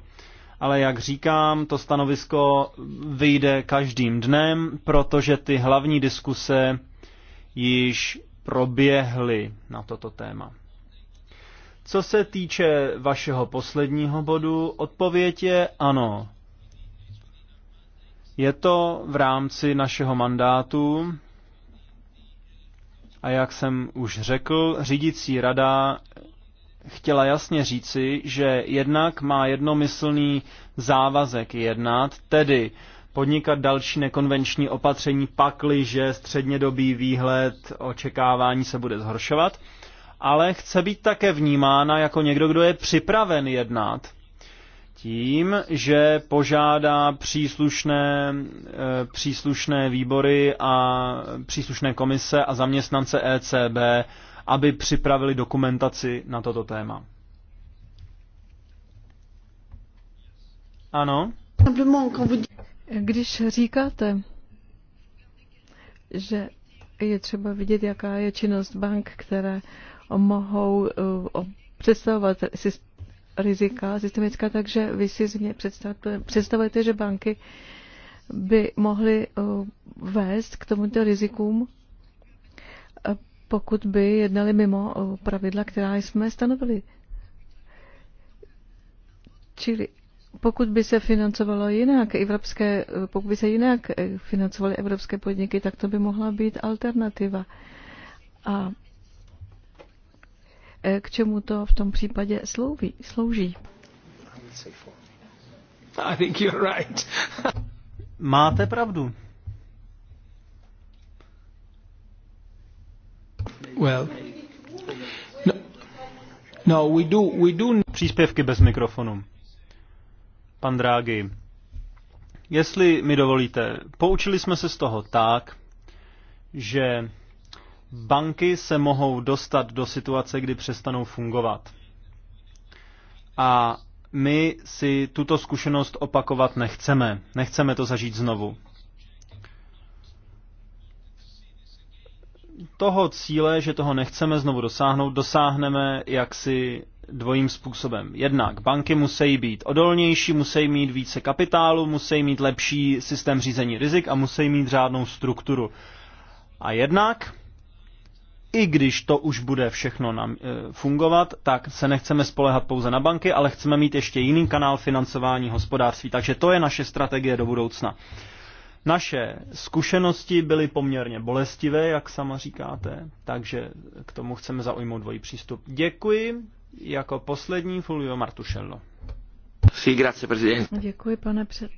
Ale jak říkám, to stanovisko vyjde každým dnem, protože ty hlavní diskuse již proběhly na toto téma. Co se týče vašeho posledního bodu, odpověď je ano. Je to v rámci našeho mandátu a jak jsem už řekl, řídící rada chtěla jasně říci, že jednak má jednomyslný závazek jednat, tedy podnikat další nekonvenční opatření, pakliže střednědobý výhled očekávání se bude zhoršovat – ale chce být také vnímána jako někdo, kdo je připraven jednat tím, že požádá příslušné, eh, příslušné výbory a příslušné komise a zaměstnance ECB, aby připravili dokumentaci na toto téma. Ano? Když říkáte, že je třeba vidět, jaká je činnost bank, které mohou uh, představovat rizika systemická, takže vy si představujete, že banky by mohly uh, vést k tomuto rizikům, uh, pokud by jednali mimo pravidla, která jsme stanovili. Čili pokud by se financovalo jinak, evropské, pokud by se jinak financovaly evropské podniky, tak to by mohla být alternativa. A k čemu to v tom případě slouží. slouží. I think you're right. [laughs] Máte pravdu. Well, no, no, we do, we do... Příspěvky bez mikrofonu. Pan Drágy, jestli mi dovolíte, poučili jsme se z toho tak, že banky se mohou dostat do situace, kdy přestanou fungovat. A my si tuto zkušenost opakovat nechceme. Nechceme to zažít znovu. Toho cíle, že toho nechceme znovu dosáhnout, dosáhneme jaksi dvojím způsobem. Jednak banky musí být odolnější, musí mít více kapitálu, musí mít lepší systém řízení rizik a musí mít řádnou strukturu. A jednak i když to už bude všechno nám eh, fungovat, tak se nechceme spolehat pouze na banky, ale chceme mít ještě jiný kanál financování hospodářství. Takže to je naše strategie do budoucna. Naše zkušenosti byly poměrně bolestivé, jak sama říkáte, takže k tomu chceme zaujmout dvojí přístup. Děkuji. Jako poslední Fulvio Martušello. Sí, grazie, prezident. Děkuji, pane před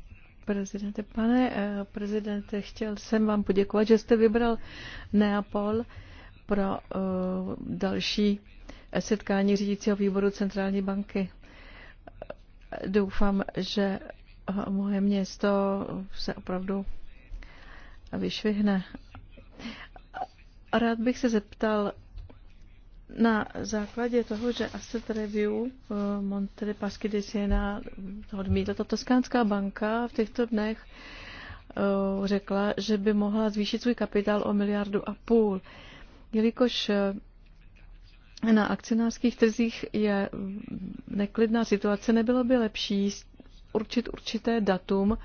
prezidente. Pane eh, prezidente, chtěl jsem vám poděkovat, že jste vybral Neapol pro uh, další setkání řídícího výboru Centrální banky. Doufám, že eh, moje město se opravdu vyšvihne. Rád bych se zeptal na základě toho, že Asset Review eh, Monte Pasky de Siena odmítla, ta Toskánská banka v těchto dnech řekla, že by mohla zvýšit svůj kapitál o miliardu a půl jelikož eh, na akcionářských trzích je neklidná situace, nebylo by lepší určit určité datum,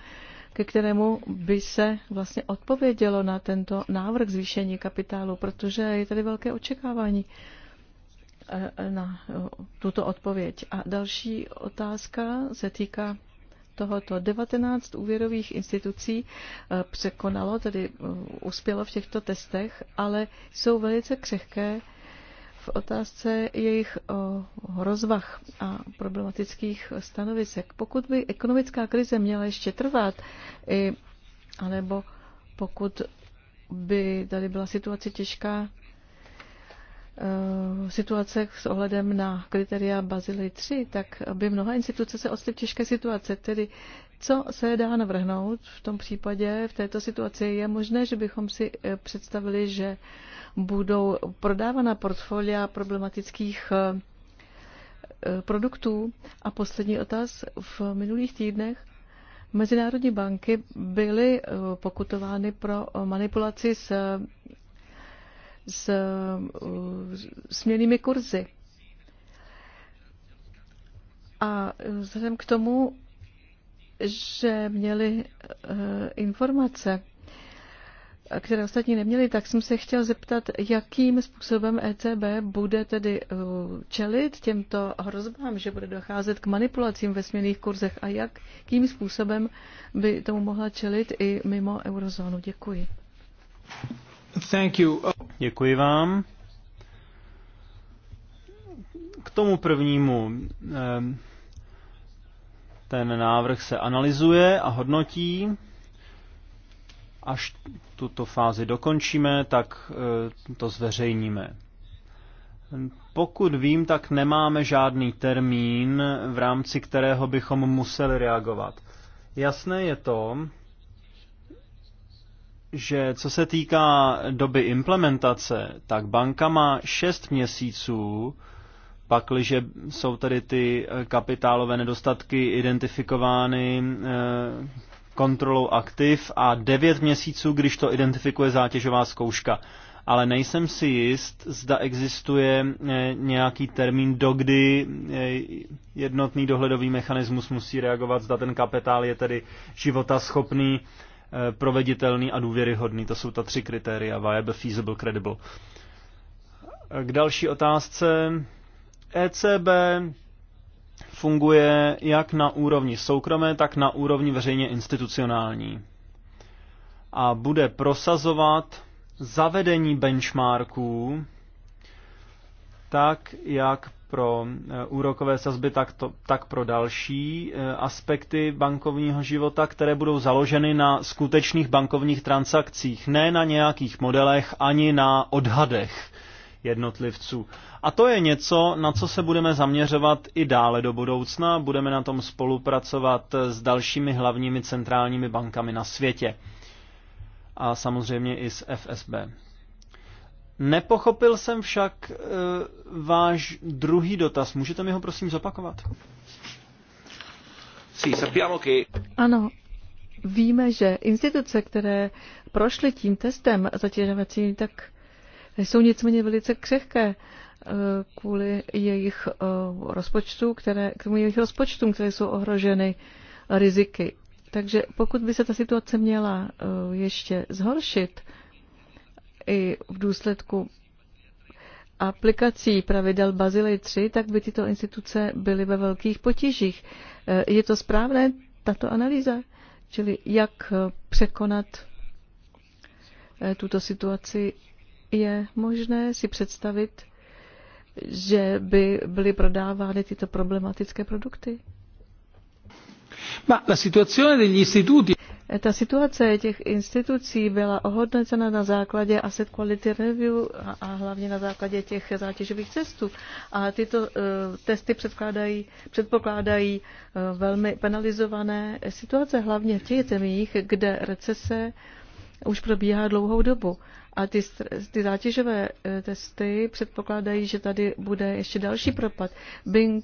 ke kterému by se vlastně odpovědělo na tento návrh zvýšení kapitálu, protože je tady velké očekávání eh, na eh, tuto odpověď. A další otázka se týká tohoto 19 úvěrových institucí eh, překonalo, tedy eh, uspělo v těchto testech, ale jsou velice křehké v otázce jejich eh, rozvah a problematických stanovisek. Pokud by ekonomická krize měla ještě trvat, anebo pokud by tady byla situace těžká Eh, situace s ohledem na kritéria Bazily 3, tak by mnoha instituce se odstly v těžké situace. Tedy co se dá navrhnout v tom případě, v této situaci? Je možné, že bychom si eh, představili, že budou prodávána portfolia problematických eh, produktů. A poslední otáz. V minulých týdnech mezinárodní banky byly pokutovány pro manipulaci s s směnými kurzy. A vzhledem k tomu, že měli eh, informace, které ostatní neměli, tak jsem se chtěl zeptat, jakým způsobem ECB bude tedy eh, čelit těmto hrozbám, že bude docházet k manipulacím ve směných kurzech a jakým způsobem by tomu mohla čelit i mimo eurozónu. Děkuji. Thank you. Uh... Děkuji vám. K tomu prvnímu. Ehm, ten návrh se analyzuje a hodnotí. Až tuto fázi dokončíme, tak ehm, to zveřejníme. Pokud vím, tak nemáme žádný termín, v rámci kterého bychom museli reagovat. Jasné je to, že co se týká doby implementace, tak banka má 6 měsíců, pakliže jsou tady ty eh, kapitálové nedostatky identifikovány eh, kontrolou aktiv a 9 měsíců, když to identifikuje zátěžová zkouška. Ale nejsem si jist, zda existuje eh, nějaký termín, dokdy jednotný dohledový mechanismus musí reagovat, zda ten kapitál je tedy života schopný Eh, proveditelný a důvěryhodný. To jsou ta tři kritéria, viable, feasible, credible. K další otázce. ECB funguje jak na úrovni soukromé, tak na úrovni veřejně institucionální. A bude prosazovat zavedení benchmarků, tak jak pro eh, úrokové sazby, tak, to, tak pro další eh, aspekty bankovního života, které budou založeny na skutečných bankovních transakcích, ne na nějakých modelech ani na odhadech jednotlivců. A to je něco, na co se budeme zaměřovat i dále do budoucna. Budeme na tom spolupracovat s dalšími hlavními centrálními bankami na světě. A samozřejmě i s FSB. Nepochopil jsem však e, váš druhý dotaz. Můžete mi ho prosím zopakovat? Ano, víme, že instituce, které prošly tím testem zatěžovacím, tak jsou nicméně velice křehké eh, kvůli jejich eh, rozpočtu, které, k tomu jejich rozpočtům, které jsou ohroženy riziky. Takže pokud by se ta situace měla ještě zhoršit, i v důsledku aplikací pravidel Bazily 3, tak by tyto instituce byly ve velkých potížích. E, je to správné, tato analýza? Čili jak e, překonat e, tuto situaci? Je možné si představit, že by byly prodávány tyto problematické produkty? Ma la situazione degli istituti ta situace těch institucí byla ohodnocena na základě asset quality review a, a hlavně na základě těch zátěžových testů. A tyto uh, testy předkládají, předpokládají uh, velmi penalizované situace, hlavně v těch zemích, kde recese už probíhá dlouhou dobu. A ty, ty zátěžové eh, testy předpokládají, že tady bude ještě další propad.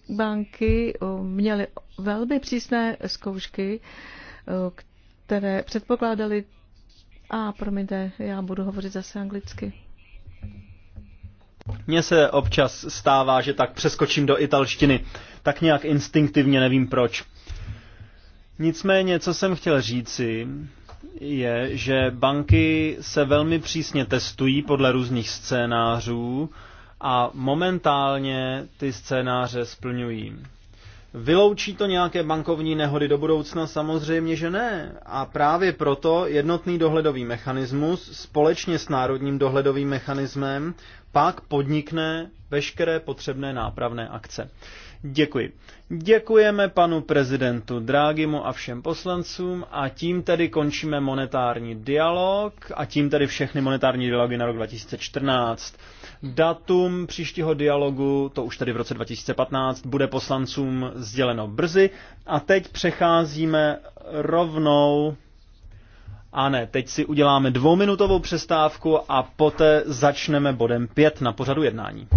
Banky měly velmi přísné zkoušky, které předpokládali. A, ah, promiňte, já budu hovořit zase anglicky. Mně se občas stává, že tak přeskočím do italštiny. Tak nějak instinktivně nevím proč. Nicméně, co jsem chtěl říci, je, že banky se velmi přísně testují podle různých scénářů a momentálně ty scénáře splňují. Vyloučí to nějaké bankovní nehody do budoucna? Samozřejmě, že ne. A právě proto jednotný dohledový mechanismus společně s národním dohledovým mechanismem pak podnikne veškeré potřebné nápravné akce. Děkuji. Děkujeme panu prezidentu Drágimu a všem poslancům a tím tedy končíme monetární dialog a tím tedy všechny monetární dialogy na rok 2014. Datum příštího dialogu, to už tedy v roce 2015, bude poslancům sděleno brzy. A teď přecházíme rovnou a ne, teď si uděláme dvouminutovou přestávku a poté začneme bodem 5 na pořadu jednání.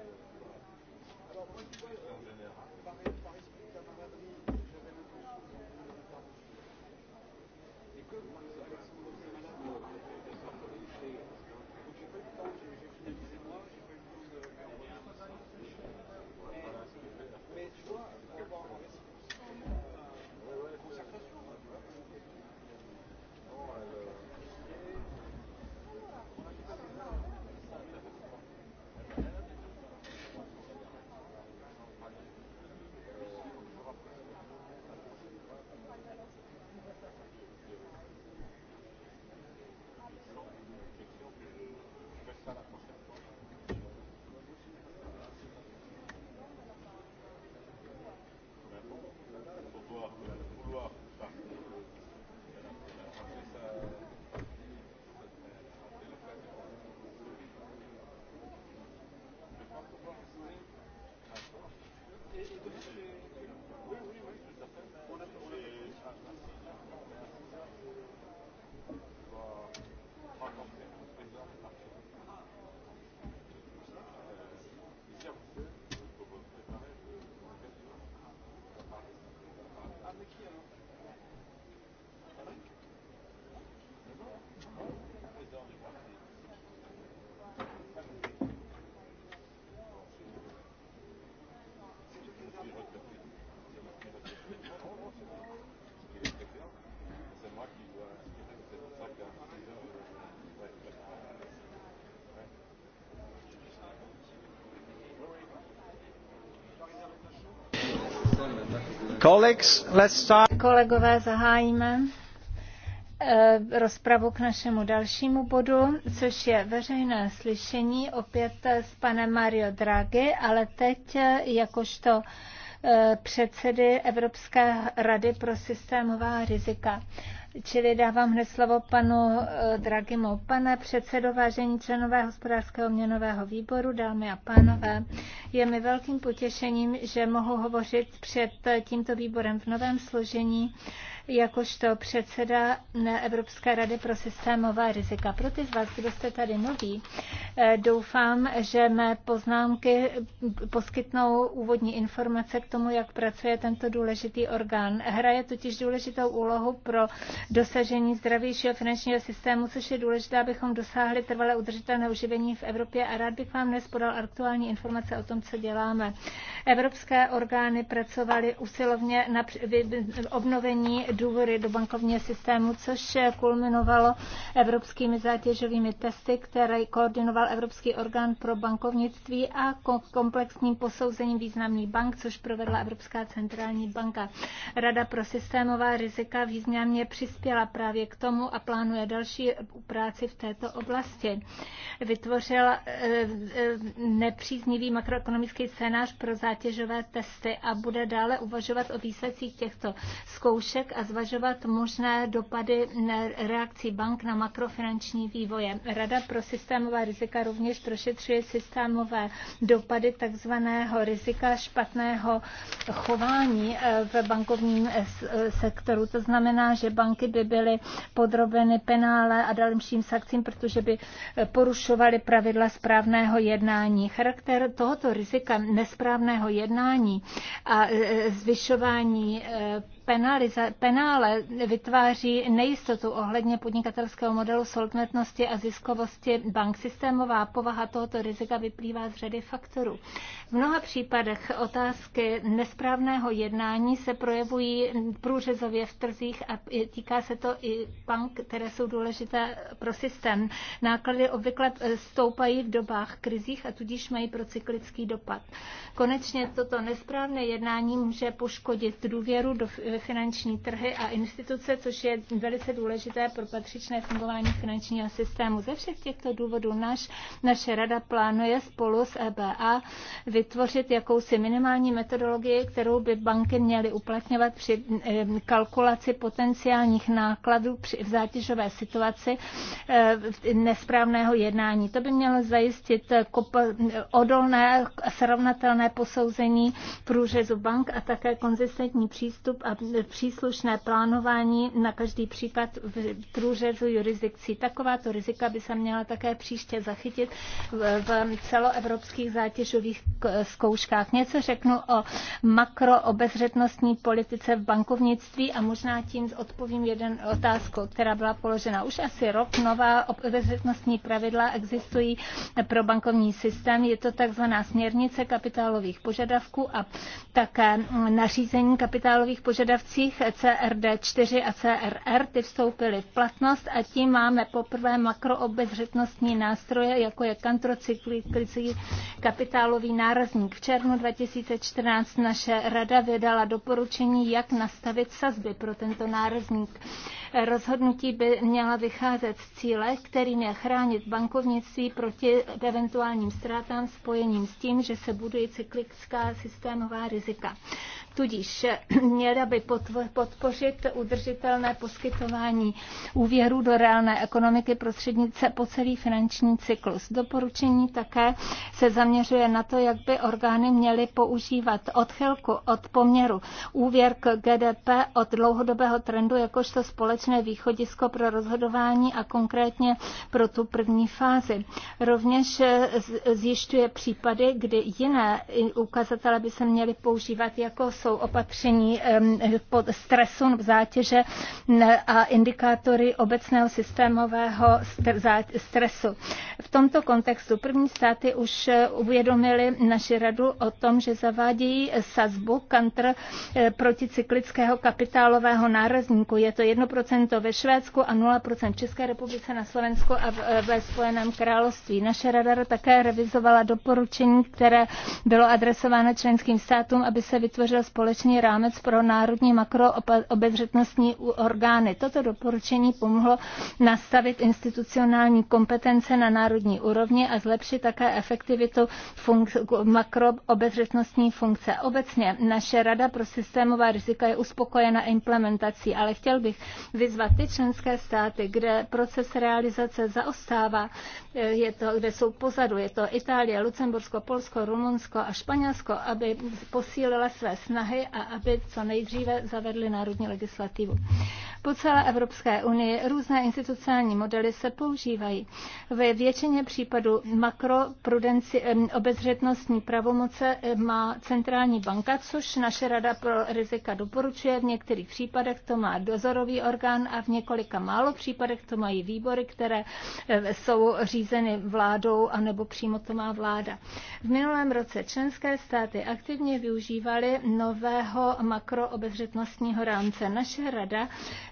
En général, Kolegové, zahájíme eh, rozpravu k našemu dalšímu bodu, což je veřejné slyšení opět s panem Mario Draghi, ale teď eh, jakožto eh, předsedy Evropské rady pro systémová rizika. Čili dávám hned slovo panu Dragimu. Pane předsedo, vážení členové hospodářského měnového výboru, dámy a pánové, je mi velkým potěšením, že mohu hovořit před tímto výborem v novém složení jakožto předseda Evropské rady pro systémová rizika. Pro ty z vás, kdo jste tady noví, eh, doufám, že mé poznámky poskytnou úvodní informace k tomu, jak pracuje tento důležitý orgán. Hraje totiž důležitou úlohu pro dosažení zdravějšího finančního systému, což je důležité, abychom dosáhli trvale udržitelné uživení v Evropě a rád bych vám dnes podal aktuální informace o tom, co děláme. Evropské orgány pracovaly usilovně na obnovení důvody do bankovního systému, což kulminovalo evropskými zátěžovými testy, které koordinoval Evropský orgán pro bankovnictví a komplexním posouzením významných bank, což provedla Evropská centrální banka. Rada pro systémová rizika významně přispěla právě k tomu a plánuje další práci v této oblasti. Vytvořila eh, eh, nepříznivý makroekonomický scénář pro zátěžové testy a bude dále uvažovat o výsledcích těchto zkoušek a zvažovat možné dopady reakcí bank na makrofinanční vývoje. Rada pro systémová rizika rovněž prošetřuje systémové dopady takzvaného rizika špatného chování eh, v bankovním eh, eh, sektoru. To znamená, že banky by byly podrobeny penále a dalším sankcím, protože by porušovaly pravidla správného jednání. Charakter tohoto rizika nesprávného jednání a zvyšování penaliza, penále vytváří nejistotu ohledně podnikatelského modelu solventnosti a ziskovosti bank. Systémová povaha tohoto rizika vyplývá z řady faktorů. V mnoha případech otázky nesprávného jednání se projevují průřezově v trzích a týká se to i bank, které jsou důležité pro systém. Náklady obvykle eh, stoupají v dobách krizích a tudíž mají procyklický dopad. Konečně toto nesprávné jednání může poškodit důvěru do finanční trhy a instituce, což je velice důležité pro patřičné fungování finančního systému. Ze všech těchto důvodů naš, naše rada plánuje spolu s EBA vytvořit jakousi minimální metodologii, kterou by banky měly uplatňovat při kalkulaci potenciálních nákladů při, v zátěžové situaci e, nesprávného jednání. To by mělo zajistit e, e, odolné a srovnatelné posouzení průřezu bank a také konzistentní přístup a příslušné plánování na každý případ v průřezu jurisdikcí. Takováto rizika by se měla také příště zachytit v celoevropských zátěžových zkouškách. Něco řeknu o makroobezřetnostní politice v bankovnictví a možná tím odpovím jeden otázku, která byla položena. Už asi rok nová obezřetnostní pravidla existují pro bankovní systém. Je to takzvaná směrnice kapitálových požadavků a také nařízení kapitálových požadavků požadavcích CRD4 a CRR, ty vstoupily v platnost a tím máme poprvé makroobezřetnostní nástroje, jako je kantrocyklický kapitálový nárazník. V červnu 2014 naše rada vydala doporučení, jak nastavit sazby pro tento nárazník. Rozhodnutí by měla vycházet z cíle, kterým je chránit bankovnictví proti eventuálním ztrátám spojeným s tím, že se buduje cyklická systémová rizika. Tudíž [clears throat] měla by podpořit udržitelné poskytování úvěru do reálné ekonomiky prostřednice po celý finanční cyklus. Doporučení také se zaměřuje na to, jak by orgány měly používat odchylku od poměru úvěr k GDP od dlouhodobého trendu jakožto společné východisko pro rozhodování a konkrétně pro tu první fázi. Rovněž eh, zjišťuje případy, kdy jiné ukazatele by se měly používat jako jsou jsou opatření pod stresu, zátěže a indikátory obecného systémového stresu. V tomto kontextu první státy už eh, uvědomili naši radu o tom, že zavádějí sazbu kantr eh, proti cyklického kapitálového nárazníku. Je to 1% ve Švédsku a 0% v České republice, na Slovensku a eh, ve Spojeném království. Naše rada také revizovala doporučení, které bylo adresováno členským státům, aby se vytvořil společný rámec pro národní makroobezřetnostní orgány. Toto doporučení pomohlo nastavit institucionální kompetence na národní úrovni a zlepšit také efektivitu funk- makroobezřetnostní funkce. Obecně naše Rada pro systémová rizika je uspokojena implementací, ale chtěl bych vyzvat ty členské státy, kde proces realizace zaostává, je to, kde jsou pozadu, je to Itálie, Lucembursko, Polsko, Rumunsko a Španělsko, aby posílila své snahy snahy a aby co nejdříve zavedli národní legislativu. Po celé Evropské unii různé institucionální modely se používají. Ve většině případů makroprudenci obezřetnostní pravomoce má centrální banka, což naše rada pro rizika doporučuje. V některých případech to má dozorový orgán a v několika málo případech to mají výbory, které jsou řízeny vládou anebo přímo to má vláda. V minulém roce členské státy aktivně využívaly nového makroobezřetnostního rámce. Naše rada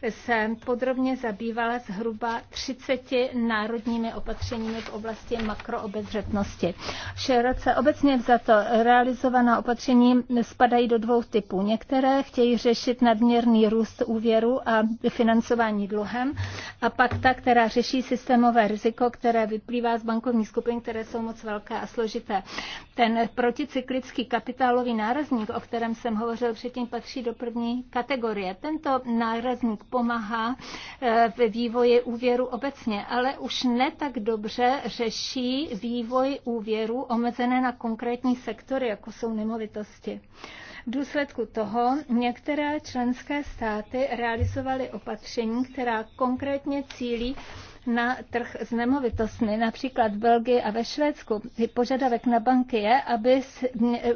se podrobně zabývala zhruba 30 národními opatřeními v oblasti makroobezřetnosti. Široce obecně vzato realizovaná opatření spadají do dvou typů. Některé chtějí řešit nadměrný růst úvěru a financování dluhem a pak ta, která řeší systémové riziko, které vyplývá z bankovních skupin, které jsou moc velké a složité. Ten proticyklický kapitálový nárazník, o kterém jsem hovořil předtím, patří do první kategorie. Tento nárazník pomáhá eh, ve vývoji úvěru obecně, ale už ne tak dobře řeší vývoj úvěru omezené na konkrétní sektory, jako jsou nemovitosti. V důsledku toho některé členské státy realizovaly opatření, která konkrétně cílí na trh s nemovitostmi. Například v Belgii a ve Švédsku požadavek na banky je, aby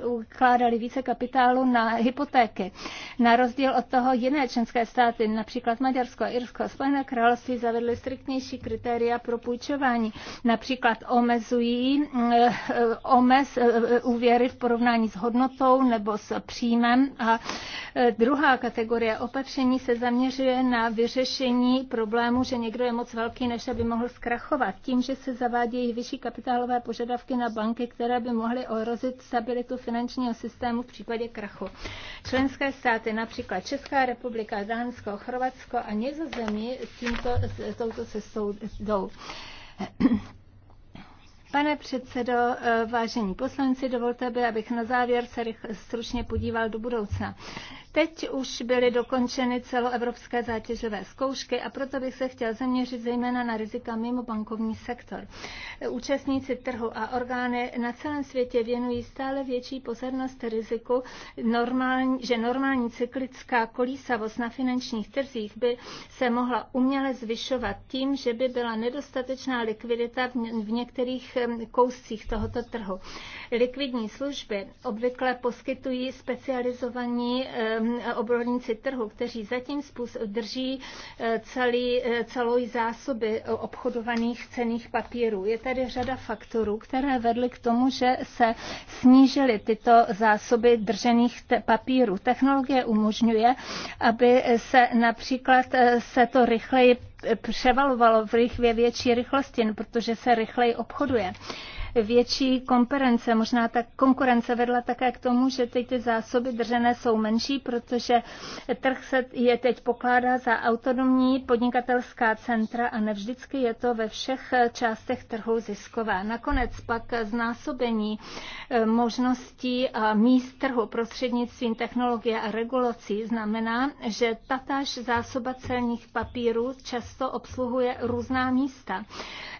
ukládali více kapitálu na hypotéky. Na rozdíl od toho jiné členské státy, například Maďarsko, Irsko, Spojené království, zavedly striktnější kritéria pro půjčování. Například omezují eh, omez eh, úvěry v porovnání s hodnotou nebo s příjmem. A eh, druhá kategorie opatření se zaměřuje na vyřešení problému, že někdo je moc velký než bankéř, aby mohl zkrachovat tím, že se zavádějí vyšší kapitálové požadavky na banky, které by mohly ohrozit stabilitu finančního systému v případě krachu. Členské státy, například Česká republika, Dánsko, Chorvatsko a Nizozemí, tímto, touto cestou jdou. [clears throat] Pane předsedo, eh, vážení poslanci, dovolte by, abych na závěr se stručně podíval do budoucna. Teď už byly dokončeny celoevropské zátěžové zkoušky a proto bych se chtěl zaměřit zejména na rizika mimo bankovní sektor. Účastníci trhu a orgány na celém světě věnují stále větší pozornost riziku, normální, že normální cyklická kolísavost na finančních trzích by se mohla uměle zvyšovat tím, že by byla nedostatečná likvidita v některých kouscích tohoto trhu. Likvidní služby obvykle poskytují specializovaní obrovníci trhu, kteří zatím drží e, celý, e, celou zásoby obchodovaných cených papírů. Je tady řada faktorů, které vedly k tomu, že se snížily tyto zásoby držených papírů. Technologie umožňuje, aby se například e, se to rychleji převalovalo v rychvě větší rychlosti, protože se rychleji obchoduje větší konkurence. Možná ta konkurence vedla také k tomu, že teď ty zásoby držené jsou menší, protože trh se je teď pokládá za autonomní podnikatelská centra a nevždycky je to ve všech částech trhu ziskové. Nakonec pak znásobení eh, možností a míst trhu prostřednictvím technologie a regulací znamená, že tatáž zásoba celních papírů často obsluhuje různá místa.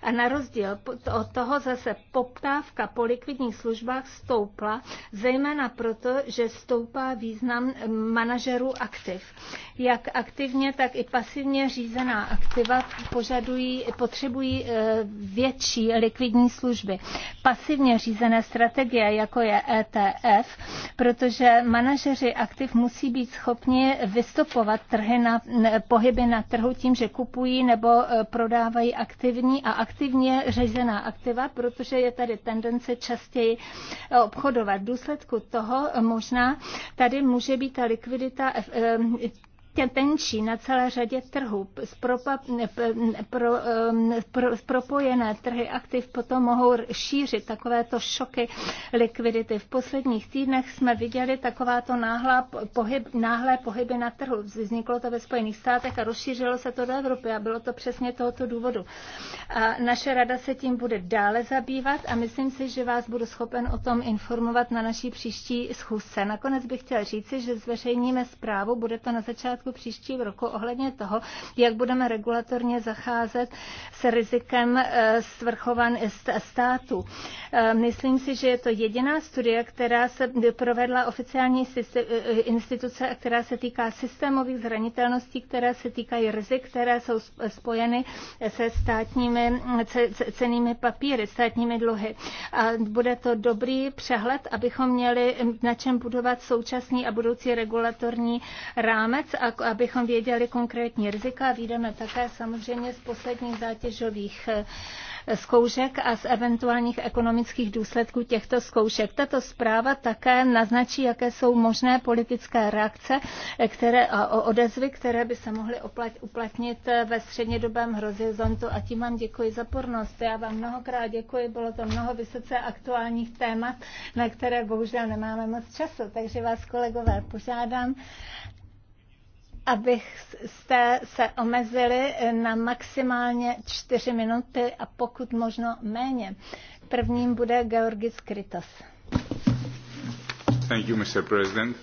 A na rozdíl od toho zase po poptávka po likvidních službách stoupla, zejména proto, že stoupá význam manažerů aktiv. Jak aktivně, tak i pasivně řízená aktiva požadují, potřebují eh, větší likvidní služby. Pasivně řízené strategie, jako je ETF, protože manažeři aktiv musí být schopni vystopovat trhy na, pohyby na trhu tím, že kupují nebo eh, prodávají aktivní a aktivně řízená aktiva, protože je tady tendence častěji eh, obchodovat. V důsledku toho možná tady může být ta likvidita eh, tenčí na celé řadě trhů. Zpropa, pro, um, pro, propojené trhy aktiv potom mohou šířit takovéto šoky likvidity. V posledních týdnech jsme viděli takováto náhlá pohyb, náhlé pohyby na trhu. Vzniklo to ve Spojených státech a rozšířilo se to do Evropy a bylo to přesně tohoto důvodu. A naše rada se tím bude dále zabývat a myslím si, že vás budu schopen o tom informovat na naší příští schůzce. Nakonec bych chtěl říci, že zveřejníme zprávu, bude to na začátku začátku příštího roku ohledně toho, jak budeme regulatorně zacházet s rizikem eh, svrchovan státu. Eh, myslím si, že je to jediná studie, která se provedla oficiální eh, instituce která se týká systémových zranitelností, které se týkají rizik, které jsou spojeny se státními cenými papíry, státními dluhy. A bude to dobrý přehled, abychom měli na čem budovat současný a budoucí regulatorní rámec a abychom věděli konkrétní rizika. Vídeme také samozřejmě z posledních zátěžových eh, zkoušek a z eventuálních ekonomických důsledků těchto zkoušek. Tato zpráva také naznačí, jaké jsou možné politické reakce eh, které, a odezvy, které by se mohly uplatnit eh, ve střednědobém horizontu. A tím vám děkuji za pornost. Já vám mnohokrát děkuji, bylo to mnoho vysoce aktuálních témat, na které bohužel nemáme moc času. Takže vás, kolegové, požádám, abyste se omezili na maximálně čtyři minuty a pokud možno méně. Prvním bude Georgis Kritos. Thank you, Mr. President.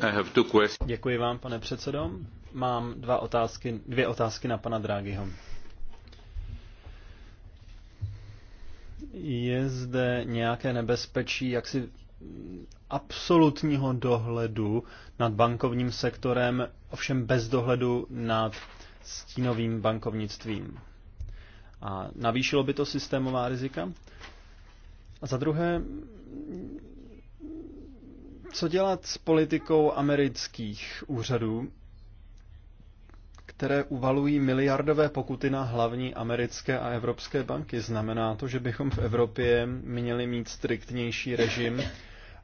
I have two questions. Děkuji vám, pane předsedo. Mám dva otázky, dvě otázky na pana Drágyho. Je zde nějaké nebezpečí jak si absolutního dohledu nad bankovním sektorem, ovšem bez dohledu nad stínovým bankovnictvím. A navýšilo by to systémová rizika? A za druhé, co dělat s politikou amerických úřadů, které uvalují miliardové pokuty na hlavní americké a evropské banky? Znamená to, že bychom v Evropě měli mít striktnější režim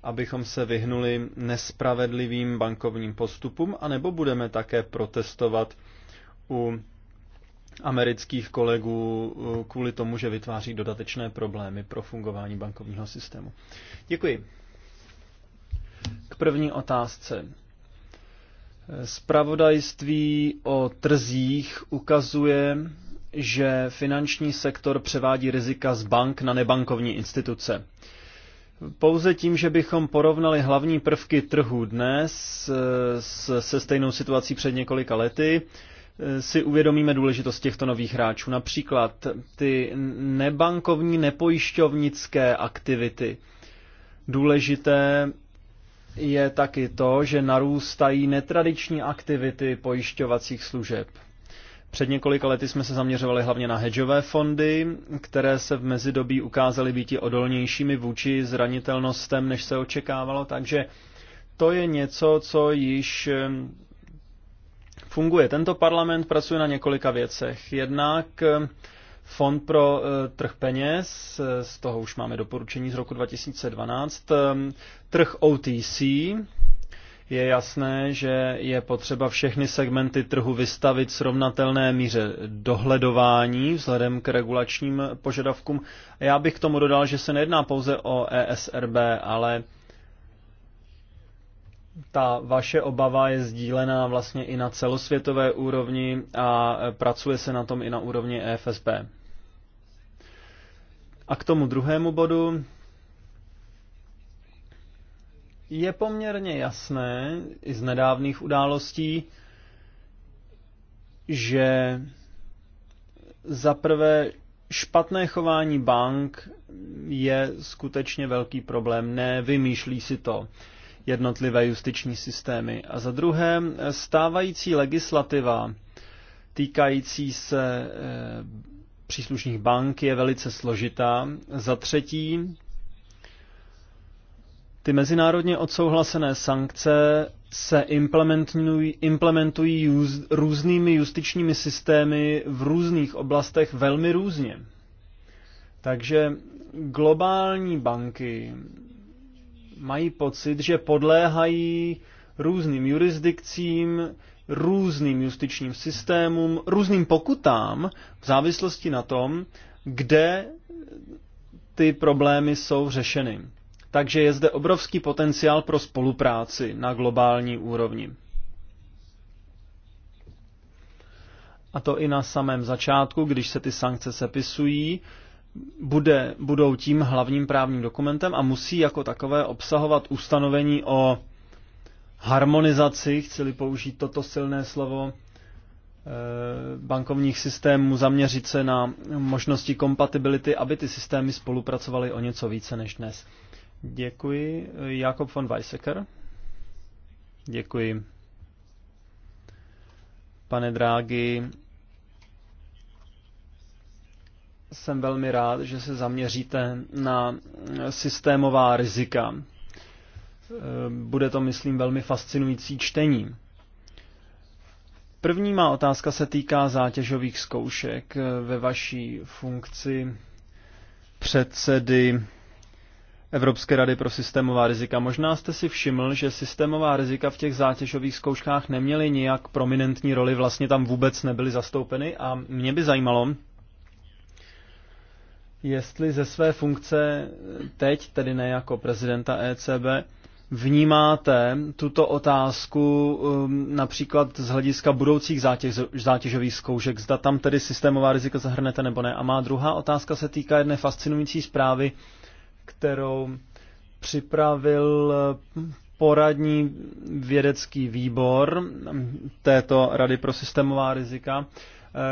abychom se vyhnuli nespravedlivým bankovním postupům, anebo budeme také protestovat u amerických kolegů kvůli tomu, že vytváří dodatečné problémy pro fungování bankovního systému. Děkuji. K první otázce. Spravodajství o trzích ukazuje, že finanční sektor převádí rizika z bank na nebankovní instituce pouze tím, že bychom porovnali hlavní prvky trhu dnes eh, se stejnou situací před několika lety, eh, si uvědomíme důležitost těchto nových hráčů. Například ty nebankovní, nepojišťovnické aktivity. Důležité je taky to, že narůstají netradiční aktivity pojišťovacích služeb. Před několika lety jsme se zaměřovali hlavně na hedžové fondy, které se v mezidobí ukázaly být odolnějšími vůči zranitelnostem, než se očekávalo, takže to je něco, co již funguje. Tento parlament pracuje na několika věcech. Jednak Fond pro e, trh peněz, e, z toho už máme doporučení z roku 2012, trh OTC, je jasné, že je potřeba všechny segmenty trhu vystavit srovnatelné míře dohledování vzhledem k regulačním požadavkům. já bych k tomu dodal, že se nejedná pouze o ESRB, ale ta vaše obava je sdílená vlastně i na celosvětové úrovni a pracuje se na tom i na úrovni EFSB. A k tomu druhému bodu, je poměrně jasné i z nedávných událostí, že zaprvé špatné chování bank je skutečně velký problém. Nevymýšlí si to jednotlivé justiční systémy. A za druhé, stávající legislativa týkající se eh, příslušných bank je velice složitá. Za třetí, ty mezinárodně odsouhlasené sankce se implementují, implementují juz, různými justičními systémy v různých oblastech velmi různě. Takže globální banky mají pocit, že podléhají různým jurisdikcím, různým justičním systémům, různým pokutám v závislosti na tom, kde ty problémy jsou řešeny. Takže je zde obrovský potenciál pro spolupráci na globální úrovni. A to i na samém začátku, když se ty sankce sepisují, bude, budou tím hlavním právním dokumentem a musí jako takové obsahovat ustanovení o harmonizaci, chci použít toto silné slovo, eh, bankovních systémů, zaměřit se na možnosti kompatibility, aby ty systémy spolupracovaly o něco více než dnes. Děkuji. Jakob von Weissecker. Děkuji. Pane Drági, jsem velmi rád, že se zaměříte na systémová rizika. Bude to, myslím, velmi fascinující čtení. První má otázka se týká zátěžových zkoušek ve vaší funkci předsedy Evropské rady pro systémová rizika. Možná jste si všiml, že systémová rizika v těch zátěžových zkouškách neměly nijak prominentní roli, vlastně tam vůbec nebyly zastoupeny a mě by zajímalo, jestli ze své funkce teď, tedy ne jako prezidenta ECB, vnímáte tuto otázku um, například z hlediska budoucích zátěž, zátěžových zkoušek, zda tam tedy systémová rizika zahrnete nebo ne. A má druhá otázka se týká jedné fascinující zprávy, kterou připravil poradní vědecký výbor této Rady pro systémová rizika,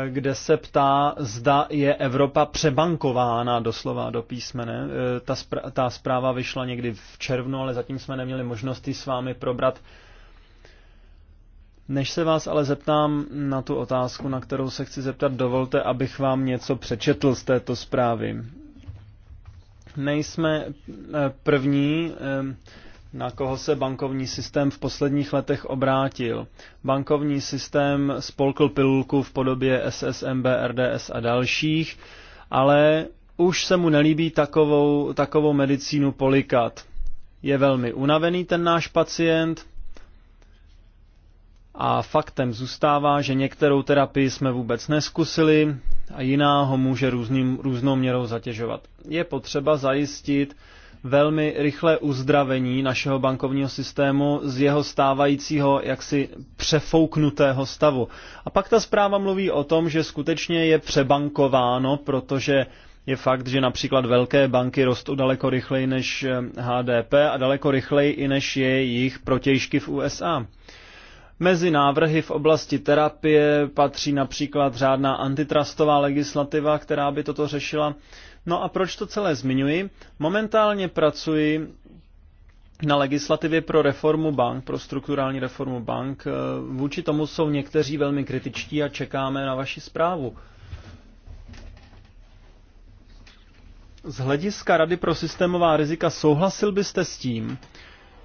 eh, kde se ptá, zda je Evropa přebankována doslova do písmene. Eh, ta, spr- ta zpráva vyšla někdy v červnu, ale zatím jsme neměli možnosti s vámi probrat. Než se vás ale zeptám na tu otázku, na kterou se chci zeptat, dovolte, abych vám něco přečetl z této zprávy. Nejsme eh, první, eh, na koho se bankovní systém v posledních letech obrátil. Bankovní systém spolkl pilulku v podobě SSM, BRDS a dalších, ale už se mu nelíbí takovou, takovou medicínu polikat. Je velmi unavený ten náš pacient, a faktem zůstává, že některou terapii jsme vůbec neskusili a jiná ho může různým, různou měrou zatěžovat. Je potřeba zajistit velmi rychlé uzdravení našeho bankovního systému z jeho stávajícího jaksi přefouknutého stavu. A pak ta zpráva mluví o tom, že skutečně je přebankováno, protože je fakt, že například velké banky rostou daleko rychleji než HDP eh, a daleko rychleji i než je jejich protějšky v USA. Mezi návrhy v oblasti terapie patří například řádná antitrustová legislativa, která by toto řešila. No a proč to celé zmiňuji? Momentálně pracuji na legislativě pro reformu bank, pro strukturální reformu bank. E, vůči tomu jsou někteří velmi kritičtí a čekáme na vaši zprávu. Z hlediska Rady pro systémová rizika souhlasil byste s tím,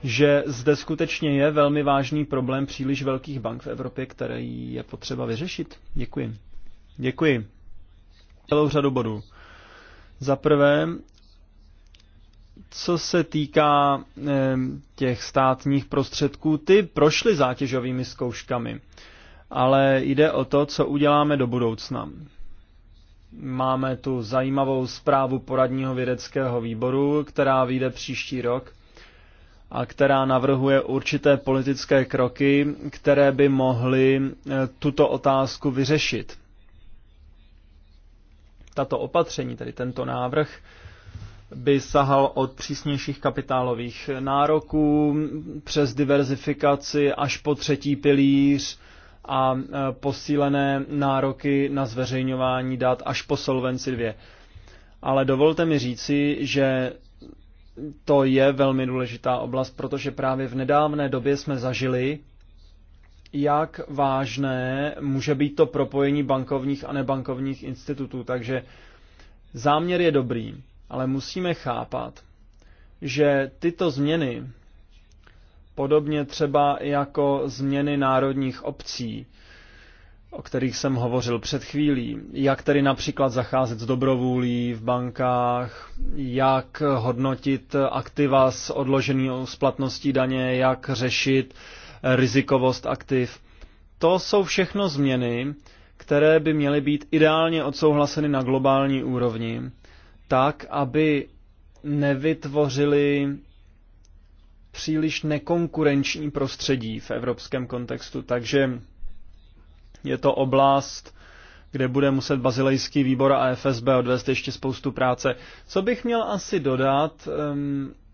že zde skutečně je velmi vážný problém příliš velkých bank v Evropě, který je potřeba vyřešit. Děkuji. Děkuji. Celou řadu bodů. Za prvé, co se týká těch státních prostředků, ty prošly zátěžovými zkouškami, ale jde o to, co uděláme do budoucna. Máme tu zajímavou zprávu poradního vědeckého výboru, která vyjde příští rok a která navrhuje určité politické kroky, které by mohly e, tuto otázku vyřešit. Tato opatření, tedy tento návrh, by sahal od přísnějších kapitálových nároků přes diverzifikaci až po třetí pilíř a e, posílené nároky na zveřejňování dat až po Solvenci 2. Ale dovolte mi říci, že to je velmi důležitá oblast, protože právě v nedávné době jsme zažili, jak vážné může být to propojení bankovních a nebankovních institutů. Takže záměr je dobrý, ale musíme chápat, že tyto změny, podobně třeba jako změny národních obcí, o kterých jsem hovořil před chvílí. Jak tedy například zacházet s dobrovůlí v bankách, jak hodnotit aktiva s odloženou splatností daně, jak řešit rizikovost aktiv. To jsou všechno změny, které by měly být ideálně odsouhlaseny na globální úrovni, tak, aby nevytvořili příliš nekonkurenční prostředí v evropském kontextu. Takže je to oblast, kde bude muset bazilejský výbor a FSB odvést ještě spoustu práce. Co bych měl asi dodat,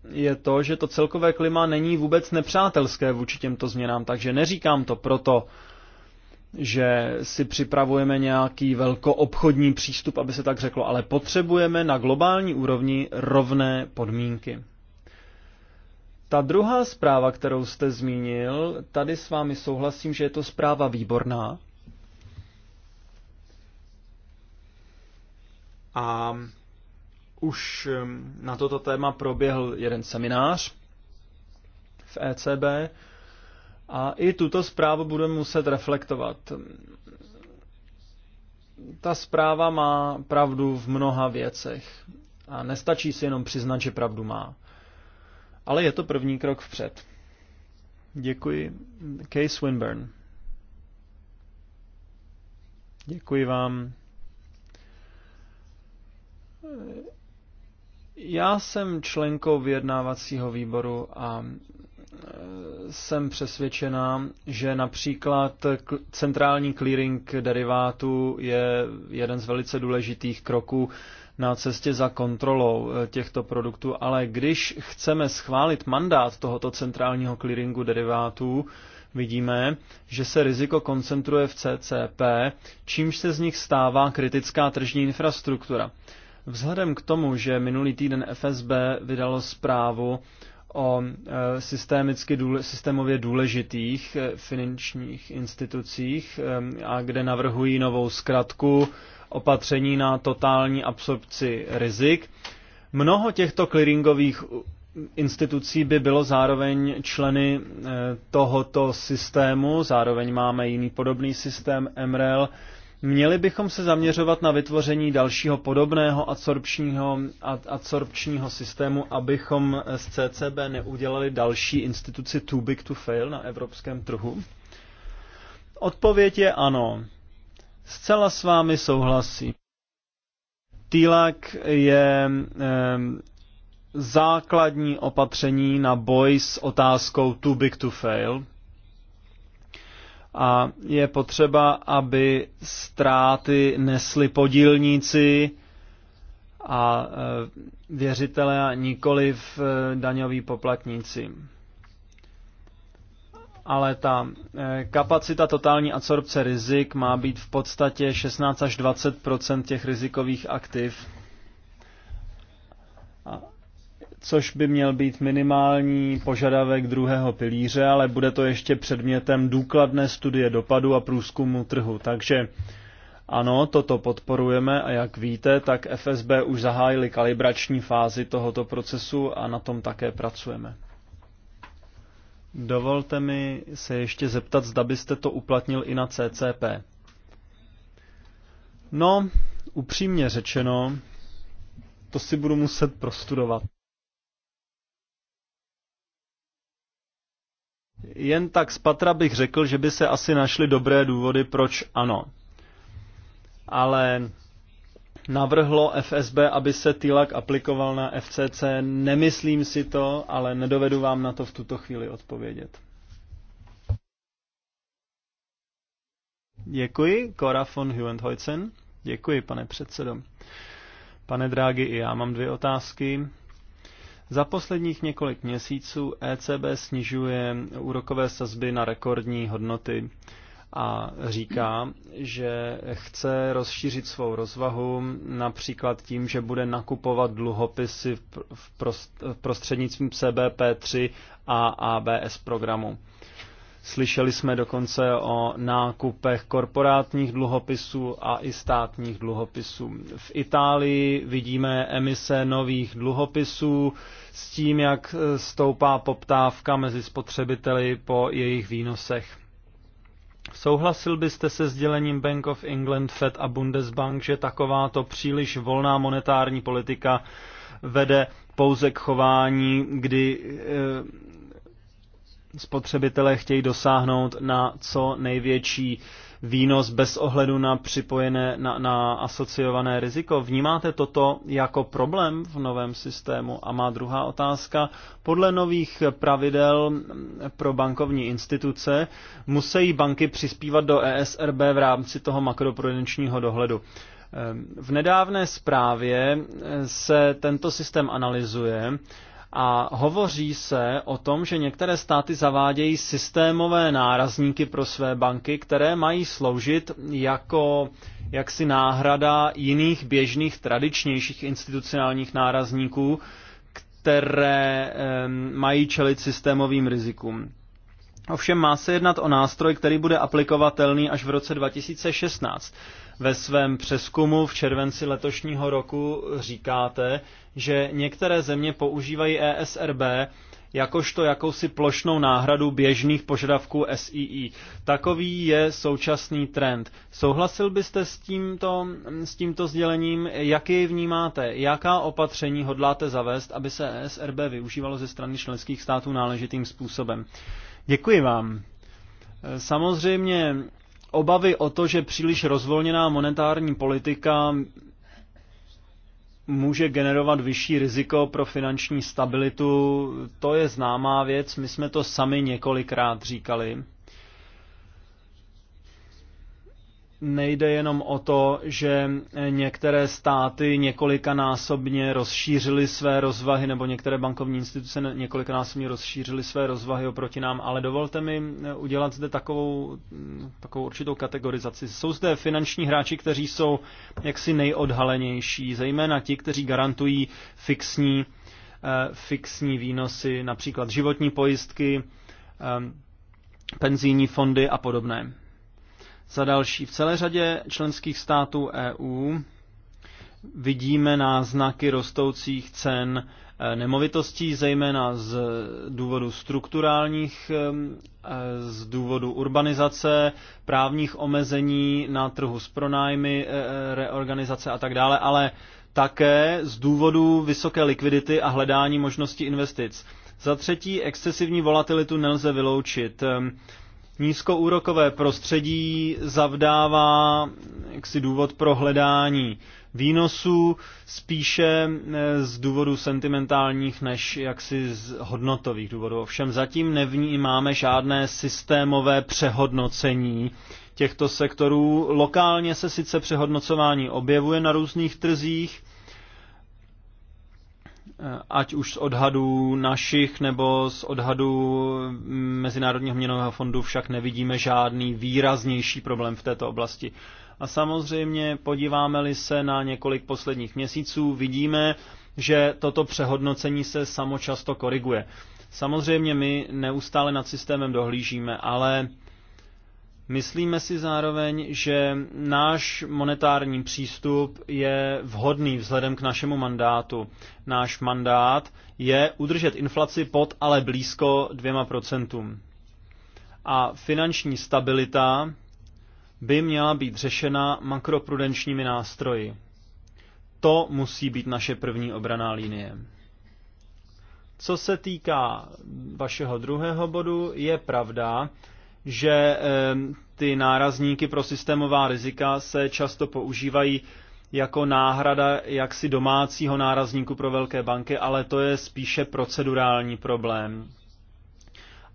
je to, že to celkové klima není vůbec nepřátelské vůči těmto změnám, takže neříkám to proto, že si připravujeme nějaký velkoobchodní přístup, aby se tak řeklo, ale potřebujeme na globální úrovni rovné podmínky. Ta druhá zpráva, kterou jste zmínil, tady s vámi souhlasím, že je to zpráva výborná, A už na toto téma proběhl jeden seminář v ECB a i tuto zprávu budeme muset reflektovat. Ta zpráva má pravdu v mnoha věcech a nestačí si jenom přiznat, že pravdu má. Ale je to první krok vpřed. Děkuji. Case Swinburne. Děkuji vám. Já jsem členkou vyjednávacího výboru a e, jsem přesvědčená, že například centrální clearing derivátů je jeden z velice důležitých kroků na cestě za kontrolou e, těchto produktů, ale když chceme schválit mandát tohoto centrálního clearingu derivátů, vidíme, že se riziko koncentruje v CCP, čímž se z nich stává kritická tržní infrastruktura. Vzhledem k tomu, že minulý týden FSB vydalo zprávu o e, systémicky důle, systémově důležitých e, finančních institucích e, a kde navrhují novou zkratku opatření na totální absorpci rizik. Mnoho těchto clearingových institucí by bylo zároveň členy tohoto systému, zároveň máme jiný podobný systém MREL, Měli bychom se zaměřovat na vytvoření dalšího podobného adsorpčního, ad, adsorpčního systému, abychom z CCB neudělali další instituci too big to fail na evropském trhu? Odpověď je ano. Zcela s vámi souhlasím. TILAC je eh, základní opatření na boj s otázkou too big to fail – a je potřeba, aby ztráty nesli podílníci a e, věřitele a nikoli v e, daňoví poplatníci. Ale ta e, kapacita totální absorpce rizik má být v podstatě 16 až 20 těch rizikových aktiv. A což by měl být minimální požadavek druhého pilíře, ale bude to ještě předmětem důkladné studie dopadu a průzkumu trhu. Takže ano, toto podporujeme a jak víte, tak FSB už zahájili kalibrační fázi tohoto procesu a na tom také pracujeme. Dovolte mi se ještě zeptat, zda byste to uplatnil i na CCP. No, upřímně řečeno, to si budu muset prostudovat. Jen tak z patra bych řekl, že by se asi našly dobré důvody, proč ano. Ale navrhlo FSB, aby se TILAK aplikoval na FCC. Nemyslím si to, ale nedovedu vám na to v tuto chvíli odpovědět. Děkuji, Cora von Huenthoizen. Děkuji, pane předsedo. Pane Drági, i já mám dvě otázky. Za posledních několik měsíců ECB snižuje úrokové sazby na rekordní hodnoty a říká, že chce rozšířit svou rozvahu například tím, že bude nakupovat dluhopisy v prostřednictvím CBP3 a ABS programu. Slyšeli jsme dokonce o nákupech korporátních dluhopisů a i státních dluhopisů. V Itálii vidíme emise nových dluhopisů s tím, jak stoupá poptávka mezi spotřebiteli po jejich výnosech. Souhlasil byste se sdělením Bank of England, Fed a Bundesbank, že takováto příliš volná monetární politika vede pouze k chování, kdy eh, spotřebitelé chtějí dosáhnout na co největší výnos bez ohledu na připojené, na, na asociované riziko. Vnímáte toto jako problém v novém systému? A má druhá otázka. Podle nových pravidel pro bankovní instituce musí banky přispívat do ESRB v rámci toho makroprudenčního dohledu. Ehm, v nedávné zprávě se tento systém analyzuje a hovoří se o tom, že některé státy zavádějí systémové nárazníky pro své banky, které mají sloužit jako jaksi náhrada jiných běžných tradičnějších institucionálních nárazníků, které mají čelit systémovým rizikům. Ovšem má se jednat o nástroj, který bude aplikovatelný až v roce 2016. Ve svém přeskumu v červenci letošního roku říkáte, že některé země používají ESRB jakožto jakousi plošnou náhradu běžných požadavků SII. Takový je současný trend. Souhlasil byste s tímto, s tímto sdělením? Jak jej vnímáte? Jaká opatření hodláte zavést, aby se ESRB využívalo ze strany členských států náležitým způsobem? Děkuji vám. Samozřejmě obavy o to, že příliš rozvolněná monetární politika může generovat vyšší riziko pro finanční stabilitu, to je známá věc, my jsme to sami několikrát říkali. nejde jenom o to, že některé státy několikanásobně rozšířily své rozvahy, nebo některé bankovní instituce několikanásobně rozšířily své rozvahy oproti nám, ale dovolte mi udělat zde takovou, takovou určitou kategorizaci. Jsou zde finanční hráči, kteří jsou jaksi nejodhalenější, zejména ti, kteří garantují fixní, eh, fixní výnosy, například životní pojistky, eh, penzijní fondy a podobné. Za další, v celé řadě členských států EU vidíme náznaky rostoucích cen eh, nemovitostí, zejména z důvodu strukturálních, eh, z důvodu urbanizace, právních omezení na trhu s pronájmy, eh, reorganizace a tak dále, ale také z důvodu vysoké likvidity a hledání možností investic. Za třetí, excesivní volatilitu nelze vyloučit. Nízkoúrokové prostředí zavdává jaksi důvod pro hledání výnosů spíše eh, z důvodu sentimentálních než jaksi z hodnotových důvodů. Ovšem zatím nevnímáme žádné systémové přehodnocení těchto sektorů. Lokálně se sice přehodnocování objevuje na různých trzích, Eh, ať už z odhadů našich nebo z odhadů mm, Mezinárodního měnového fondu však nevidíme žádný výraznější problém v této oblasti. A samozřejmě podíváme-li se na několik posledních měsíců, vidíme, že toto přehodnocení se samočasto koriguje. Samozřejmě my neustále nad systémem dohlížíme, ale Myslíme si zároveň, že náš monetární přístup je vhodný vzhledem k našemu mandátu. Náš mandát je udržet inflaci pod ale blízko dvěma procentům. A finanční stabilita by měla být řešena makroprudenčními nástroji. To musí být naše první obraná linie. Co se týká vašeho druhého bodu, je pravda, že ty nárazníky pro systémová rizika se často používají jako náhrada jaksi domácího nárazníku pro velké banky, ale to je spíše procedurální problém.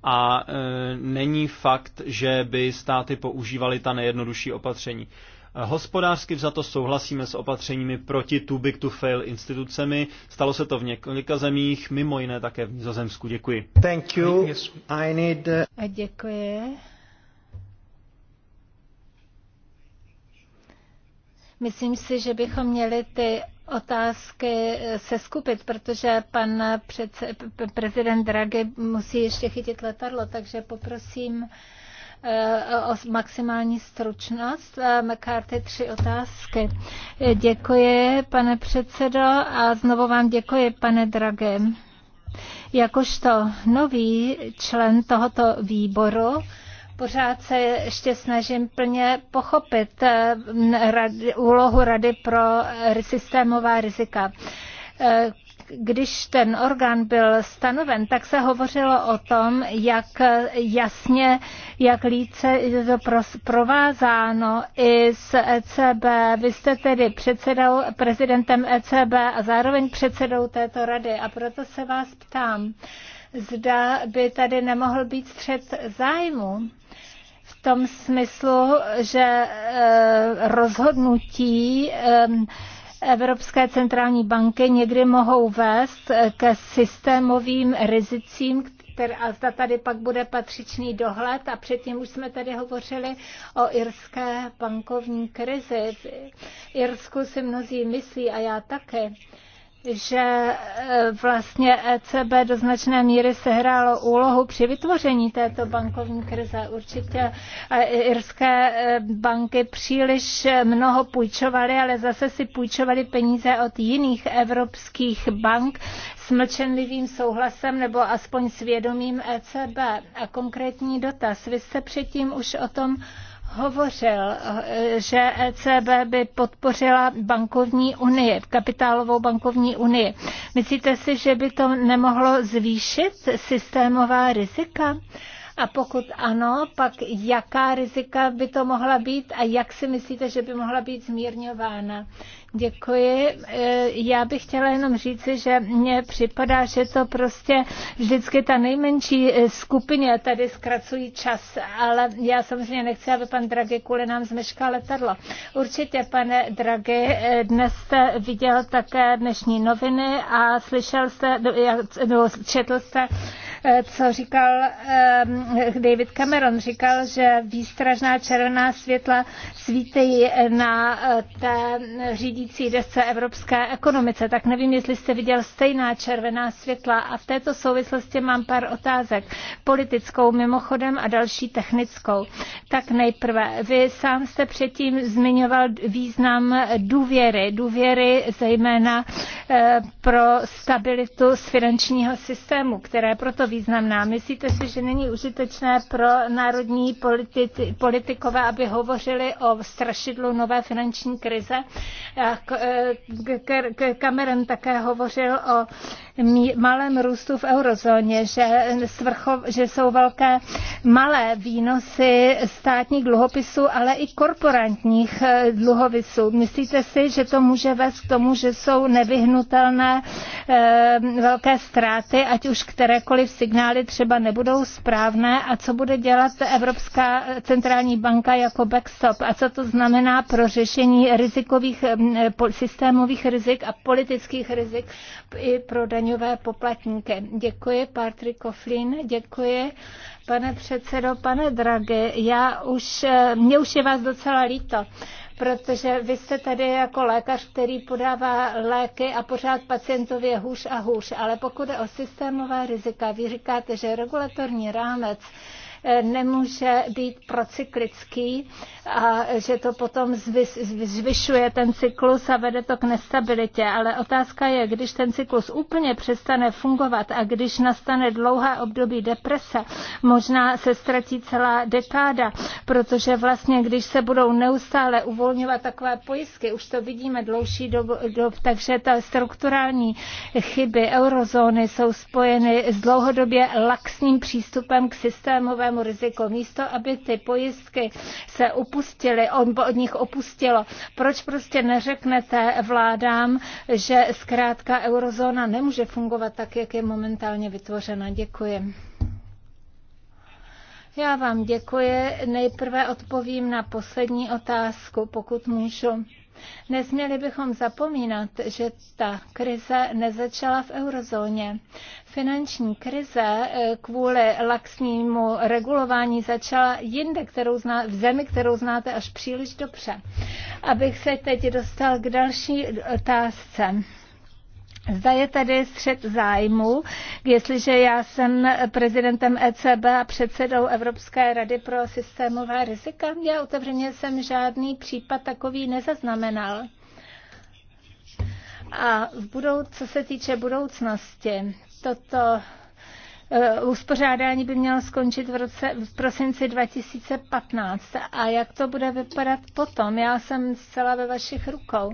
A e, není fakt, že by státy používaly ta nejjednodušší opatření. Hospodářsky vzato souhlasíme s opatřeními proti too big to fail institucemi. Stalo se to v několika zemích, mimo jiné také v Nizozemsku. Děkuji. Thank you. I need... Uh, A děkuji. Myslím si, že bychom měli ty otázky eh, se skupit, protože pan prezident Draghi musí ještě chytit letadlo, takže poprosím Eh, o maximální stručnost. Eh, McCarthy, tři otázky. Eh, děkuji, pane předsedo, a znovu vám děkuji, pane Drage. Jakožto nový člen tohoto výboru, pořád se ještě snažím plně pochopit rady, úlohu Rady pro systémová rizika když ten orgán byl stanoven, tak se hovořilo o tom, jak jasně, jak líce je to provázáno i s ECB. Vy jste tedy předsedou, prezidentem ECB a zároveň předsedou této rady a proto se vás ptám, zda by tady nemohl být střed zájmu v tom smyslu, že eh, rozhodnutí eh, Evropské centrální banky někdy mohou vést ke systémovým rizicím, a tady pak bude patřičný dohled a předtím už jsme tady hovořili o irské bankovní krizi. V Irsku si mnozí myslí a já také, že e, vlastně ECB do značné míry sehrálo úlohu při vytvoření této bankovní krize. Určitě e, irské e, banky příliš mnoho půjčovaly, ale zase si půjčovaly peníze od jiných evropských bank s mlčenlivým souhlasem nebo aspoň svědomím ECB. A konkrétní dotaz. Vy jste předtím už o tom hovořil, že ECB by podpořila bankovní unii, kapitálovou bankovní unii. Myslíte si, že by to nemohlo zvýšit systémová rizika? A pokud ano, pak jaká rizika by to mohla být a jak si myslíte, že by mohla být zmírňována? Děkuji. E, já bych chtěla jenom říci, že mně připadá, že to prostě vždycky ta nejmenší e, skupině tady zkracují čas, ale já samozřejmě nechci, aby pan Draghi kvůli nám zmeškal letadlo. Určitě, pane Draghi, e, dnes jste viděl také dnešní noviny a slyšel jste, no, no, četl jste Eh, co říkal eh, David Cameron. Říkal, že výstražná červená světla svítí eh, na té řídící desce evropské ekonomice. Tak nevím, jestli jste viděl stejná červená světla a v této souvislosti mám pár otázek. Politickou mimochodem a další technickou. Tak nejprve, vy sám jste předtím zmiňoval význam důvěry. Důvěry zejména pro stabilitu z finančního systému, které proto významná. Myslíte si, že není užitečné pro národní politi- politikové, aby hovořili o strašidlu nové finanční krize? Eh, Cameron také hovořil o malém růstu v eurozóně, že, svrchov, že jsou velké malé výnosy státních dluhopisů, ale i korporantních eh, dluhopisů. Myslíte si, že to může vést k tomu, že jsou nevyhnutelné eh, velké ztráty, ať už kterékoliv signály třeba nebudou správné a co bude dělat Evropská centrální banka jako backstop a co to znamená pro řešení rizikových, mm, eh, systémových rizik a politických rizik i pro daně daňové poplatníky. Děkuji, Patry Koflin, děkuji. Pane předsedo, pane Drage, já už, eh, mě už je vás docela líto protože vy jste tady jako lékař, který podává léky a pořád pacientovi je hůř a hůř. Ale pokud je o systémová rizika, vy říkáte, že regulatorní rámec nemůže být procyklický a že to potom zvyšuje ten cyklus a vede to k nestabilitě. Ale otázka je, když ten cyklus úplně přestane fungovat a když nastane dlouhá období deprese, možná se ztratí celá dekáda, protože vlastně, když se budou neustále uvolňovat takové pojistky, už to vidíme dlouhší dobu, dob, takže ta strukturální chyby eurozóny jsou spojeny s dlouhodobě laxním přístupem k systémovému velkému riziko. Místo, aby ty pojistky se upustily, on, od nich opustilo. Proč prostě neřeknete vládám, že zkrátka eurozóna nemůže fungovat tak, jak je momentálně vytvořena? Děkuji. Já vám děkuji. Nejprve odpovím na poslední otázku, pokud můžu. Nesměli bychom zapomínat, že ta krize nezačala v eurozóně. Finanční krize eh, kvůli laxnímu regulování začala jinde, kterou zná, v zemi, kterou znáte až příliš dobře. Abych se teď dostal k další otázce. Zda je tady střed zájmu, jestliže já jsem prezidentem ECB a předsedou Evropské rady pro systémové rizika? Já otevřeně jsem žádný případ takový nezaznamenal. A v budou, co se týče budoucnosti, toto e, uspořádání by mělo skončit v, roce, v prosinci 2015. A jak to bude vypadat potom? Já jsem zcela ve vašich rukou.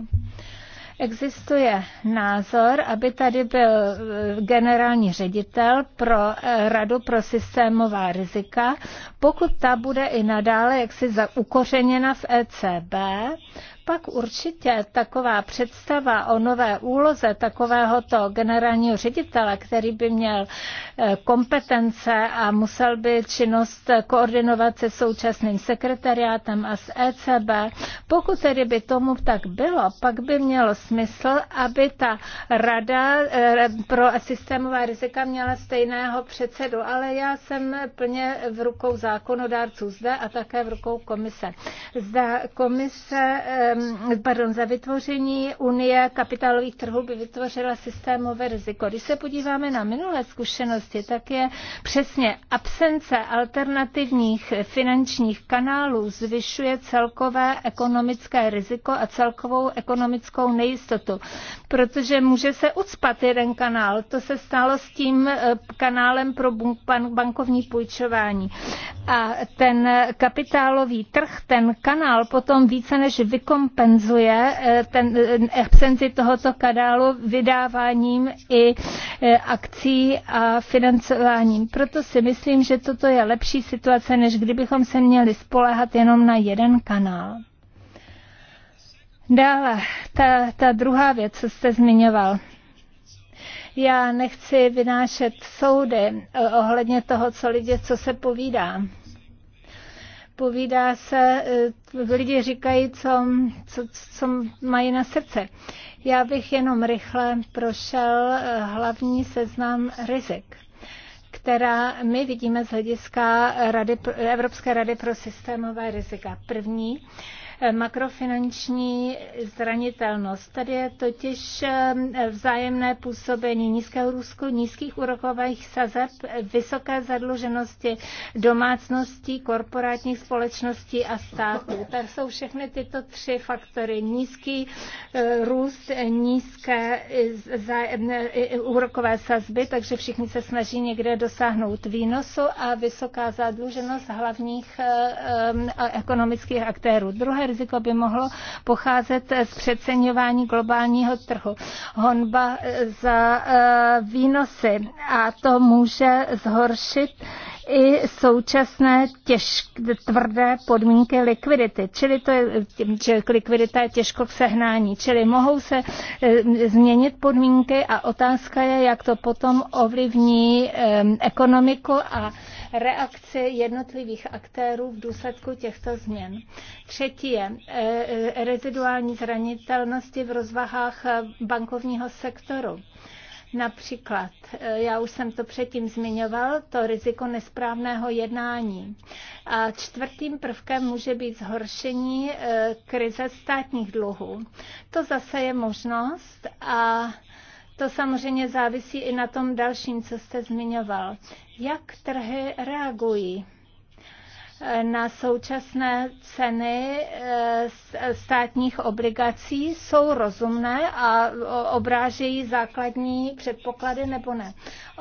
Existuje názor, aby tady byl eh, generální ředitel pro eh, Radu pro systémová rizika, pokud ta bude i nadále jaksi ukořeněna v ECB, pak určitě taková představa o nové úloze takovéhoto generálního ředitele, který by měl eh, kompetence a musel by činnost koordinovat se současným sekretariátem a s ECB, pokud tedy by tomu tak bylo, pak by mělo smysl, aby ta rada eh, pro systémová rizika měla stejného předsedu, ale já jsem plně v rukou zákonodárců zde a také v rukou komise. Zda komise eh, pardon, za vytvoření Unie kapitálových trhů by vytvořila systémové riziko. Když se podíváme na minulé zkušenosti, tak je přesně absence alternativních finančních kanálů zvyšuje celkové ekonomické riziko a celkovou ekonomickou nejistotu, protože může se ucpat jeden kanál. To se stalo s tím eh, kanálem pro bankovní půjčování. A ten kapitálový trh, ten kanál potom více než vykom kompenzuje eh, ten eh, absenci tohoto kanálu vydáváním i eh, akcí a financováním. Proto si myslím, že toto je lepší situace, než kdybychom se měli spolehat jenom na jeden kanál. Dále, ta, ta druhá věc, co jste zmiňoval. Já nechci vynášet soudy ohledně toho, co lidi, co se povídá povídá se, eh, lidi říkají, co, co, co mají na srdce. Já bych jenom rychle prošel eh, hlavní seznam rizik která my vidíme z hlediska Rady, Evropské rady pro systémové rizika. První makrofinanční zranitelnost. Tady je totiž eh, vzájemné působení nízkého růzku, nízkých úrokových sazeb, vysoké zadluženosti domácností, korporátních společností a států. Tak jsou všechny tyto tři faktory. Nízký eh, růst, nízké eh, úrokové sazby, takže všichni se snaží někde dosáhnout výnosu a vysoká zadluženost hlavních ekonomických aktérů. Druhé riziko by mohlo pocházet z přeceňování globálního trhu. Honba za e, výnosy a to může zhoršit i současné těžké, tvrdé podmínky likvidity, čili to je, že likvidita je těžko k sehnání, čili mohou se e, změnit podmínky a otázka je, jak to potom ovlivní e, ekonomiku a reakci jednotlivých aktérů v důsledku těchto změn. Třetí je eh, eh, reziduální zranitelnosti v rozvahách eh, bankovního sektoru. Například, já už jsem to předtím zmiňoval, to riziko nesprávného jednání. A čtvrtým prvkem může být zhoršení krize státních dluhů. To zase je možnost a to samozřejmě závisí i na tom dalším, co jste zmiňoval. Jak trhy reagují? Eh, na současné ceny eh, státních obligací jsou rozumné a obrážejí základní předpoklady nebo ne.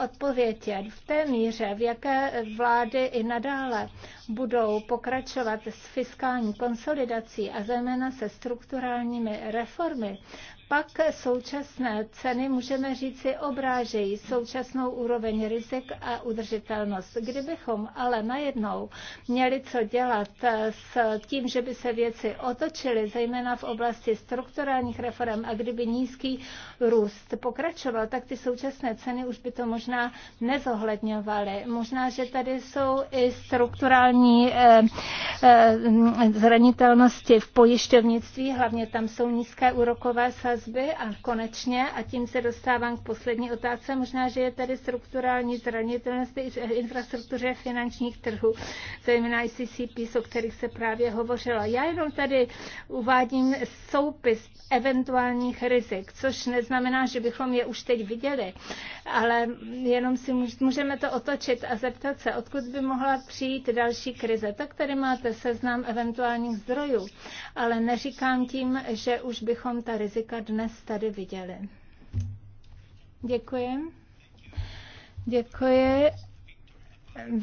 Odpověď je v té míře, v jaké vlády i nadále budou pokračovat s fiskální konsolidací a zejména se strukturálními reformy, pak současné ceny, můžeme říci, obrážejí současnou úroveň rizik a udržitelnost. Kdybychom ale najednou měli co dělat s tím, že by se věci otočily, zejména v oblasti strukturálních reform, a kdyby nízký růst pokračoval, tak ty současné ceny už by to možná nezohledňovaly. Možná, že tady jsou i strukturální eh, eh, zranitelnosti v pojišťovnictví, hlavně tam jsou nízké úrokové sazby vazby a konečně, a tím se dostávám k poslední otázce, možná, že je tady strukturální zranitelnost v infrastruktuře finančních trhů, zejména ICCP, o kterých se právě hovořilo. Já jenom tady uvádím soupis eventuálních rizik, což neznamená, že bychom je už teď viděli, ale jenom si můžeme to otočit a zeptat se, odkud by mohla přijít další krize. Tak tady máte seznam eventuálních zdrojů, ale neříkám tím, že už bychom ta rizika dnes tady viděli. Děkuji. Děkuji.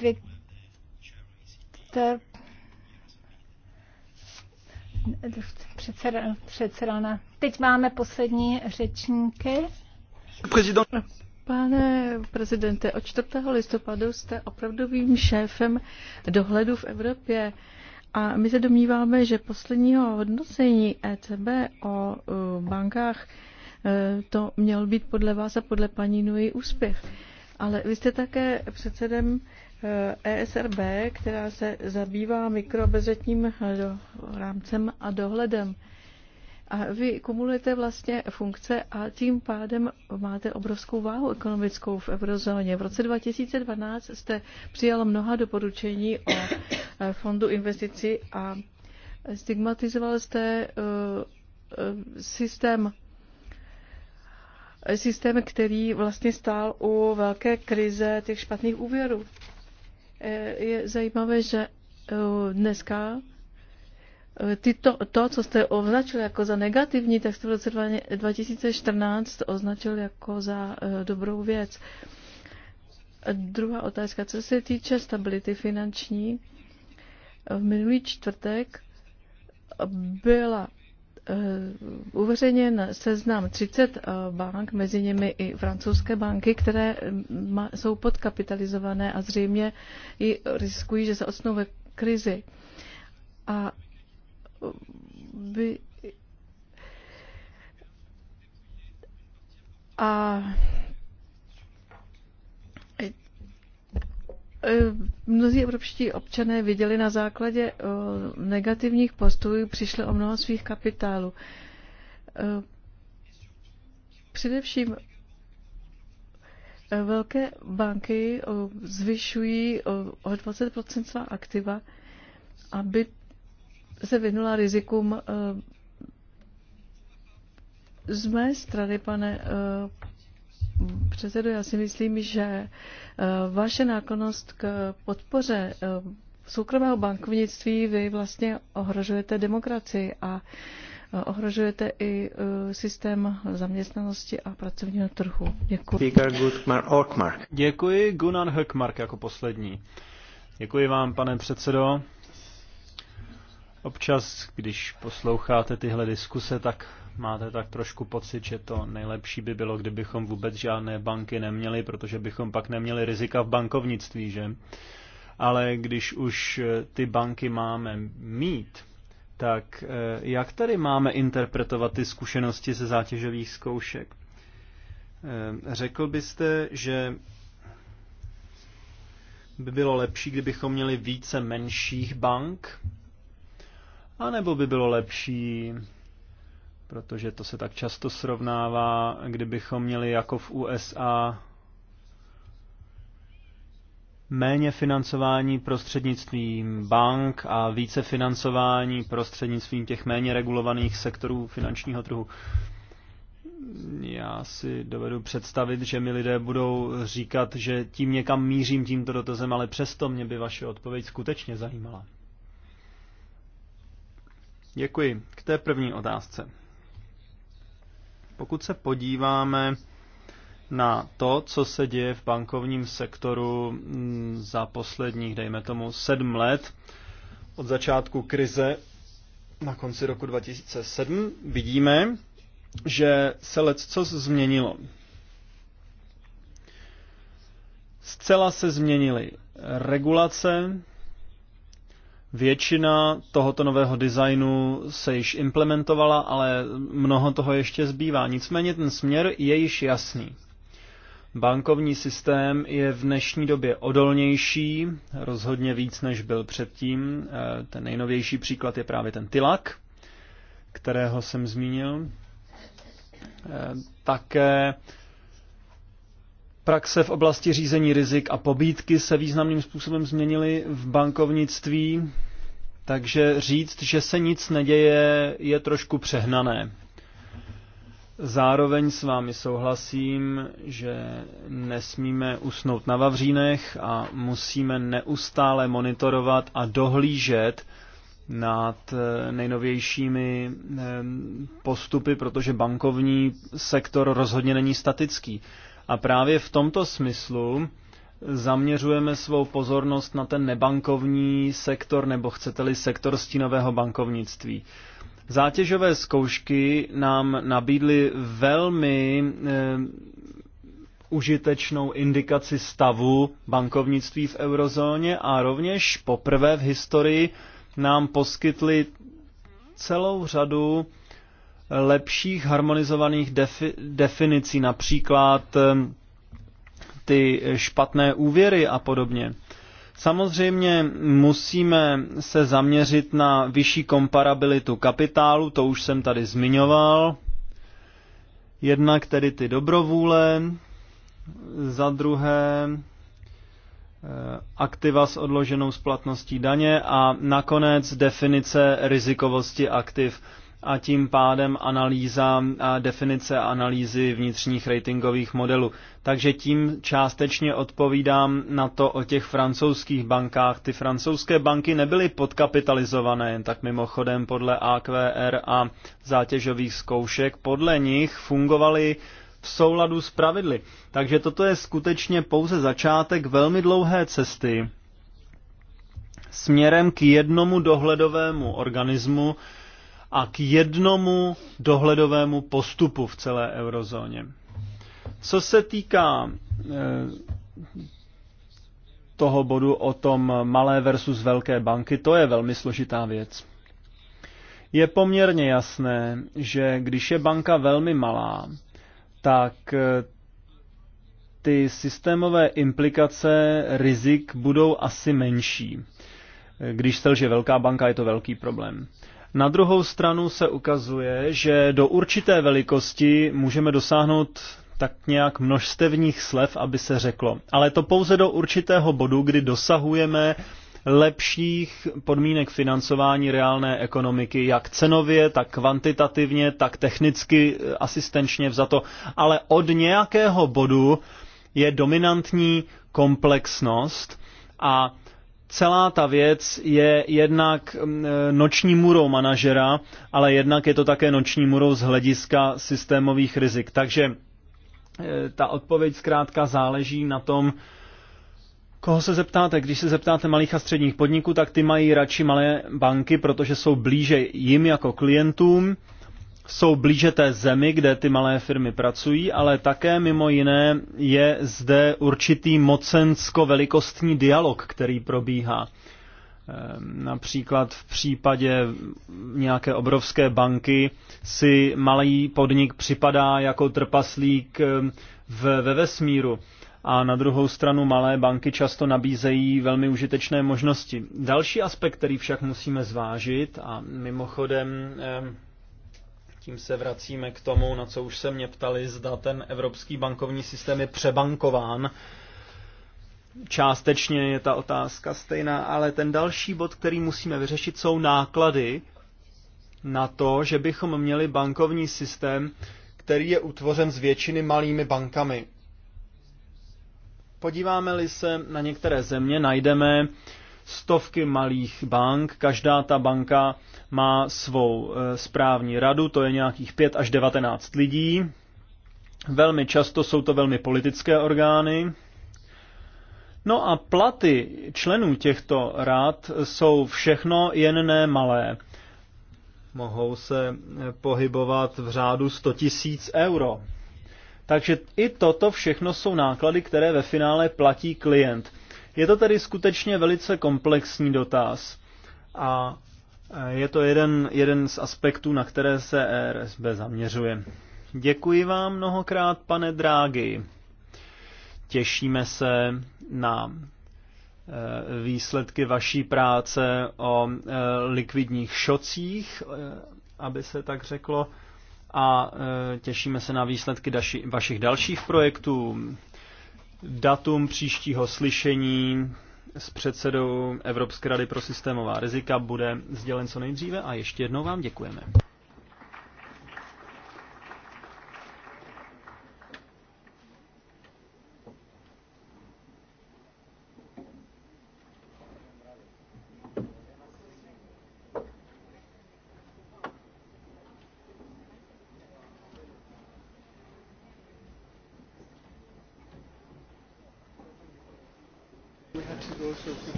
Viktor předseda, předseda na. Teď máme poslední řečníky. Prezident. Pane prezidente, od 4. listopadu jste opravdovým šéfem dohledu v Evropě. A my se domníváme, že posledního hodnocení ECB o e, bankách e, to měl být podle vás a podle paní Nui úspěch. Ale vy jste také předsedem ESRB, e která se zabývá mikrobezetním rámcem a dohledem. A vy kumulujete vlastně funkce a tím pádem máte obrovskou váhu ekonomickou v eurozóně. V roce 2012 jste přijal mnoha doporučení o eh, fondu investici a stigmatizoval jste eh, eh, systém systém, který vlastně stál u velké krize těch špatných úvěrů. Je zajímavé, že dneska Eh, Ty to, co jste označil jako za negativní, tak jste v roce 2014 označil jako za eh, dobrou věc. Druhá otázka, co se týče stability finanční, eh, v minulý čtvrtek byla uveřejněn seznam 30 bank, mezi nimi i francouzské banky, které mm, jsou podkapitalizované a zřejmě i riskují, že se odsnou ve krizi. A by a Mnozí evropští občané viděli na základě negativních postojů, přišli o mnoho svých kapitálů. Především velké banky zvyšují o 20 svá aktiva, aby se vyhnula rizikům eh, z mé strany, pane eh, předsedo, já si myslím, že eh, vaše náklonost k podpoře soukromého bankovnictví vy vlastně ohrožujete demokracii a ohrožujete i systém zaměstnanosti a pracovního trhu. Děkuji. Děkuji Gunnar Höckmark jako poslední. Děkuji vám, pane předsedo. Občas, když posloucháte tyhle diskuse, tak máte tak trošku pocit, že to nejlepší by bylo, kdybychom vůbec žádné banky neměli, protože bychom pak neměli rizika v bankovnictví, že? Ale když už eh, ty banky máme mít, tak eh, jak tady máme interpretovat ty zkušenosti ze zátěžových zkoušek? Eh, řekl byste, že by bylo lepší, kdybychom měli více menších bank, a nebo by bylo lepší, protože to se tak často srovnává, kdybychom měli jako v USA méně financování prostřednictvím bank a více financování prostřednictvím těch méně regulovaných sektorů finančního trhu. Já si dovedu představit, že mi lidé budou říkat, že tím někam mířím tímto dotazem, ale přesto mě by vaše odpověď skutečně zajímala. Děkuji. K té první otázce. Pokud se podíváme na to, co se děje v bankovním sektoru mm, za posledních, dejme tomu, sedm let od začátku krize na konci roku 2007, vidíme, že se lecco změnilo. Zcela se změnily regulace, Většina tohoto nového designu se již implementovala, ale mnoho toho ještě zbývá. Nicméně ten směr je již jasný. Bankovní systém je v dnešní době odolnější, rozhodně víc, než byl předtím. E, ten nejnovější příklad je právě ten Tilak, kterého jsem zmínil. E, také Praxe v oblasti řízení rizik a pobídky se významným způsobem změnily v bankovnictví, takže říct, že se nic neděje, je trošku přehnané. Zároveň s vámi souhlasím, že nesmíme usnout na Vavřínech a musíme neustále monitorovat a dohlížet nad eh, nejnovějšími eh, postupy, protože bankovní sektor rozhodně není statický. A právě v tomto smyslu zaměřujeme svou pozornost na ten nebankovní sektor, nebo chcete-li sektor stínového bankovnictví. Zátěžové zkoušky nám nabídly velmi e, užitečnou indikaci stavu bankovnictví v eurozóně a rovněž poprvé v historii nám poskytly celou řadu lepších harmonizovaných defi- definicí, například ty špatné úvěry a podobně. Samozřejmě musíme se zaměřit na vyšší komparabilitu kapitálu, to už jsem tady zmiňoval. Jednak tedy ty dobrovůle, za druhé eh, aktiva s odloženou splatností daně a nakonec definice rizikovosti aktiv a tím pádem analýza a definice analýzy vnitřních ratingových modelů. Takže tím částečně odpovídám na to o těch francouzských bankách. Ty francouzské banky nebyly podkapitalizované, tak mimochodem podle AQR a zátěžových zkoušek, podle nich fungovaly v souladu s pravidly. Takže toto je skutečně pouze začátek velmi dlouhé cesty směrem k jednomu dohledovému organismu, a k jednomu dohledovému postupu v celé eurozóně. Co se týká eh, toho bodu o tom malé versus velké banky, to je velmi složitá věc. Je poměrně jasné, že když je banka velmi malá, tak eh, ty systémové implikace rizik budou asi menší. Eh, když selže velká banka, je to velký problém. Na druhou stranu se ukazuje, že do určité velikosti můžeme dosáhnout tak nějak množstevních slev, aby se řeklo. Ale to pouze do určitého bodu, kdy dosahujeme lepších podmínek financování reálné ekonomiky, jak cenově, tak kvantitativně, tak technicky, eh, asistenčně vzato. Ale od nějakého bodu je dominantní komplexnost a celá ta věc je jednak mm, e, noční murou manažera, ale jednak je to také noční murou z hlediska systémových rizik. Takže e, ta odpověď zkrátka záleží na tom, Koho se zeptáte? Když se zeptáte malých a středních podniků, tak ty mají radši malé banky, protože jsou blíže jim jako klientům jsou blíže té zemi, kde ty malé firmy pracují, ale také mimo jiné je zde určitý mocensko-velikostní dialog, který probíhá. Ehm, například v případě nějaké obrovské banky si malý podnik připadá jako trpaslík ehm, v, ve vesmíru. A na druhou stranu malé banky často nabízejí velmi užitečné možnosti. Další aspekt, který však musíme zvážit, a mimochodem ehm, tím se vracíme k tomu, na co už se mě ptali, zda ten evropský bankovní systém je přebankován. Částečně je ta otázka stejná, ale ten další bod, který musíme vyřešit, jsou náklady na to, že bychom měli bankovní systém, který je utvořen z většiny malými bankami. Podíváme-li se na některé země, najdeme, stovky malých bank. Každá ta banka má svou eh, správní radu, to je nějakých 5 až 19 lidí. Velmi často jsou to velmi politické orgány. No a platy členů těchto rad jsou všechno jen ne malé. Mohou se eh, pohybovat v řádu 100 tisíc euro. Takže i toto všechno jsou náklady, které ve finále platí klient. Je to tedy skutečně velice komplexní dotaz a eh, je to jeden, jeden z aspektů, na které se RSB zaměřuje. Děkuji vám mnohokrát, pane Drágy. Těšíme se na eh, výsledky vaší práce o eh, likvidních šocích, aby se tak řeklo, a těšíme se na výsledky vašich dalších projektů. Datum příštího slyšení s předsedou Evropské rady pro systémová rizika bude sdělen co nejdříve a ještě jednou vám děkujeme.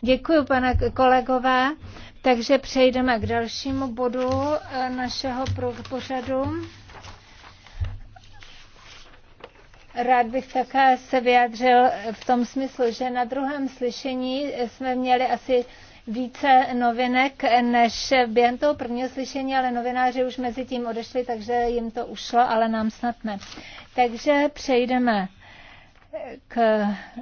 Děkuji, pane kolegové. Takže přejdeme k dalšímu bodu eh, našeho pořadu. Rád bych také se vyjádřil v tom smyslu, že na druhém slyšení jsme měli asi více novinek než během toho prvního slyšení, ale novináři už mezi tím odešli, takže jim to ušlo, ale nám snad ne. Takže přejdeme k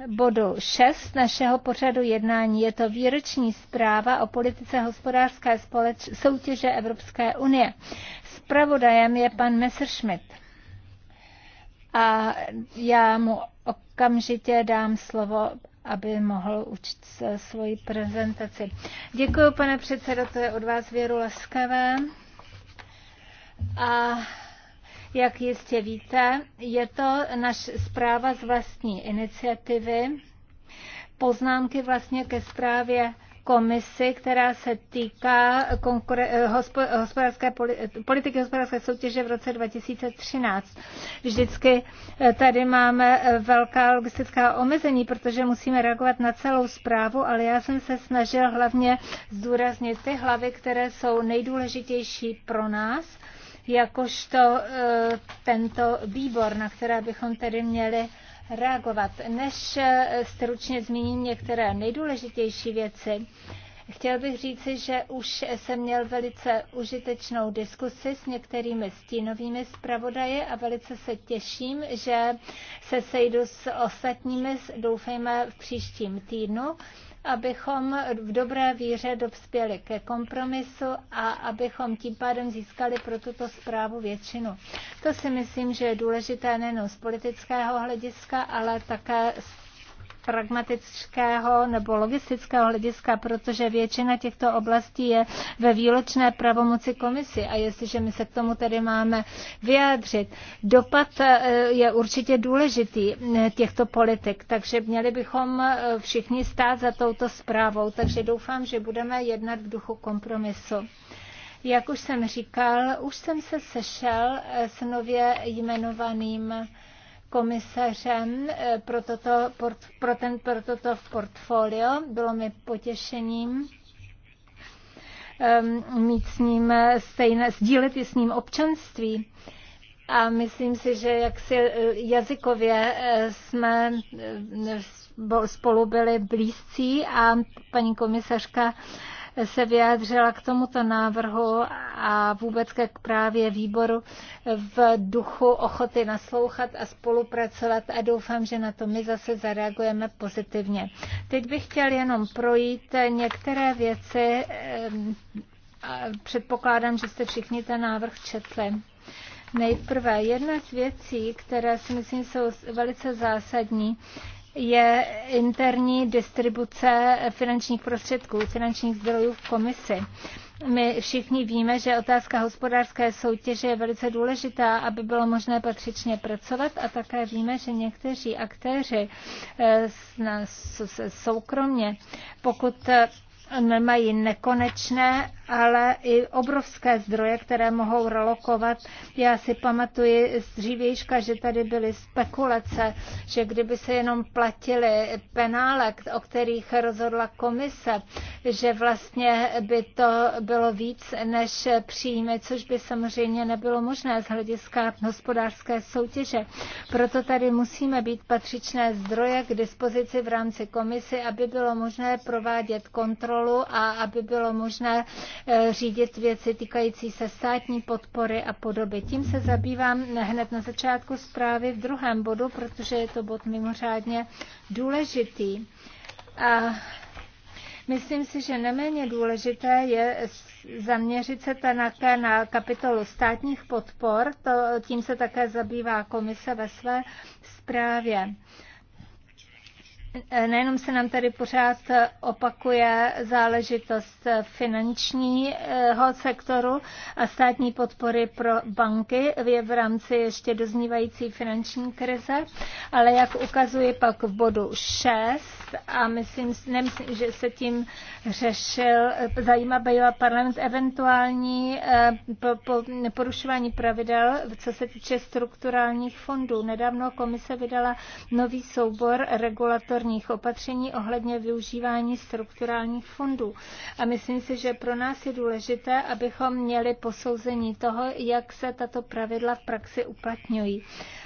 bodu 6 našeho pořadu jednání. Je to výroční zpráva o politice hospodářské společ- soutěže Evropské unie. Spravodajem je pan Messerschmidt. A já mu okamžitě dám slovo, aby mohl učit svoji prezentaci. Děkuji, pane předsedo, to je od vás věru laskavé. A jak jistě víte, je to naš zpráva z vlastní iniciativy, poznámky vlastně ke zprávě komisi, která se týká hospodářské politiky hospodářské soutěže v roce 2013. Vždycky eh, tady máme eh, velká logistická omezení, protože musíme reagovat na celou zprávu, ale já jsem se snažil hlavně zdůraznit ty hlavy, které jsou nejdůležitější pro nás jakožto e, tento výbor, na které bychom tedy měli reagovat. Než e, stručně zmíním některé nejdůležitější věci, Chtěl bych říci, že už jsem měl velice užitečnou diskusi s některými stínovými zpravodaji a velice se těším, že se sejdu s ostatními, doufejme, v příštím týdnu abychom v dobré víře dospěli ke kompromisu a abychom tím pádem získali pro tuto zprávu většinu. To si myslím, že je důležité nejen z politického hlediska, ale také z pragmatického nebo logistického hlediska, protože většina těchto oblastí je ve výločné pravomoci komisy a jestliže my se k tomu tedy máme vyjádřit, dopad eh, je určitě důležitý eh, těchto politik, takže měli bychom eh, všichni stát za touto zprávou, takže doufám, že budeme jednat v duchu kompromisu. Jak už jsem říkal, už jsem se sešel s nově jmenovaným komisařem eh, pro, toto, pro, ten, pro toto portfolio. Bylo mi potěšením ehm, mít s ním eh, stejné, sdílet i s ním občanství. A myslím si, že jak si eh, jazykově jsme spolu byli blízcí a paní komisařka se vyjádřila k tomuto návrhu a vůbec k právě výboru v duchu ochoty naslouchat a spolupracovat a doufám, že na to my zase zareagujeme pozitivně. Teď bych chtěl jenom projít některé věci. Předpokládám, že jste všichni ten návrh četli. Nejprve jedna z věcí, které si myslím jsou velice zásadní, je interní distribuce finančních prostředků, finančních zdrojů v komisi. My všichni víme, že otázka hospodářské soutěže je velice důležitá, aby bylo možné patřičně pracovat a také víme, že někteří aktéři eh, soukromně, pokud mají nekonečné, ale i obrovské zdroje, které mohou relokovat. Já si pamatuji z dřívějška, že tady byly spekulace, že kdyby se jenom platili penále, o kterých rozhodla komise, že vlastně by to bylo víc než příjmy, což by samozřejmě nebylo možné z hlediska hospodářské soutěže. Proto tady musíme být patřičné zdroje k dispozici v rámci komisy, aby bylo možné provádět kontrolu kontrolu a aby bylo možné eh, řídit věci týkající se státní podpory a podoby. Tím se zabývám hned na začátku zprávy v druhém bodu, protože je to bod mimořádně důležitý. A Myslím si, že neméně důležité je zaměřit se také na kapitolu státních podpor. To, tím se také zabývá komise ve své zprávě nejenom se nám tady pořád opakuje záležitost finančního sektoru a státní podpory pro banky je v rámci ještě doznívající finanční krize, ale jak ukazuje pak v bodu 6 a myslím, nemyslím, že se tím řešil, zajímá byla parlament eventuální eh, porušování pravidel, co se týče strukturálních fondů. Nedávno komise vydala nový soubor regulatorní regulatorních opatření ohledně využívání strukturálních fondů. A myslím si, že pro nás je důležité, abychom měli posouzení toho, jak se tato pravidla v praxi uplatňují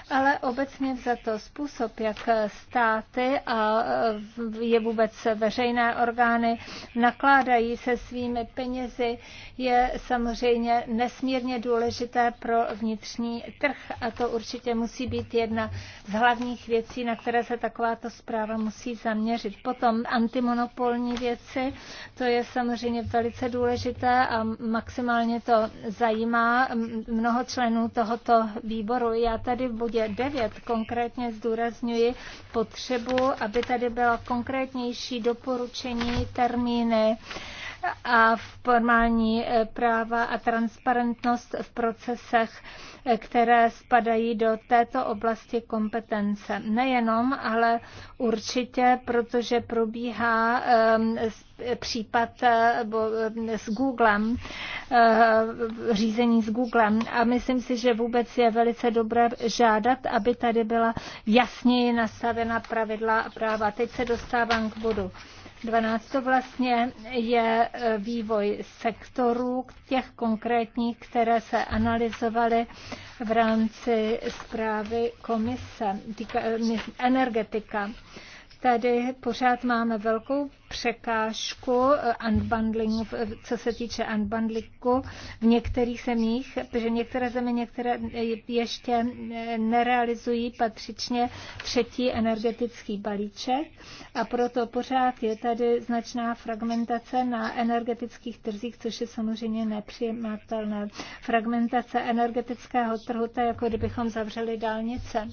ale obecně to způsob, jak státy a je vůbec veřejné orgány nakládají se svými penězi, je samozřejmě nesmírně důležité pro vnitřní trh a to určitě musí být jedna z hlavních věcí, na které se takováto zpráva musí zaměřit. Potom antimonopolní věci, to je samozřejmě velice důležité a maximálně to zajímá mnoho členů tohoto výboru. Já tady v bodě 9 konkrétně zdůrazňuji potřebu, aby tady byla konkrétnější doporučení, termíny, a v formální eh, práva a transparentnost v procesech, eh, které spadají do této oblasti kompetence. Nejenom, ale určitě, protože probíhá ehm, případ eh, s Googlem, řízení s Googlem. A myslím si, že vůbec je velice dobré žádat, aby tady byla jasněji nastavena pravidla a práva. Teď se dostávám k bodu 12 to vlastně je e, vývoj sektorů, těch konkrétních, které se analyzovaly v rámci zprávy komise, týka, e, energetika. Tady pořád máme velkou překážku eh, unbundlingu, co se týče unbundlingu v některých zemích, protože některé země některé eh, ještě eh, nerealizují patřičně třetí energetický balíček a proto pořád je tady značná fragmentace na energetických trzích, což je samozřejmě nepřijímatelné. Fragmentace energetického trhu, to je jako kdybychom zavřeli dálnice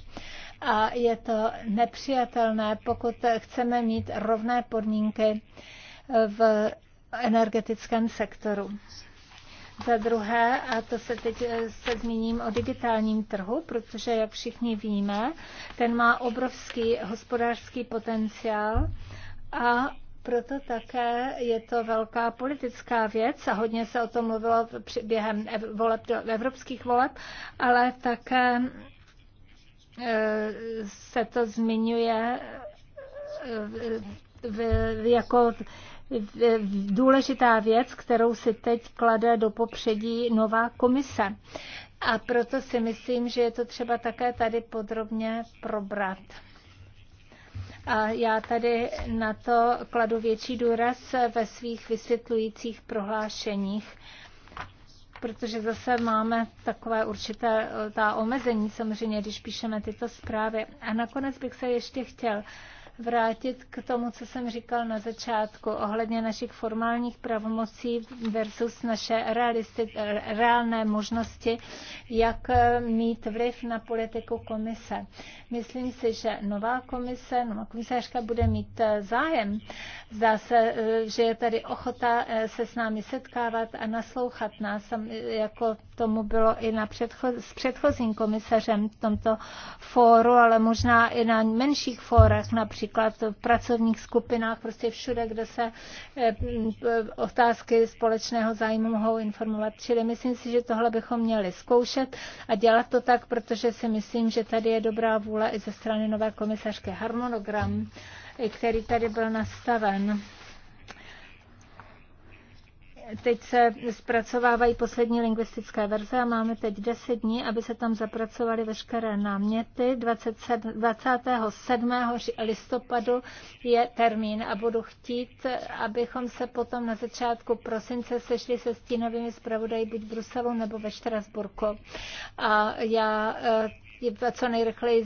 a je to nepřijatelné, pokud chceme mít rovné podmínky v energetickém sektoru. Za druhé, a to se teď eh, se zmíním o digitálním trhu, protože, jak všichni víme, ten má obrovský hospodářský potenciál a proto také je to velká politická věc a hodně se o tom mluvilo během voleb evropských voleb, ale také Eh, se to zmiňuje eh, jako důležitá věc, kterou si teď klade do popředí nová komise. A proto si myslím, že je to třeba také tady podrobně probrat. A já tady na to kladu větší důraz ve svých vysvětlujících prohlášeních protože zase máme takové určité eh, ta omezení samozřejmě, když píšeme tyto zprávy. A nakonec bych se ještě chtěl vrátit k tomu, co jsem říkal na začátku ohledně našich formálních pravomocí versus naše reálné možnosti, jak mít vliv na politiku komise. Myslím si, že nová komise, nová komisařka bude mít eh, zájem. Zdá se, eh, že je tady ochota eh, se s námi setkávat a naslouchat nás jako tomu bylo i na předcho- s předchozím komisařem v tomto fóru, ale možná i na menších fórech, například v pracovních skupinách, prostě všude, kde se eh, eh, otázky společného zájmu mohou informovat. Čili myslím si, že tohle bychom měli zkoušet a dělat to tak, protože si myslím, že tady je dobrá vůle i ze strany nové komisařky harmonogram, který tady byl nastaven Teď se zpracovávají poslední lingvistické verze a máme teď 10 dní, aby se tam zapracovaly veškeré náměty. 27, listopadu je termín a budu chtít, abychom se potom na začátku prosince sešli se stínovými zpravodají buď v Bruselu nebo ve Štrasburku. A já eh, co nejrychleji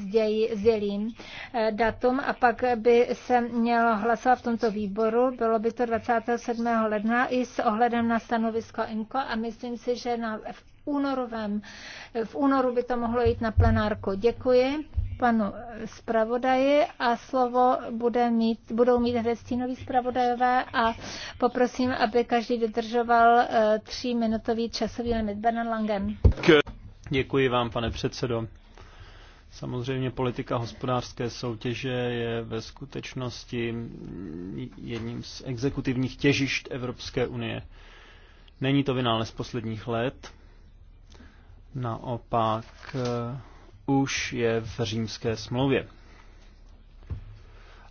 sdělím eh, datum a pak by se mělo hlasovat v tomto výboru. Bylo by to 27. ledna i s ohledem na stanovisko INKO. a myslím si, že na, v, únorovém, eh, v únoru by to mohlo jít na plenárku. Děkuji panu zpravodaji a slovo bude mít, budou mít hvězdínoví zpravodajové a poprosím, aby každý dodržoval eh, tříminutový časový limit. Bernard Langen. Děkuji vám, pane předsedo. Samozřejmě politika hospodářské soutěže je ve skutečnosti jedním z exekutivních těžišť Evropské unie. Není to vynález posledních let, naopak eh, už je v římské smlouvě.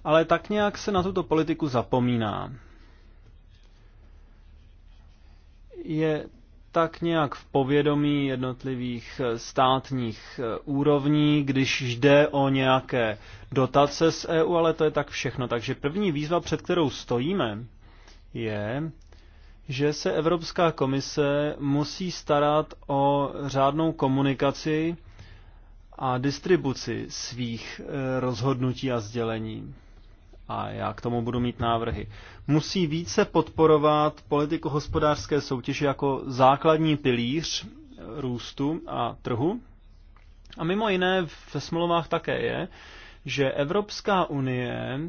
Ale tak nějak se na tuto politiku zapomíná. Je tak nějak v povědomí jednotlivých eh, státních eh, úrovní, když jde o nějaké dotace z EU, ale to je tak všechno. Takže první výzva, před kterou stojíme, je, že se Evropská komise musí starat o řádnou komunikaci a distribuci svých eh, rozhodnutí a sdělení a já k tomu budu mít návrhy, musí více podporovat politiku hospodářské soutěže jako základní pilíř růstu a trhu. A mimo jiné ve smlouvách také je, že Evropská unie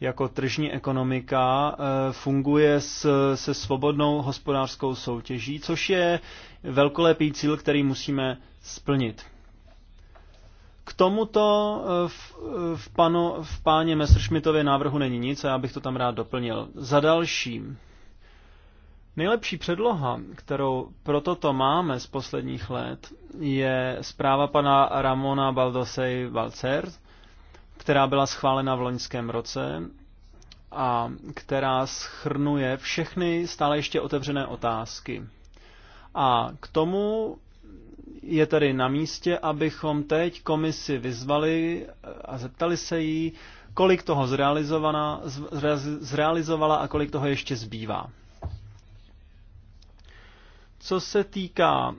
jako tržní ekonomika eh, funguje s, se svobodnou hospodářskou soutěží, což je velkolepý cíl, který musíme splnit. K tomuto eh, v, eh, v, panu, v páně Messerschmittově návrhu není nic a já bych to tam rád doplnil. Za dalším. Nejlepší předloha, kterou pro toto máme z posledních let, je zpráva pana Ramona Baldosej Valcer, která byla schválena v loňském roce a která schrnuje všechny stále ještě otevřené otázky. A k tomu je tedy na místě, abychom teď komisi vyzvali a zeptali se jí, kolik toho zrealizovala a kolik toho ještě zbývá. Co se týká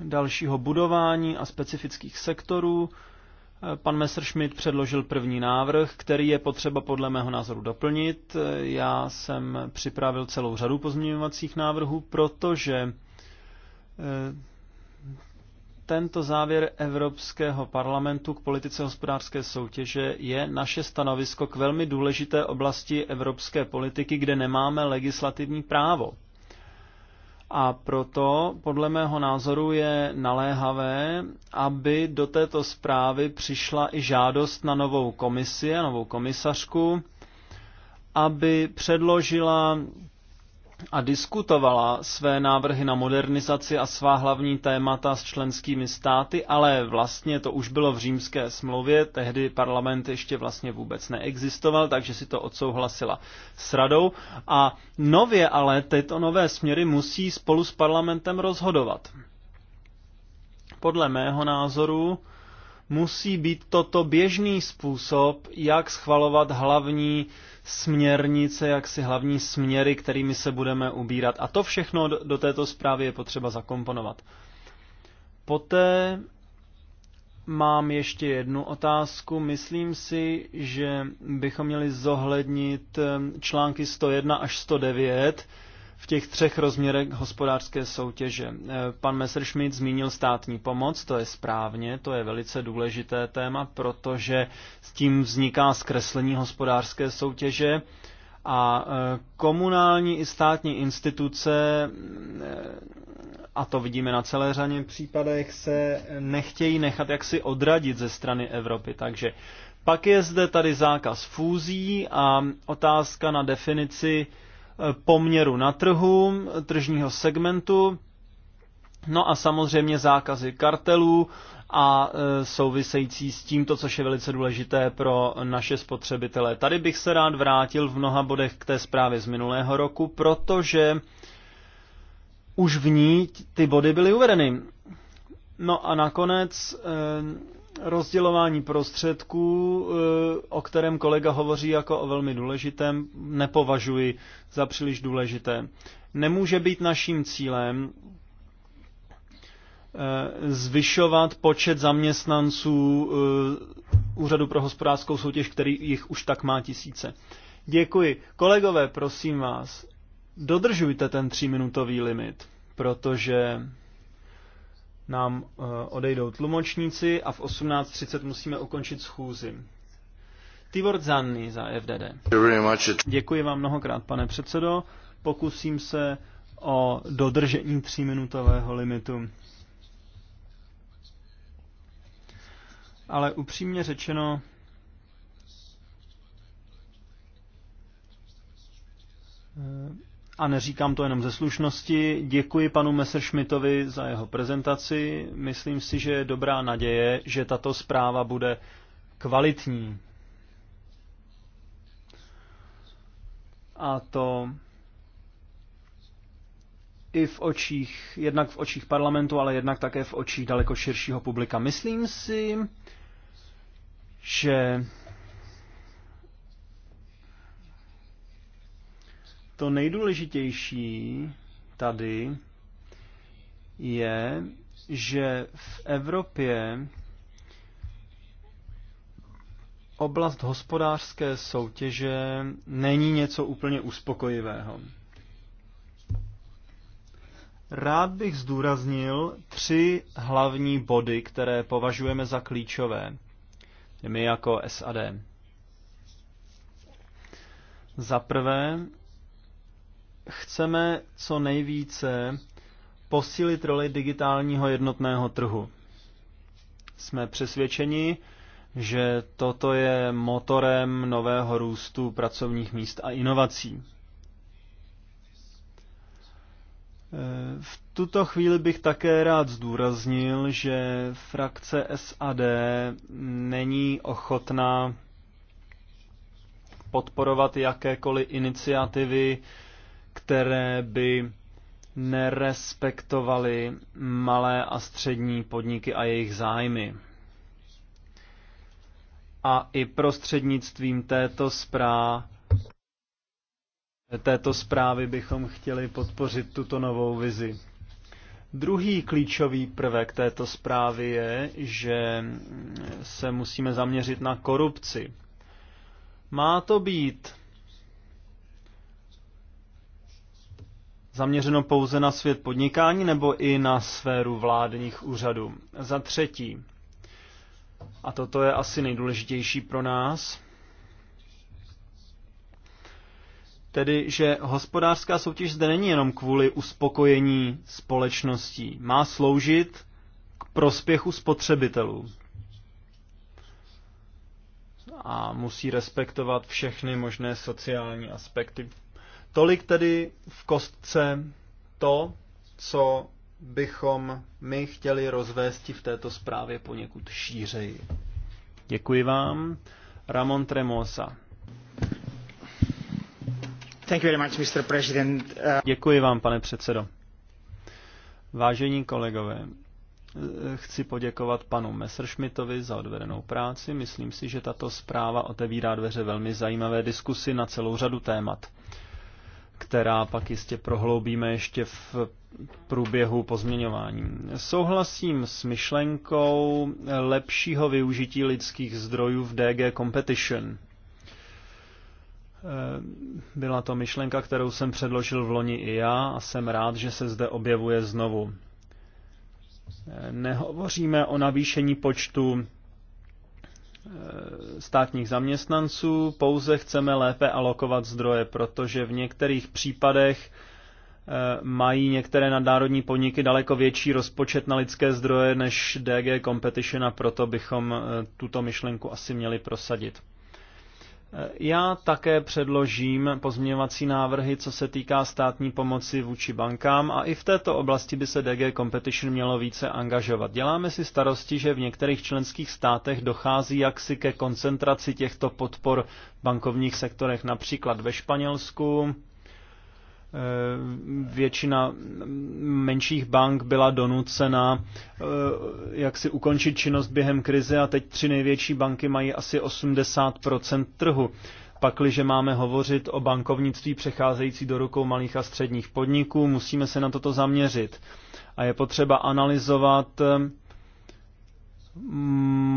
dalšího budování a specifických sektorů, pan Messerschmidt předložil první návrh, který je potřeba podle mého názoru doplnit. Já jsem připravil celou řadu pozměňovacích návrhů, protože Eh, tento závěr Evropského parlamentu k politice hospodářské soutěže je naše stanovisko k velmi důležité oblasti evropské politiky, kde nemáme legislativní právo. A proto, podle mého názoru, je naléhavé, aby do této zprávy přišla i žádost na novou komisi a novou komisařku, aby předložila a diskutovala své návrhy na modernizaci a svá hlavní témata s členskými státy, ale vlastně to už bylo v římské smlouvě, tehdy parlament ještě vlastně vůbec neexistoval, takže si to odsouhlasila s radou. A nově ale tyto nové směry musí spolu s parlamentem rozhodovat. Podle mého názoru musí být toto běžný způsob, jak schvalovat hlavní směrnice, jak si hlavní směry, kterými se budeme ubírat. A to všechno do této zprávy je potřeba zakomponovat. Poté mám ještě jednu otázku. Myslím si, že bychom měli zohlednit eh, články 101 až 109, v těch třech rozměrech hospodářské soutěže. Eh, pan Messerschmidt zmínil státní pomoc, to je správně, to je velice důležité téma, protože s tím vzniká zkreslení hospodářské soutěže a eh, komunální i státní instituce, eh, a to vidíme na celé řadě případech, se nechtějí nechat jaksi odradit ze strany Evropy. Takže pak je zde tady zákaz fúzí a otázka na definici poměru na trhu, tržního segmentu, no a samozřejmě zákazy kartelů a e, související s tím to, což je velice důležité pro naše spotřebitele. Tady bych se rád vrátil v mnoha bodech k té zprávě z minulého roku, protože už v ní ty body byly uvedeny. No a nakonec e, rozdělování prostředků, eh, o kterém kolega hovoří jako o velmi důležitém, nepovažuji za příliš důležité. Nemůže být naším cílem eh, zvyšovat počet zaměstnanců eh, Úřadu pro hospodářskou soutěž, který jich už tak má tisíce. Děkuji. Kolegové, prosím vás, dodržujte ten tříminutový limit, protože nám eh, odejdou tlumočníci a v 18.30 musíme ukončit schůzi. Tibor Zanny za FDD. Děkuji vám mnohokrát, pane předsedo. Pokusím se o dodržení tříminutového limitu. Ale upřímně řečeno, eh, a neříkám to jenom ze slušnosti. Děkuji panu Messerschmittovi za jeho prezentaci. Myslím si, že je dobrá naděje, že tato zpráva bude kvalitní. A to i v očích, jednak v očích parlamentu, ale jednak také v očích daleko širšího publika. Myslím si, že To nejdůležitější tady je, že v Evropě oblast hospodářské soutěže není něco úplně uspokojivého. Rád bych zdůraznil tři hlavní body, které považujeme za klíčové, my jako SAD. Za prvé, chceme co nejvíce posílit roli digitálního jednotného trhu. Jsme přesvědčeni, že toto je motorem nového růstu pracovních míst a inovací. V tuto chvíli bych také rád zdůraznil, že frakce SAD není ochotná podporovat jakékoliv iniciativy, které by nerespektovaly malé a střední podniky a jejich zájmy. A i prostřednictvím této zprávy této zprávy bychom chtěli podpořit tuto novou vizi. Druhý klíčový prvek této zprávy je, že se musíme zaměřit na korupci. Má to být zaměřeno pouze na svět podnikání nebo i na sféru vládních úřadů. Za třetí, a toto je asi nejdůležitější pro nás, tedy, že hospodářská soutěž zde není jenom kvůli uspokojení společností. Má sloužit k prospěchu spotřebitelů. A musí respektovat všechny možné sociální aspekty Tolik tedy v kostce to, co bychom my chtěli rozvést v této zprávě poněkud šířeji. Děkuji vám. Ramon Tremosa. Thank you very much, Mr. President. Uh... Děkuji vám, pane předsedo. Vážení kolegové, chci poděkovat panu Messerschmittovi za odvedenou práci. Myslím si, že tato zpráva otevírá dveře velmi zajímavé diskusy na celou řadu témat která pak jistě prohloubíme ještě v průběhu pozměňování. Souhlasím s myšlenkou lepšího využití lidských zdrojů v DG Competition. Eh, byla to myšlenka, kterou jsem předložil v loni i já a jsem rád, že se zde objevuje znovu. Eh, nehovoříme o navýšení počtu Eh, státních zaměstnanců, pouze chceme lépe alokovat zdroje, protože v některých případech eh, mají některé nadnárodní podniky daleko větší rozpočet na lidské zdroje než DG Competition a proto bychom eh, tuto myšlenku asi měli prosadit. Já také předložím pozměňovací návrhy, co se týká státní pomoci vůči bankám a i v této oblasti by se DG Competition mělo více angažovat. Děláme si starosti, že v některých členských státech dochází jaksi ke koncentraci těchto podpor v bankovních sektorech, například ve Španělsku, Eh, většina menších bank byla donucena eh, jak si ukončit činnost během krize a teď tři největší banky mají asi 80% trhu. Pakliže máme hovořit o bankovnictví přecházející do rukou malých a středních podniků, musíme se na toto zaměřit. A je potřeba analyzovat eh,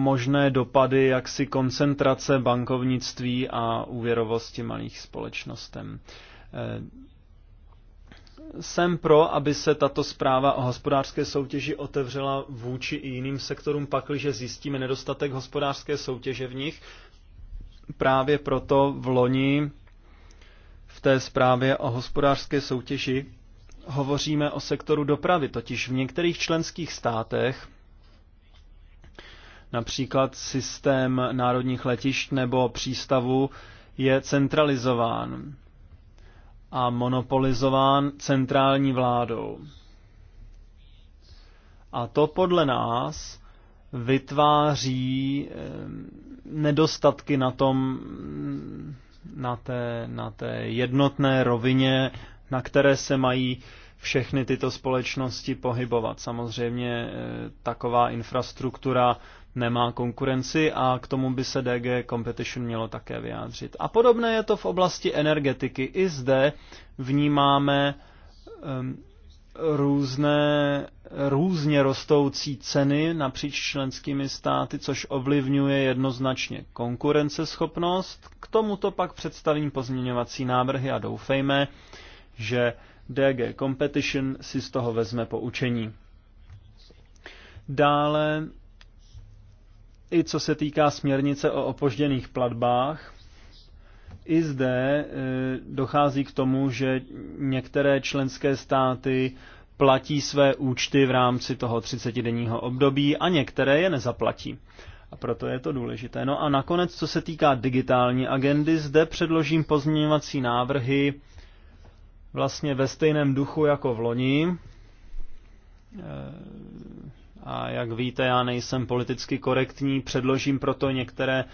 možné dopady jaksi koncentrace bankovnictví a úvěrovosti malých společnostem jsem pro, aby se tato zpráva o hospodářské soutěži otevřela vůči i jiným sektorům, pakliže zjistíme nedostatek hospodářské soutěže v nich. Právě proto v loni v té zprávě o hospodářské soutěži hovoříme o sektoru dopravy, totiž v některých členských státech například systém národních letišť nebo přístavu je centralizován a monopolizován centrální vládou. A to podle nás vytváří eh, nedostatky na tom, na té, na té jednotné rovině, na které se mají všechny tyto společnosti pohybovat. Samozřejmě eh, taková infrastruktura nemá konkurenci a k tomu by se DG Competition mělo také vyjádřit. A podobné je to v oblasti energetiky. I zde vnímáme um, různé, různě rostoucí ceny napříč členskými státy, což ovlivňuje jednoznačně konkurenceschopnost. K tomuto pak představím pozměňovací návrhy a doufejme, že DG Competition si z toho vezme poučení. Dále i co se týká směrnice o opožděných platbách, i zde e, dochází k tomu, že některé členské státy platí své účty v rámci toho 30-denního období a některé je nezaplatí. A proto je to důležité. No a nakonec, co se týká digitální agendy, zde předložím pozměňovací návrhy vlastně ve stejném duchu jako v loni e, a jak víte, já nejsem politicky korektní, předložím proto některé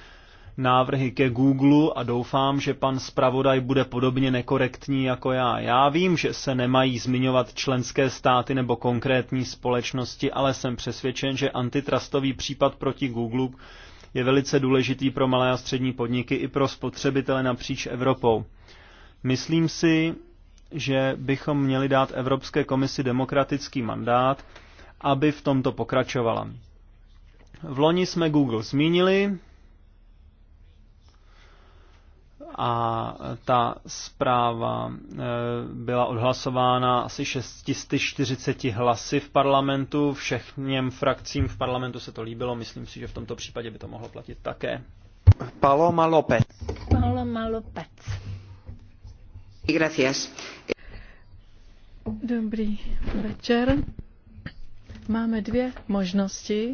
návrhy ke Google a doufám, že pan zpravodaj bude podobně nekorektní jako já. Já vím, že se nemají zmiňovat členské státy nebo konkrétní společnosti, ale jsem přesvědčen, že antitrustový případ proti Google je velice důležitý pro malé a střední podniky i pro spotřebitele napříč Evropou. Myslím si, že bychom měli dát Evropské komisi demokratický mandát, aby v tomto pokračovala. V loni jsme Google zmínili a ta zpráva e, byla odhlasována asi 640 hlasy v parlamentu. Všechněm frakcím v parlamentu se to líbilo. Myslím si, že v tomto případě by to mohlo platit také. Paloma López. Paloma López. Gracias. Dobrý večer. Máme dvě možnosti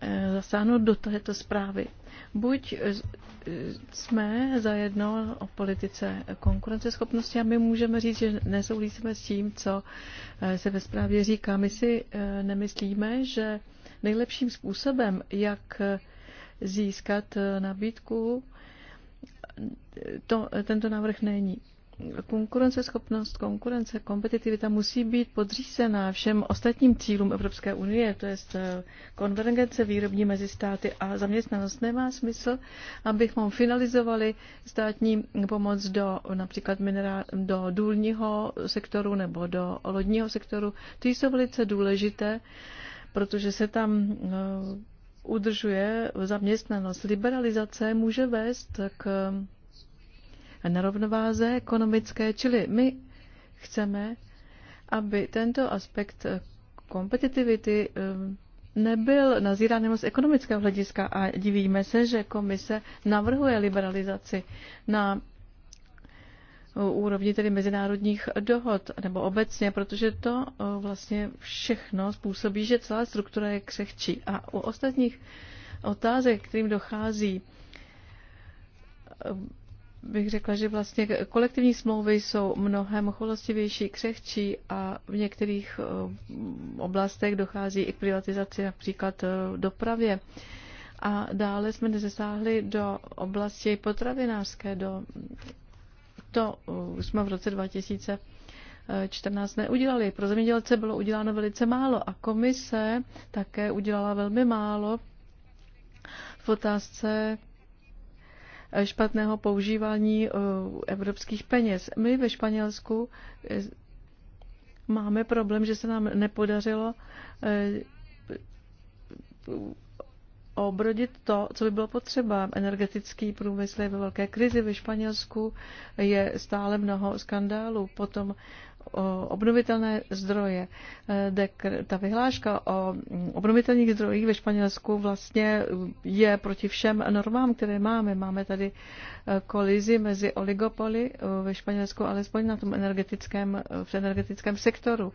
eh, zasáhnout do této zprávy. Buď eh, eh, jsme zajedno o politice konkurenceschopnosti a my můžeme říct, že nesouhlasíme s tím, co se ve zprávě říká. My si nemyslíme, že nejlepším způsobem, jak získat nabídku, to, tento návrh není konkurenceschopnost, konkurence, kompetitivita musí být podřízená všem ostatním cílům Evropské unie, to je eh, konvergence výrobní mezi státy a zaměstnanost. Nemá smysl, abychom finalizovali státní pomoc do například minerál, do důlního sektoru nebo do lodního sektoru. Ty jsou velice důležité, protože se tam eh, udržuje zaměstnanost. Liberalizace může vést k nerovnováze ekonomické, čili my chceme, aby tento aspekt kompetitivity eh, nebyl nazírán jenom z ekonomického hlediska a divíme se, že komise navrhuje liberalizaci na úrovni tedy mezinárodních dohod nebo obecně, protože to eh, vlastně všechno způsobí, že celá struktura je křehčí. A u ostatních otázek, kterým dochází eh, bych řekla, že vlastně kolektivní smlouvy jsou mnohem cholostivější, křehčí a v některých eh, oblastech dochází i k privatizaci, například eh, dopravě. A dále jsme nezasáhli do oblasti potravinářské, do, to eh, jsme v roce 2014 neudělali. Pro zemědělce bylo uděláno velice málo a komise také udělala velmi málo v otázce špatného používání eh, evropských peněz. My ve Španělsku eh, máme problém, že se nám nepodařilo eh, obrodit to, co by bylo potřeba. Energetický průmysl je ve velké krizi ve Španělsku, je stále mnoho skandálů. Potom obnovitelné zdroje. Eh, ta vyhláška o obnovitelných zdrojích ve Španělsku vlastně je proti všem normám, které máme. Máme tady eh, kolizi mezi oligopoly eh, ve Španělsku, alespoň na tom energetickém, v energetickém sektoru.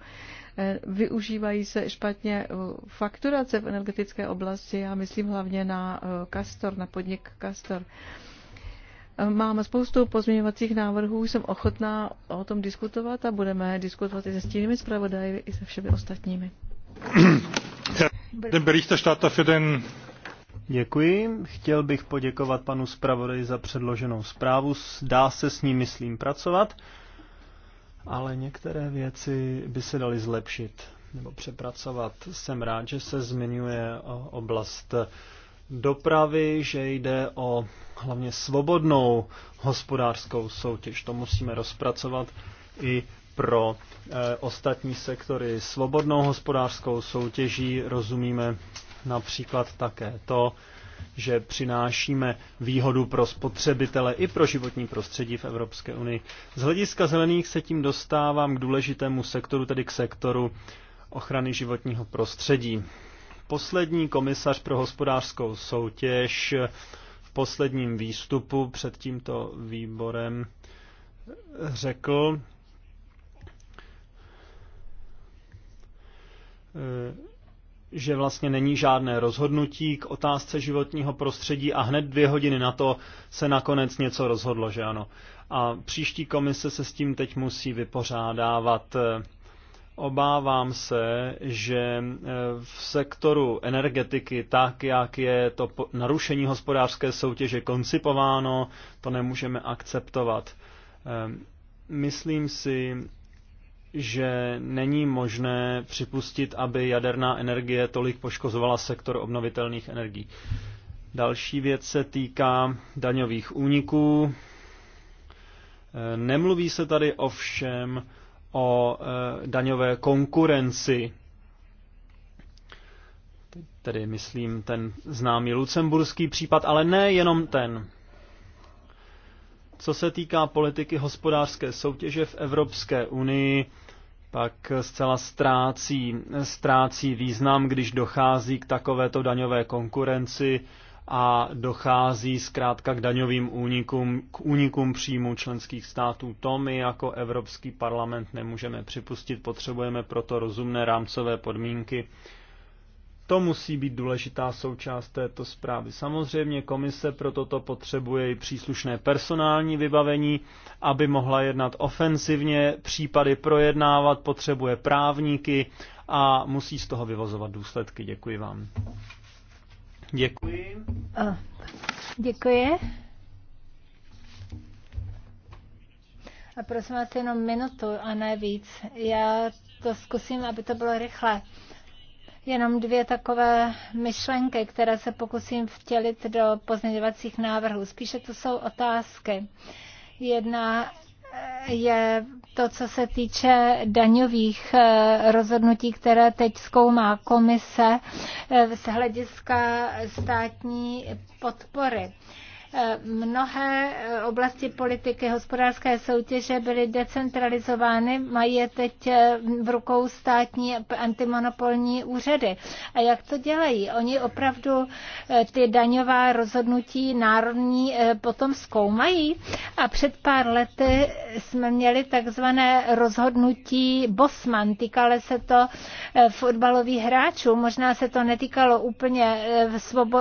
Využívají se špatně fakturace v energetické oblasti, já myslím hlavně na Castor, na podnik Castor. Máme spoustu pozměňovacích návrhů, jsem ochotná o tom diskutovat a budeme diskutovat i se stínými zpravodaji, i se všemi ostatními. den Děkuji. Chtěl bych poděkovat panu zpravodaji za předloženou zprávu. Dá se s ní, myslím, pracovat, ale některé věci by se daly zlepšit nebo přepracovat. Jsem rád, že se zmiňuje oblast dopravy, že jde o hlavně svobodnou hospodářskou soutěž. To musíme rozpracovat i pro e, ostatní sektory. Svobodnou hospodářskou soutěží rozumíme například také to, že přinášíme výhodu pro spotřebitele i pro životní prostředí v Evropské unii. Z hlediska zelených se tím dostávám k důležitému sektoru, tedy k sektoru ochrany životního prostředí. Poslední komisař pro hospodářskou soutěž v posledním výstupu před tímto výborem řekl, eh, že vlastně není žádné rozhodnutí k otázce životního prostředí a hned dvě hodiny na to se nakonec něco rozhodlo, že ano. A příští komise se s tím teď musí vypořádávat eh, Obávám se, že eh, v sektoru energetiky, tak jak je to narušení hospodářské soutěže koncipováno, to nemůžeme akceptovat. Ehm, myslím si, že není možné připustit, aby jaderná energie tolik poškozovala sektor obnovitelných energií. Další věc se týká daňových úniků. Ehm, nemluví se tady ovšem o e, daňové konkurenci. Tedy myslím ten známý lucemburský případ, ale ne jenom ten. Co se týká politiky hospodářské soutěže v Evropské unii, pak zcela ztrácí, ztrácí význam, když dochází k takovéto daňové konkurenci, a dochází zkrátka k daňovým únikům, k únikům příjmu členských států. To my jako Evropský parlament nemůžeme připustit, potřebujeme proto rozumné rámcové podmínky. To musí být důležitá součást této zprávy. Samozřejmě komise pro toto potřebuje i příslušné personální vybavení, aby mohla jednat ofensivně, případy projednávat, potřebuje právníky a musí z toho vyvozovat důsledky. Děkuji vám. Děkuji. Děkuji. A prosím vás jenom minutu a ne víc. Já to zkusím, aby to bylo rychle. Jenom dvě takové myšlenky, které se pokusím vtělit do pozměňovacích návrhů. Spíše to jsou otázky. Jedna je to, co se týče daňových eh, rozhodnutí, které teď zkoumá komise eh, z hlediska státní podpory. Mnohé eh, oblasti politiky hospodářské soutěže byly decentralizovány, mají je teď eh, v rukou státní antimonopolní úřady. A jak to dělají? Oni opravdu eh, ty daňová rozhodnutí národní potom zkoumají. A před pár lety jsme měli takzvané rozhodnutí Bosman. Týkalo se to fotbalových hráčů. Možná se to netýkalo úplně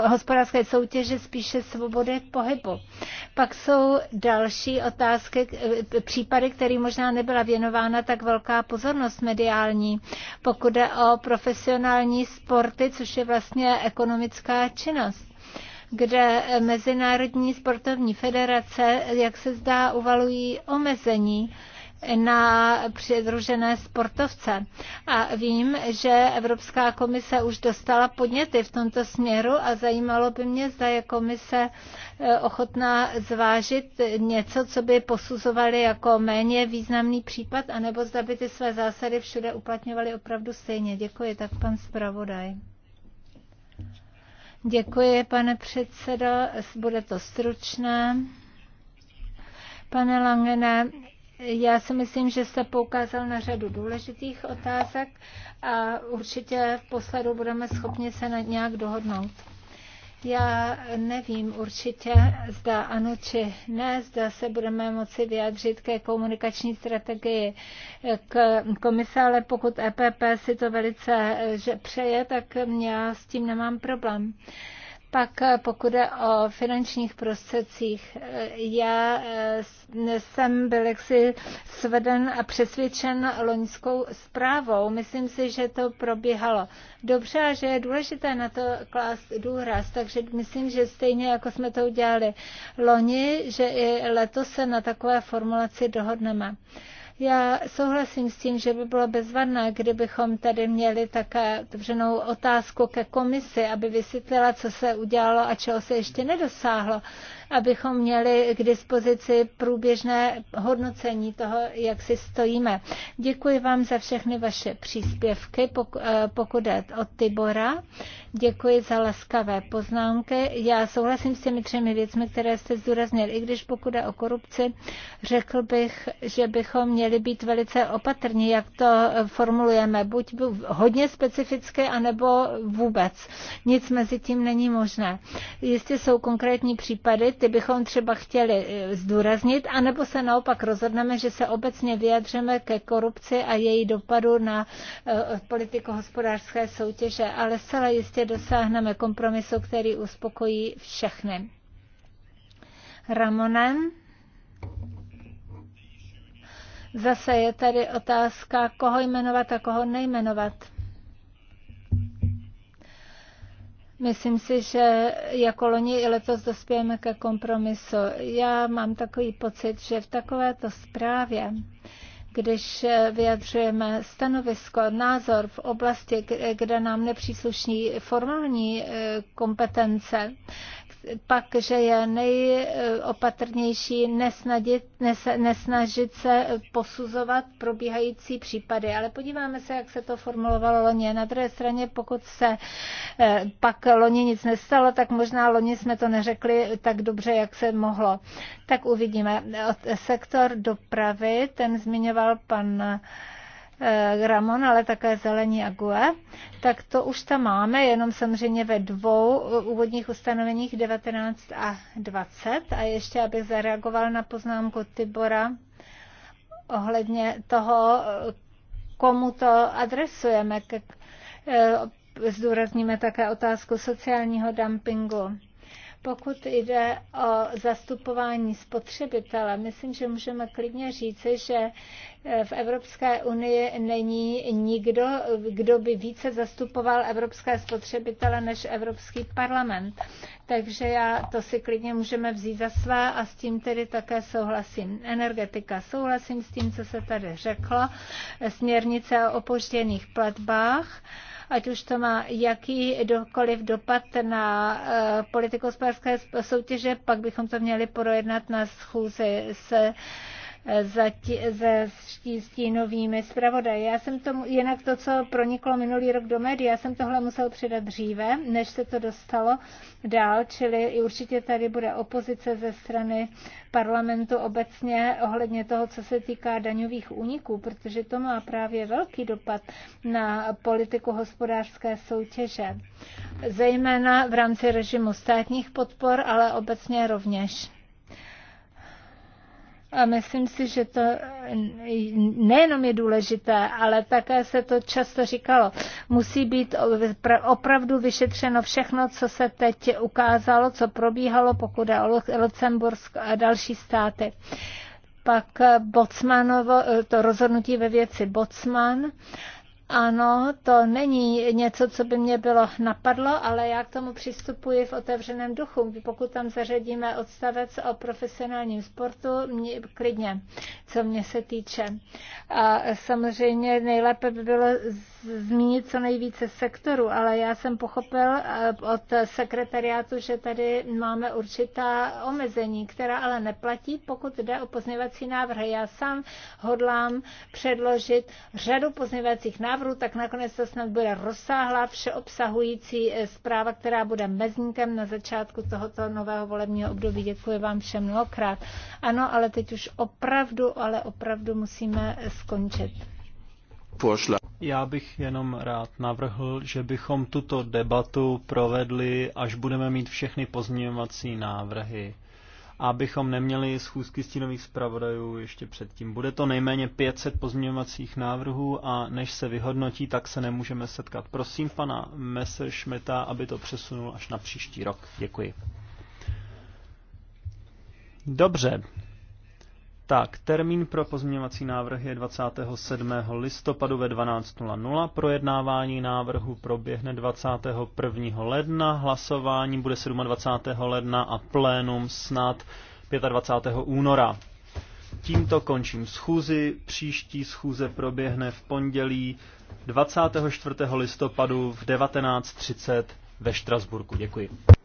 hospodářské soutěže, spíše svobody pohybu. Pak jsou další otázky, eh, případy, které možná nebyla věnována tak velká pozornost mediální, pokud jde o profesionální sporty, což je vlastně ekonomická činnost kde Mezinárodní sportovní federace, jak se zdá, uvalují omezení na přidružené sportovce. A vím, že Evropská komise už dostala podněty v tomto směru a zajímalo by mě, zda je komise e, ochotná zvážit něco, co by posuzovali jako méně významný případ, anebo zda by ty své zásady všude uplatňovali opravdu stejně. Děkuji, tak pan zpravodaj. Děkuji, pane předsedo, bude to stručné. Pane Langene, já si myslím, že jste poukázal na řadu důležitých otázek a určitě v posledu budeme schopni se na nějak dohodnout. Já nevím určitě, zda ano či ne, zda se budeme moci vyjádřit ke komunikační strategii k komise, ale pokud EPP si to velice eh, že přeje, tak já s tím nemám problém. Uh, pak eh, pokud je o finančních prostředcích, eh, já eh, jsem byl jaksi sveden a přesvědčen loňskou zprávou. Myslím si, že to probíhalo dobře a že je důležité na to klást důraz. Takže myslím, že stejně jako jsme to udělali loni, že i letos se na takové formulaci dohodneme. Já souhlasím s tím, že by bylo bezvadné, kdybychom tady měli také otevřenou otázku ke komisi, aby vysvětlila, co se udělalo a čeho se ještě nedosáhlo abychom měli k dispozici průběžné hodnocení toho, jak si stojíme. Děkuji vám za všechny vaše příspěvky, eh, pokud je od Tibora. Děkuji za laskavé poznámky. Já souhlasím s těmi třemi věcmi, které jste zdůraznili. I když pokud je o korupci, řekl bych, že bychom měli být velice opatrní, jak to formulujeme. Buď hodně specifické, anebo vůbec. Nic mezi tím není možné. Jistě jsou konkrétní případy, aspekty bychom třeba chtěli e, zdůraznit, anebo se naopak rozhodneme, že se obecně vyjadřeme ke korupci a její dopadu na e, politiku hospodářské soutěže, ale zcela jistě dosáhneme kompromisu, který uspokojí všechny. Ramonem. Zase je tady otázka, koho jmenovat a koho nejmenovat. Myslím si, že jako loni i letos dospějeme ke kompromisu. Já mám takový pocit, že v takovéto zprávě když vyjadřujeme stanovisko, názor v oblasti, kde nám nepřísluší formální eh, kompetence, pak, že je nejopatrnější nesnadit, nes, nesnažit se posuzovat probíhající případy. Ale podíváme se, jak se to formulovalo loni. Na druhé straně, pokud se eh, pak loni nic nestalo, tak možná loni jsme to neřekli tak dobře, jak se mohlo. Tak uvidíme. Sektor dopravy, ten zmiňoval pan Eh, Ramon, ale také Zelení a GUE, tak to už tam máme, jenom samozřejmě ve dvou eh, úvodních ustanoveních 19 a 20. A ještě abych zareagoval na poznámku Tibora ohledně toho, eh, komu to adresujeme. Zdůrazníme také otázku sociálního dumpingu pokud jde o zastupování spotřebitele, myslím, že můžeme klidně říci, že e, v Evropské unii není nikdo, kdo by více zastupoval evropské spotřebitele než Evropský parlament. Takže já to si klidně můžeme vzít za své a s tím tedy také souhlasím. Energetika, souhlasím s tím, co se tady řeklo, směrnice o opožděných platbách ať už to má jakýkoliv dopad na eh, politikospářské soutěže, pak bychom to měli projednat na schůzi se za tí, ze stínovými zpravodaji. Já jsem tomu, jinak to, co proniklo minulý rok do médií, já jsem tohle musel předat dříve, než se to dostalo dál, čili určitě tady bude opozice ze strany parlamentu obecně ohledně toho, co se týká daňových úniků, protože to má právě velký dopad na politiku hospodářské soutěže, zejména v rámci režimu státních podpor, ale obecně rovněž. A myslím si, že to nejenom je důležité, ale také se to často říkalo. Musí být opravdu vyšetřeno všechno, co se teď ukázalo, co probíhalo, pokud je o Lucembursk a další státy. Pak Bocmanovo, to rozhodnutí ve věci Bocman ano, to není něco, co by mě bylo napadlo, ale já k tomu přistupuji v otevřeném duchu. Pokud tam zařadíme odstavec o profesionálním sportu, mě, klidně, co mě se týče. A samozřejmě nejlépe by bylo zmínit co nejvíce sektoru, ale já jsem pochopil eh, od sekretariátu, že tady máme určitá omezení, která ale neplatí, pokud jde o pozněvací návrhy. Já sám hodlám předložit řadu pozněvacích návrhů, návrhu, tak nakonec to snad bude rozsáhlá všeobsahující eh, zpráva, která bude mezníkem na začátku tohoto nového volebního období. Děkuji vám všem mnohokrát. Ano, ale teď už opravdu, ale opravdu musíme eh, skončit. Já bych jenom rád navrhl, že bychom tuto debatu provedli, až budeme mít všechny pozměňovací návrhy abychom neměli schůzky stínových zpravodajů ještě předtím. Bude to nejméně 500 pozměňovacích návrhů a než se vyhodnotí, tak se nemůžeme setkat. Prosím pana Messerschmitta, aby to přesunul až na příští rok. Děkuji. Dobře, tak, termín pro pozměňovací návrh je 27. listopadu ve 12.00. Projednávání návrhu proběhne 21. ledna, hlasování bude 27. ledna a plénum snad 25. února. Tímto končím schůzi. Příští schůze proběhne v pondělí 24. listopadu v 19.30 ve Štrasburku. Děkuji.